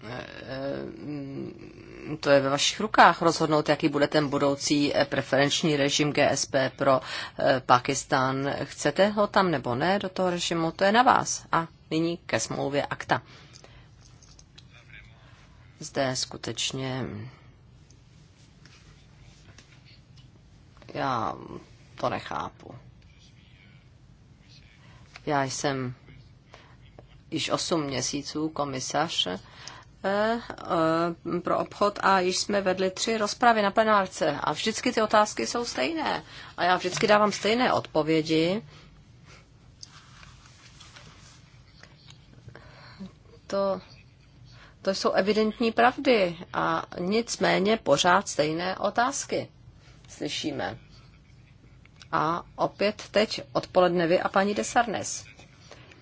Eh, mm, to je ve vašich rukách rozhodnout, jaký bude ten budoucí eh, preferenční režim GSP pro eh, Pakistan. Chcete ho tam nebo ne do toho režimu, to je na vás. A nyní ke smlouvě akta. Zde skutečně mm, já to nechápu. Já jsem již 8 měsíců komisař E, e, pro obchod a již jsme vedli tři rozpravy na plenárce a vždycky ty otázky jsou stejné. A já vždycky dávám stejné odpovědi. To, to jsou evidentní pravdy a nicméně pořád stejné otázky slyšíme. A opět teď odpoledne vy a paní Desarnes.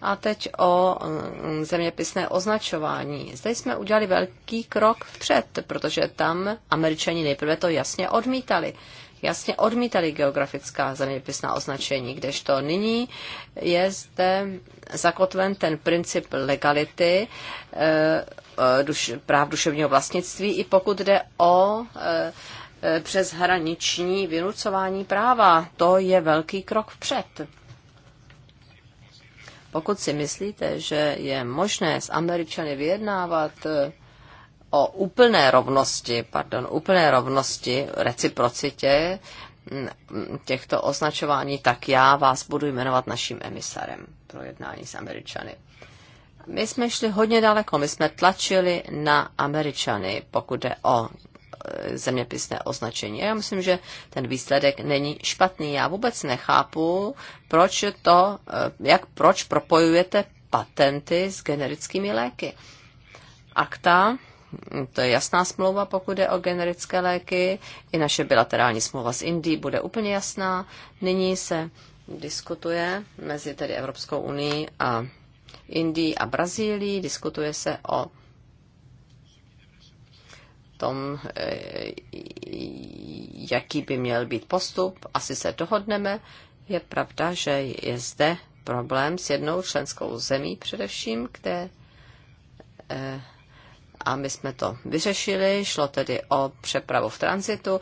A teď o mm, zeměpisné označování. Zde jsme udělali velký krok vpřed, protože tam američani nejprve to jasně odmítali. Jasně odmítali geografická zeměpisná označení, kdežto nyní je zde zakotven ten princip legality eh, eh, práv duševního vlastnictví, i pokud jde o eh, přeshraniční vynucování práva. To je velký krok vpřed. Pokud si myslíte, že je možné s Američany vyjednávat eh, o úplné rovnosti, pardon, úplné rovnosti, reciprocitě mm, mm, těchto označování, tak já vás budu jmenovat naším emisarem pro jednání s Američany. My jsme šli hodně daleko, my jsme tlačili na Američany, pokud jde o zeměpisné označení. Já myslím, že ten výsledek není špatný. Já vůbec nechápu, proč to, eh, jak proč propojujete patenty s generickými léky. Akta, to je jasná smlouva, pokud je o generické léky. I naše bilaterální smlouva s Indií bude úplně jasná. Nyní se diskutuje mezi tedy Evropskou unii a Indií a Brazílií. Diskutuje se o tom, eh, jaký by měl být postup. Asi se dohodneme. Je pravda, že je zde problém s jednou členskou zemí především, kde eh, a my jsme to vyřešili, šlo tedy o přepravu v tranzitu.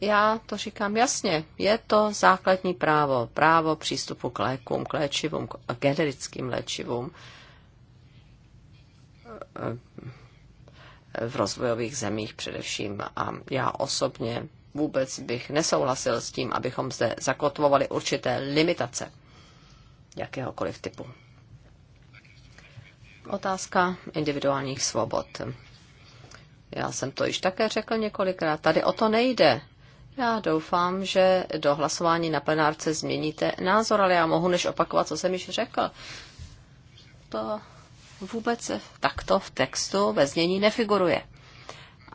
Já to říkám jasně, je to základní právo, právo přístupu k lékům, k léčivům, k generickým léčivům eh, v rozvojových zemích především. A já osobně vůbec bych nesouhlasil s tím, abychom zde zakotvovali určité limitace jakéhokoliv typu. Otázka individuálních svobod. Já jsem to již také řekl několikrát. Tady o to nejde. Já doufám, že do hlasování na plenárce změníte názor, ale já mohu než opakovat, co jsem již řekl. To vůbec takto v textu ve znění nefiguruje.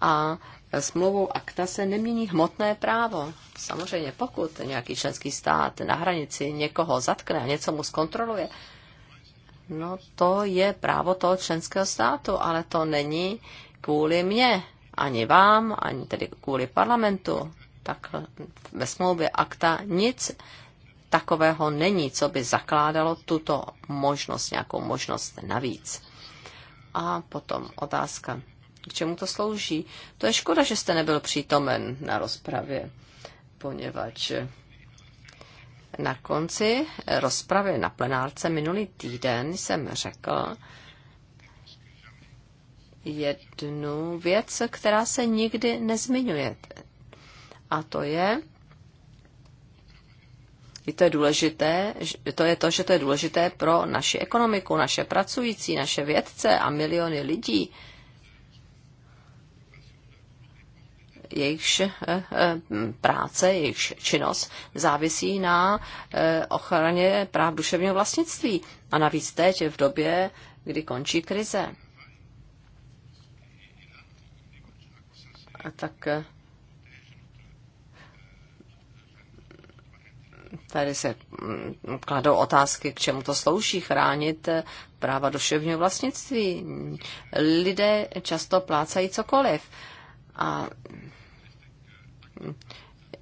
A smlouvou akta se nemění hmotné právo. Samozřejmě, pokud nějaký členský stát na hranici někoho zatkne a něco mu zkontroluje, no to je právo toho členského státu, ale to není kvůli mně, ani vám, ani tedy kvůli parlamentu. Tak ve smlouvě akta nic takového není, co by zakládalo tuto možnost, nějakou možnost navíc. A potom otázka, k čemu to slouží? To je škoda, že jste nebyl přítomen na rozpravě, poněvadž na konci rozpravy na plenárce minulý týden jsem řekl jednu věc, která se nikdy nezmiňuje. A to je to je důležité, to je to, že to je důležité pro naši ekonomiku, naše pracující, naše vědce a miliony lidí, jejichž eh, eh, práce, jejichž činnost závisí na eh, ochraně práv duševního vlastnictví. A navíc teď v době, kdy končí krize. A tak tady se mm, kladou otázky, k čemu to slouží chránit eh, práva duševního vlastnictví. Lidé často plácají cokoliv. A mm,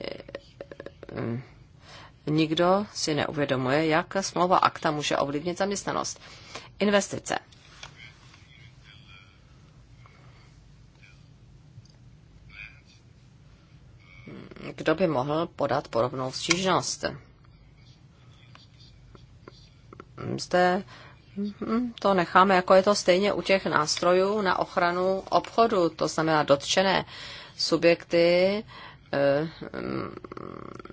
eh, nikdo si neuvědomuje, jak smlouva akta může ovlivnit zaměstnanost. Investice. kdo by mohl podat podobnou stížnost. Zde hm, to necháme, jako je to stejně u těch nástrojů na ochranu obchodu, to znamená dotčené subjekty eh,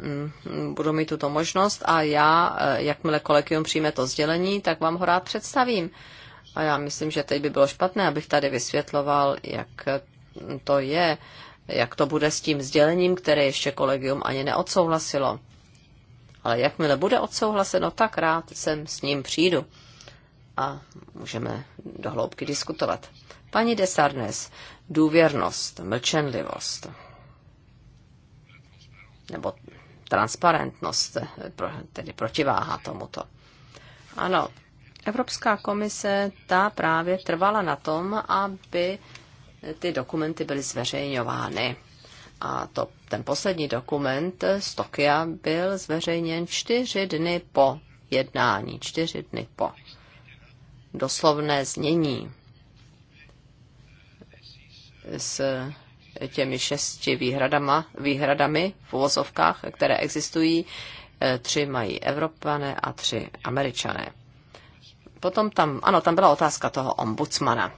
hm, budou mít tuto možnost a já, eh, jakmile kolegium přijme to sdělení, tak vám ho rád představím. A já myslím, že teď by bylo špatné, abych tady vysvětloval, jak to je jak to bude s tím sdělením, které ještě kolegium ani neodsouhlasilo. Ale jakmile bude odsouhlaseno, tak rád sem s ním přijdu a můžeme do hloubky diskutovat. Paní Desarnes, důvěrnost, mlčenlivost nebo transparentnost, tedy protiváha tomuto. Ano, Evropská komise ta právě trvala na tom, aby ty dokumenty byly zveřejňovány. A to, ten poslední dokument z Tokia byl zveřejněn čtyři dny po jednání, čtyři dny po. Doslovné znění s těmi šesti výhradama, výhradami v uvozovkách, které existují, eh, tři mají Evropané a tři Američané. Potom tam, ano, tam byla otázka toho ombudsmana.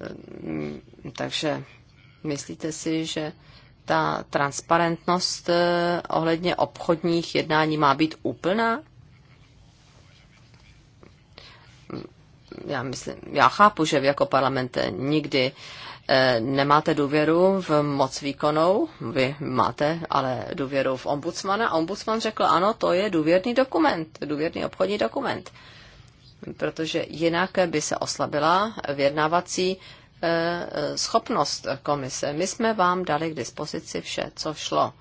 Ehm, takže myslíte si, že ta transparentnost eh, ohledně obchodních jednání má být úplná? Já, myslím, já chápu, že vy jako parlament nikdy eh, nemáte důvěru v moc výkonou, vy máte ale důvěru v ombudsmana. Ombudsman řekl, ano, to je důvěrný dokument, důvěrný obchodní dokument protože jinak by se oslabila vyjednávací eh, schopnost komise. My jsme vám dali k dispozici vše, co šlo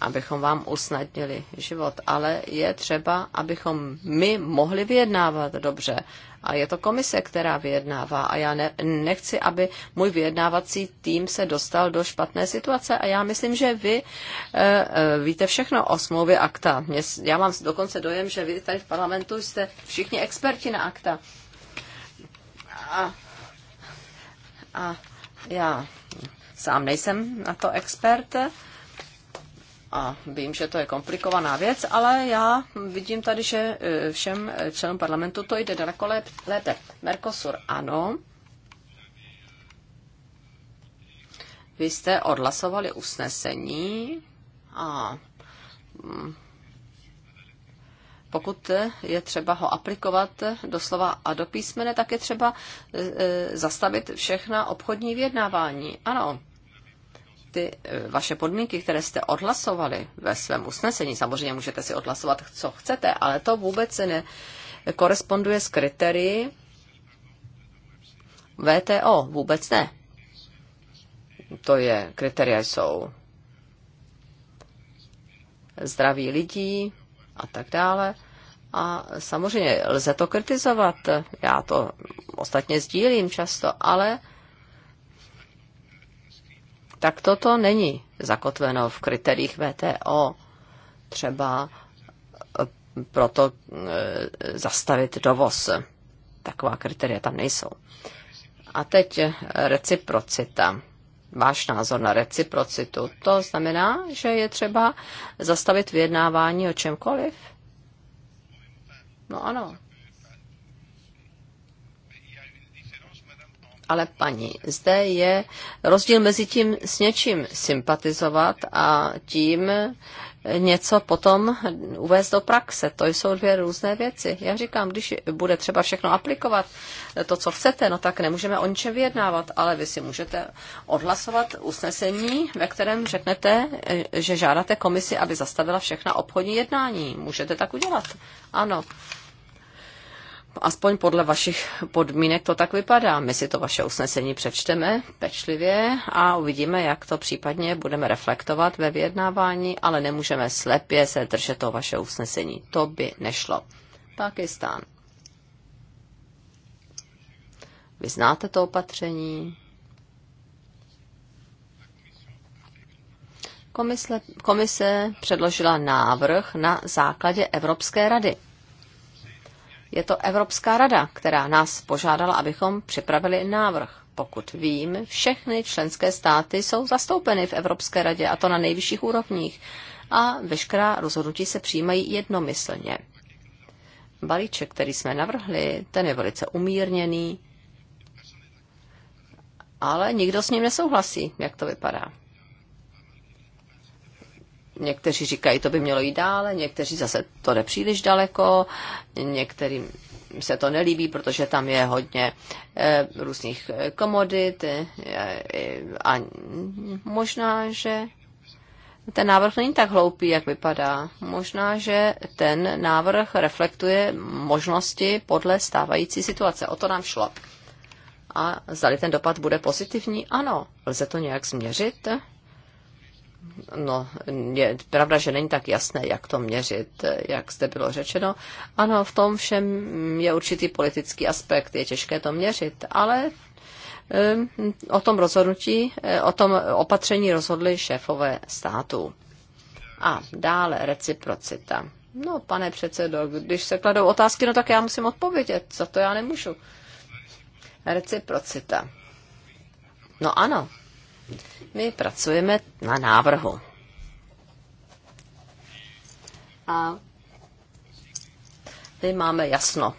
abychom vám usnadnili život, ale je třeba, abychom my mohli vyjednávat dobře. A je to komise, která vyjednává. A já ne, nechci, aby můj vyjednávací tým se dostal do špatné situace. A já myslím, že vy e, e, víte všechno o smlouvě akta. Mě, já mám dokonce dojem, že vy tady v parlamentu jste všichni experti na akta. A, a já sám nejsem na to expert. E, a vím, že to je komplikovaná věc, ale já vidím tady, že e, všem členům parlamentu to jde daleko lépe. Mercosur ano. Vy jste odhlasovali usnesení a mm, pokud je třeba ho aplikovat doslova a do písmene, tak je třeba e, e, zastavit všechna obchodní vyjednávání. Ano, ty eh, vaše podmínky, které jste odhlasovali ve svém usnesení, samozřejmě můžete si odhlasovat, co chcete, ale to vůbec ne eh, koresponduje s kritérii VTO. Vůbec ne. To je, kritéria jsou zdraví lidí a tak dále. A samozřejmě lze to kritizovat, já to ostatně sdílím často, ale tak toto není zakotveno v kritériích VTO. Třeba e, proto e, zastavit dovoz. Taková kritéria tam nejsou. A teď reciprocita. Váš názor na reciprocitu. To znamená, že je třeba zastavit vyjednávání o čemkoliv? No ano, ale paní, zde je rozdíl mezi tím s něčím sympatizovat a tím něco potom uvést do praxe. To jsou dvě různé věci. Já říkám, když bude třeba všechno aplikovat, to, co chcete, no tak nemůžeme o ničem vyjednávat, ale vy si můžete odhlasovat usnesení, ve kterém řeknete, že žádáte komisi, aby zastavila všechna obchodní jednání. Můžete tak udělat. Ano aspoň podle vašich podmínek to tak vypadá. My si to vaše usnesení přečteme pečlivě a uvidíme, jak to případně budeme reflektovat ve vyjednávání, ale nemůžeme slepě se držet to vaše usnesení. To by nešlo. Pakistán. Vy znáte to opatření? Komise, komise předložila návrh na základě Evropské rady je to Evropská rada, která nás požádala, abychom připravili návrh. Pokud vím, všechny členské státy jsou zastoupeny v Evropské radě, a to na nejvyšších úrovních. A veškerá rozhodnutí se přijímají jednomyslně. Balíček, který jsme navrhli, ten je velice umírněný, ale nikdo s ním nesouhlasí, jak to vypadá. Někteří říkají, to by mělo jít dále, někteří zase to jde příliš daleko, některým se to nelíbí, protože tam je hodně e, různých eh, komodit e, e, a možná, že ten návrh není tak hloupý, jak vypadá. Možná, že ten návrh reflektuje možnosti podle stávající situace. O to nám šlo. A zdali ten dopad bude pozitivní? Ano. Lze to nějak změřit? No, je pravda, že není tak jasné, jak to měřit, jak zde bylo řečeno. Ano, v tom všem je určitý politický aspekt, je těžké to měřit, ale o tom rozhodnutí, e, o tom opatření rozhodli šéfové států. A dále reciprocita. No, pane předsedo, když se kladou otázky, no tak já musím odpovědět, za to já nemůžu. Reciprocita. No ano, my pracujeme na návrhu. A my máme jasno,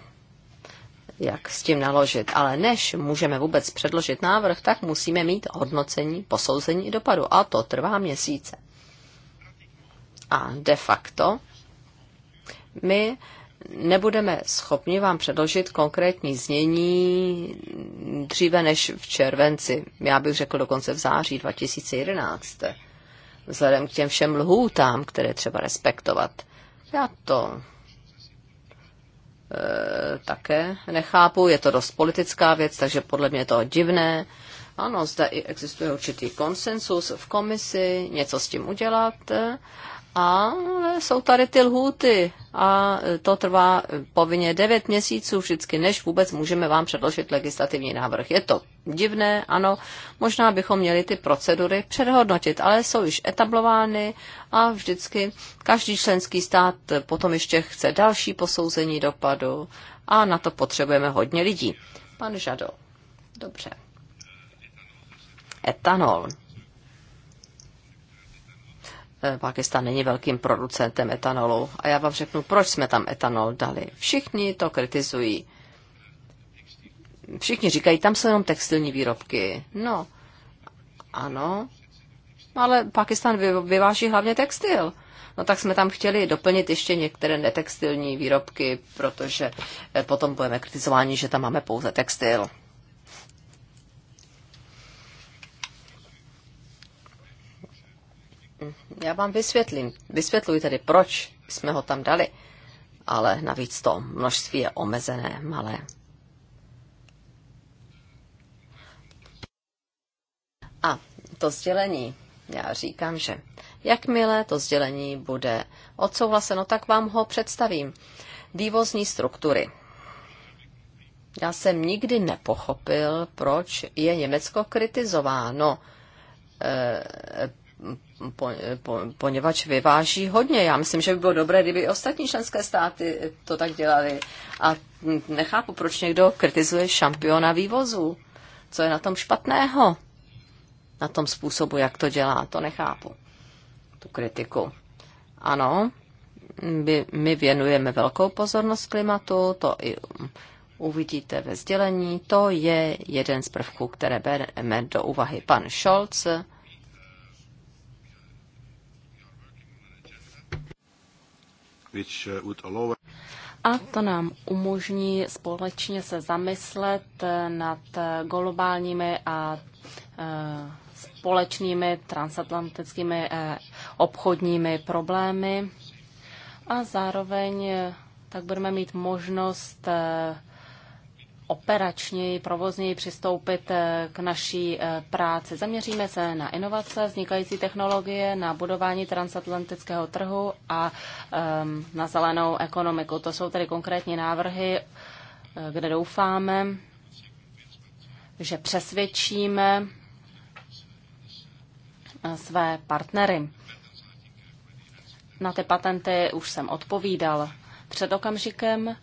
jak s tím naložit. Ale než můžeme vůbec předložit návrh, tak musíme mít hodnocení, posouzení dopadu. A to trvá měsíce. A de facto my nebudeme schopni vám předložit konkrétní znění dříve než v červenci, já bych řekl dokonce v září 2011, vzhledem k těm všem lhůtám, které třeba respektovat. Já to e, také nechápu, je to dost politická věc, takže podle mě je to divné. Ano, zde i existuje určitý konsensus v komisi, něco s tím udělat. E, a jsou tady ty lhůty a to trvá povinně 9 měsíců vždycky, než vůbec můžeme vám předložit legislativní návrh. Je to divné, ano, možná bychom měli ty procedury předhodnotit, ale jsou již etablovány a vždycky každý členský stát potom ještě chce další posouzení dopadu a na to potřebujeme hodně lidí. Pan Žado. Dobře. Etanol. Eh, Pakistan není velkým producentem etanolu. A já vám řeknu, proč jsme tam etanol dali. Všichni to kritizují. Všichni říkají, tam jsou jenom textilní výrobky. No, ano, ale Pakistan vyváží hlavně textil. No tak jsme tam chtěli doplnit ještě některé netextilní výrobky, protože eh, potom budeme kritizováni, že tam máme pouze textil. Já vám vysvětlím. Vysvětluji tedy, proč jsme ho tam dali. Ale navíc to množství je omezené, malé. A to sdělení, já říkám, že jakmile to sdělení bude odsouhlaseno, tak vám ho představím. Vývozní struktury. Já jsem nikdy nepochopil, proč je Německo kritizováno eh, po, po, poněvadž vyváží hodně. Já myslím, že by bylo dobré, kdyby ostatní členské státy to tak dělali. A nechápu, proč někdo kritizuje šampiona vývozu. Co je na tom špatného? Na tom způsobu, jak to dělá, to nechápu. Tu kritiku. Ano, my, my věnujeme velkou pozornost klimatu, to i uvidíte ve sdělení. To je jeden z prvků, které bereme do úvahy pan Scholz Uh, a to nám umožní společně se zamyslet eh, nad eh, globálními a eh, společnými transatlantickými obchodními problémy a zároveň tak budeme mít možnost operačněji, provozněji přistoupit eh, k naší eh, práci. Zaměříme se na inovace, vznikající technologie, na budování transatlantického trhu a ehm, na zelenou ekonomiku. To jsou tedy konkrétní návrhy, eh, kde doufáme, že přesvědčíme své partnery. Na ty patenty už jsem odpovídal před okamžikem.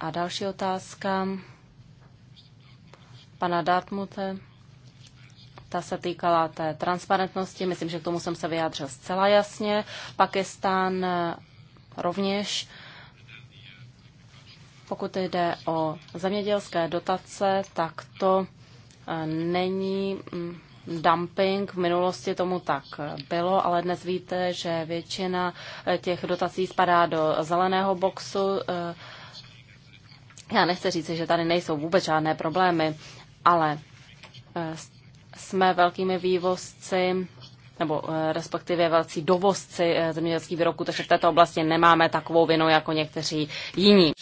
A další otázka pana Dartmute. Ta se týkala té transparentnosti, myslím, že k tomu jsem se vyjádřil zcela jasně. Pakistán rovněž, pokud jde o zemědělské dotace, tak to eh, není mm, dumping. V minulosti tomu tak bylo, ale dnes víte, že většina eh, těch dotací spadá do zeleného boxu eh, já nechci říct, že tady nejsou vůbec žádné problémy, ale eh, jsme velkými vývozci nebo eh, respektive velcí dovozci eh, zemědělských výrobků, takže v této oblasti nemáme takovou vinu jako někteří jiní.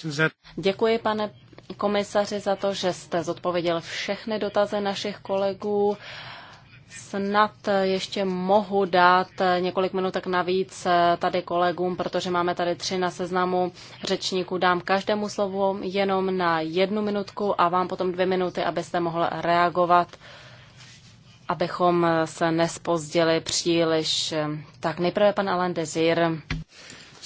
Děkuji, pane komisaři, za to, že jste zodpověděl všechny dotazy našich kolegů. Snad ještě mohu dát několik minutek navíc tady kolegům, protože máme tady tři na seznamu řečníků. Dám každému slovu jenom na jednu minutku a vám potom dvě minuty, abyste mohl reagovat, abychom se nespozdili příliš. Tak nejprve pan Alain Desir.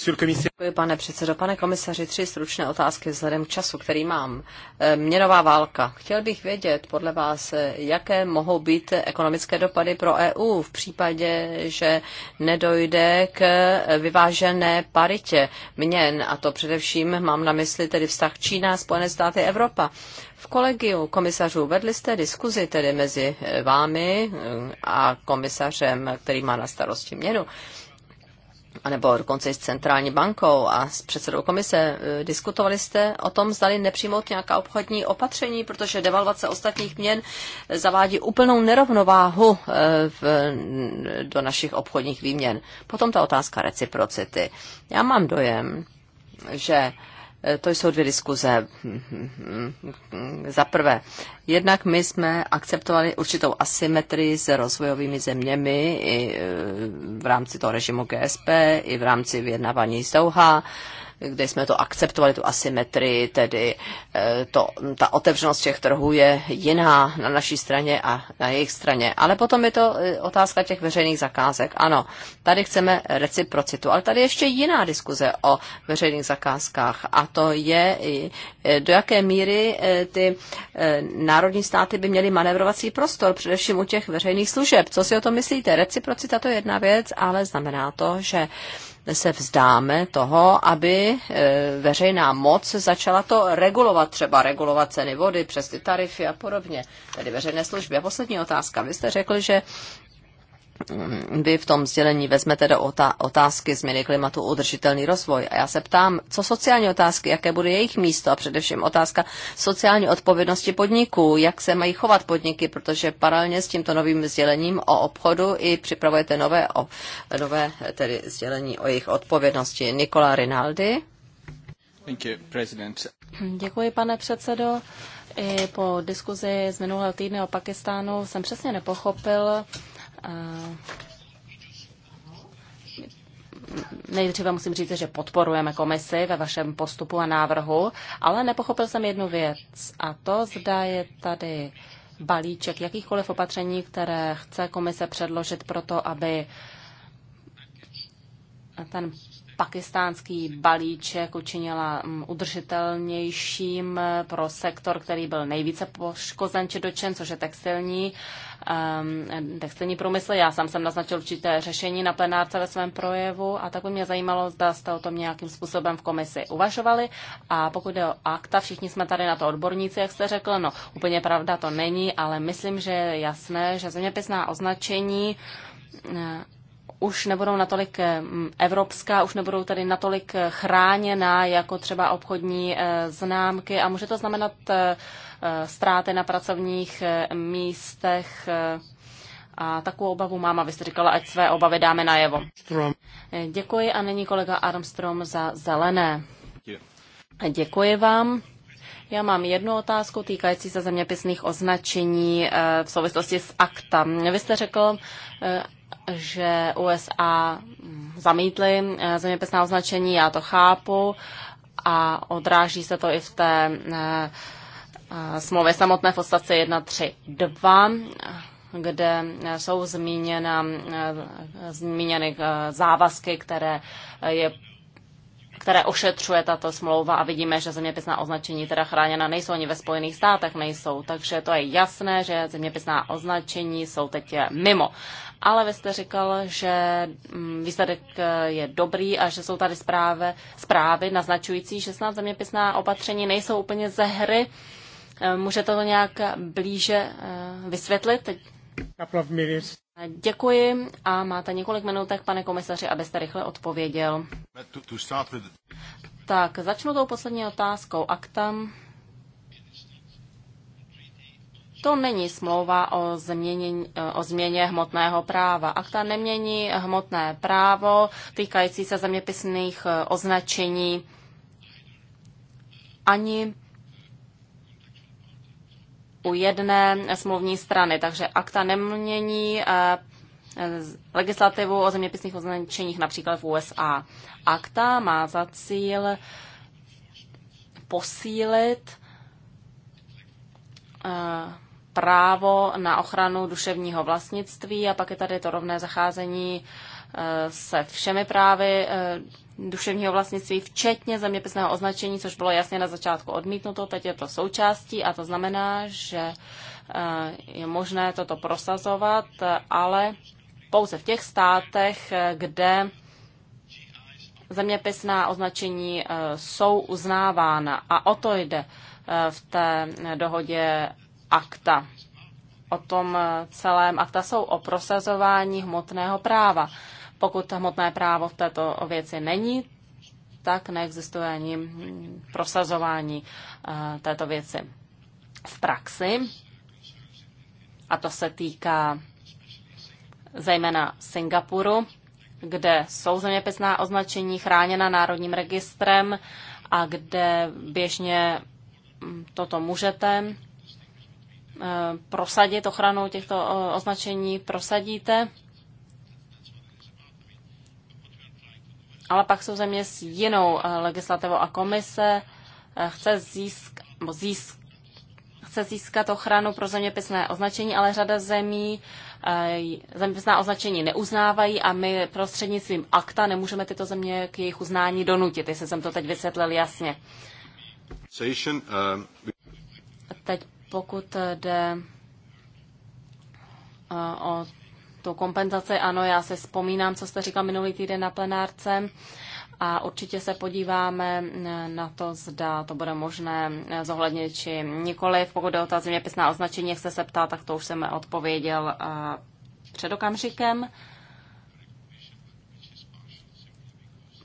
Děkuji, pane předsedo. Pane komisaři, tři stručné otázky vzhledem k času, který mám. Eh, měnová válka. Chtěl bych vědět podle vás, eh, jaké mohou být ekonomické dopady pro EU v případě, že nedojde k eh, vyvážené paritě měn, a to především mám na mysli tedy vztah Čína, Spojené státy, Evropa. V kolegiu komisařů vedli jste diskuzi tedy mezi vámi a komisařem, který má na starosti měnu anebo dokonce i s centrální bankou a s předsedou komise eh, diskutovali jste o tom, zdali nepřijmout nějaká obchodní opatření, protože devalvace ostatních měn zavádí úplnou nerovnováhu eh, v, do našich obchodních výměn. Potom ta otázka reciprocity. Já mám dojem, že Eh, to jsou dvě diskuze. Za prvé, jednak my jsme akceptovali určitou asymetrii s rozvojovými zeměmi i eh, v rámci toho režimu GSP, i v rámci vyjednávání z Doha kde jsme to akceptovali, tu asymetrii, tedy eh, to, ta otevřenost těch trhů je jiná na naší straně a na jejich straně. Ale potom je to eh, otázka těch veřejných zakázek. Ano, tady chceme reciprocitu, ale tady ještě jiná diskuze o veřejných zakázkách a to je, eh, do jaké míry ty národní státy by měly manevrovací prostor, především u těch veřejných služeb. Co si o tom myslíte? Reciprocita to je jedna věc, ale znamená to, že se vzdáme toho, aby e, veřejná moc začala to regulovat, třeba regulovat ceny vody přes ty tarify a podobně, tedy veřejné služby. A poslední otázka. Vy jste řekl, že vy v tom sdělení vezmete do otázky změny klimatu udržitelný rozvoj. A já se ptám, co sociální otázky, jaké bude jejich místo a především otázka sociální odpovědnosti podniků, jak se mají chovat podniky, protože paralelně s tímto novým sdělením o obchodu i připravujete nové, o, nové tedy sdělení o jejich odpovědnosti. Nikola Rinaldi. Thank you, president. Děkuji, pane předsedo. I po diskuzi z minulého týdne o Pakistánu jsem přesně nepochopil, Eh, nejdříve musím říct, že podporujeme komisi ve vašem postupu a návrhu, ale nepochopil jsem jednu věc a to zda je tady balíček jakýchkoliv opatření, které chce komise předložit proto, aby ten pakistánský balíček učinila mm, udržitelnějším eh, pro sektor, který byl nejvíce poškozen či dočen, což je textilní, um, textilní průmysl. Já sám jsem naznačil určité řešení na plenárce ve svém projevu a tak by mě zajímalo, zda jste o tom nějakým způsobem v komisi uvažovali. A pokud jde o akta, všichni jsme tady na to odborníci, jak jste řekl, no úplně pravda to není, ale myslím, že je jasné, že zeměpisná označení eh, už nebudou natolik eh, evropská, už nebudou tady natolik eh, chráněná jako třeba obchodní eh, známky a může to znamenat ztráty na pracovních místech. A takovou obavu mám, abyste říkala, ať své obavy dáme najevo. Strom. Děkuji a nyní kolega Armstrong za zelené. Děkuji vám. Já mám jednu otázku týkající se zeměpisných označení v souvislosti s akta. Vy jste řekl, že USA zamítly eh, zeměpisná označení, já to chápu a odráží se to i v té eh, eh, smlouvě samotné v odstavci 1.3.2, kde jsou zmíněna, zmíněny závazky, které je které ošetřuje tato smlouva a vidíme, že zeměpisná označení teda chráněna nejsou ani ve Spojených státech nejsou, takže to je jasné, že zeměpisná označení jsou teď mimo. Ale vy jste říkal, že mm, výsledek eh, je dobrý a že jsou tady zprávy, zprávy naznačující, že snad zeměpisná opatření nejsou úplně ze hry. Eh, můžete to nějak blíže eh, vysvětlit? Děkuji a máte několik minutek, pane komisaři, abyste rychle odpověděl. Tak, začnu tou poslední otázkou. Akta. To není smlouva o, změně, o změně hmotného práva. Akta nemění hmotné právo týkající se zeměpisných označení ani u jedné smluvní strany. Takže akta nemění eh, legislativu o zeměpisných označeních například v USA. Akta má za cíl posílit eh, právo na ochranu duševního vlastnictví a pak je tady to rovné zacházení eh, se všemi právy duševního vlastnictví, včetně zeměpisného označení, což bylo jasně na začátku odmítnuto, teď je to součástí a to znamená, že eh, je možné toto prosazovat, ale pouze v těch státech, kde zeměpisná označení eh, jsou uznávána. A o to jde eh, v té dohodě akta. O tom celém akta jsou o prosazování hmotného práva. Pokud hmotné právo v této věci není, tak neexistuje ani prosazování eh, této věci v praxi. A to se týká zejména Singapuru, kde jsou zeměpisná označení chráněna Národním registrem a kde běžně hm, toto můžete eh, prosadit, ochranu těchto eh, označení prosadíte. ale pak jsou země s jinou eh, legislativou a komise eh, chce, získ, získ, chce získat ochranu pro zeměpisné označení, ale řada zemí eh, zeměpisná označení neuznávají a my prostřednictvím akta nemůžeme tyto země k jejich uznání donutit, jestli jsem to teď vysvětlil jasně. Teď pokud jde o to kompenzace, Ano, já se vzpomínám, co jste říkal minulý týden na plenárce a určitě se podíváme na to, zda to bude možné zohlednit či nikoliv. Pokud je o ta zeměpisná označení, jak se se ptá, tak to už jsem odpověděl eh, před okamžikem.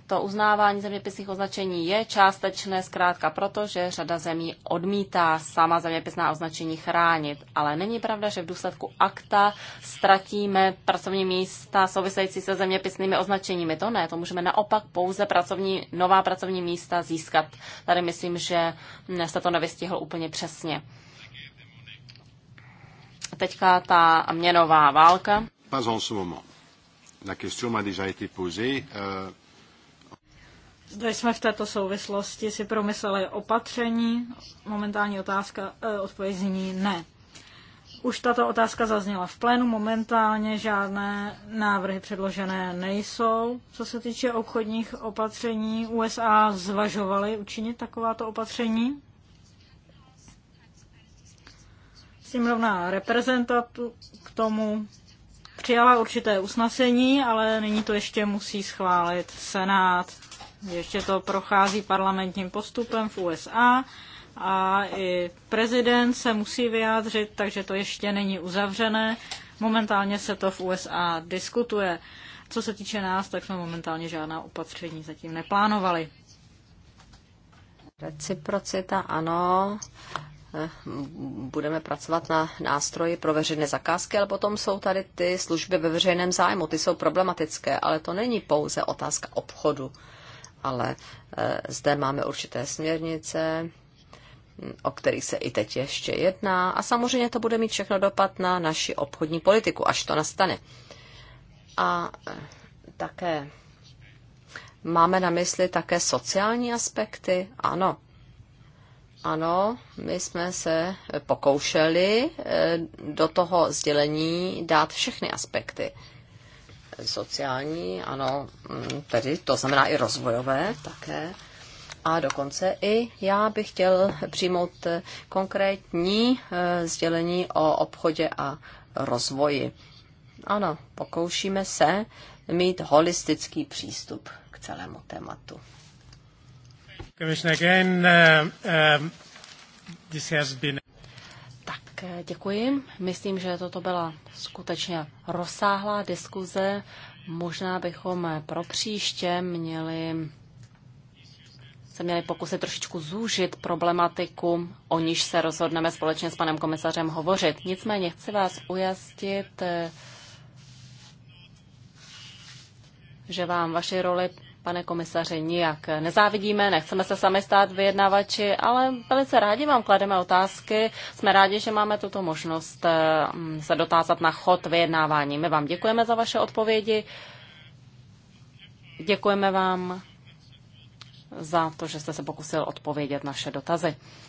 to uznávání zeměpisných označení je částečné zkrátka proto, že řada zemí odmítá sama zeměpisná označení chránit. Ale není pravda, že v důsledku akta ztratíme pracovní místa související se zeměpisnými označeními. To ne, to můžeme naopak pouze pracovní, nová pracovní místa získat. Tady myslím, že se to nevystihl úplně přesně. Teďka ta měnová válka. Pas en ce moment. La question m'a déjà été posée. Euh... Zde jsme v této souvislosti si promysleli opatření, momentální otázka, eh, odpověď zní ne. Už tato otázka zazněla v plénu, momentálně žádné návrhy předložené nejsou. Co se týče obchodních opatření, USA zvažovaly učinit takováto opatření. Sněmovna reprezentantu k tomu přijala určité usnesení, ale nyní to ještě musí schválit Senát. Ještě to prochází parlamentním postupem v USA a i prezident se musí vyjádřit, takže to ještě není uzavřené. Momentálně se to v USA diskutuje. Co se týče nás, tak jsme momentálně žádná opatření zatím neplánovali. Reciprocita, ano. Eh, budeme pracovat na nástroji pro veřejné zakázky, ale potom jsou tady ty služby ve veřejném zájmu. Ty jsou problematické, ale to není pouze otázka obchodu ale e, zde máme určité směrnice, o kterých se i teď ještě jedná a samozřejmě to bude mít všechno dopad na naši obchodní politiku, až to nastane. A e, také máme na mysli také sociální aspekty? Ano. Ano, my jsme se pokoušeli e, do toho sdělení dát všechny aspekty sociální, ano, mm, tedy to znamená i rozvojové také. A dokonce i já bych chtěl přijmout konkrétní eh, sdělení o obchodě a rozvoji. Ano, pokoušíme se mít holistický přístup k celému tématu. Commissioner, again, uh, um, this has been děkuji. Myslím, že toto byla skutečně rozsáhlá diskuze. Možná bychom pro příště měli se měli pokusit trošičku zúžit problematiku, o níž se rozhodneme společně s panem komisařem hovořit. Nicméně chci vás ujastit, že vám vaši roli pane komisaři, nijak nezávidíme, nechceme se sami stát vyjednavači, ale velice rádi vám klademe otázky. Jsme rádi, že máme tuto možnost eh, se dotázat na chod vyjednávání. My vám děkujeme za vaše odpovědi. Děkujeme vám za to, že jste se pokusil odpovědět naše dotazy.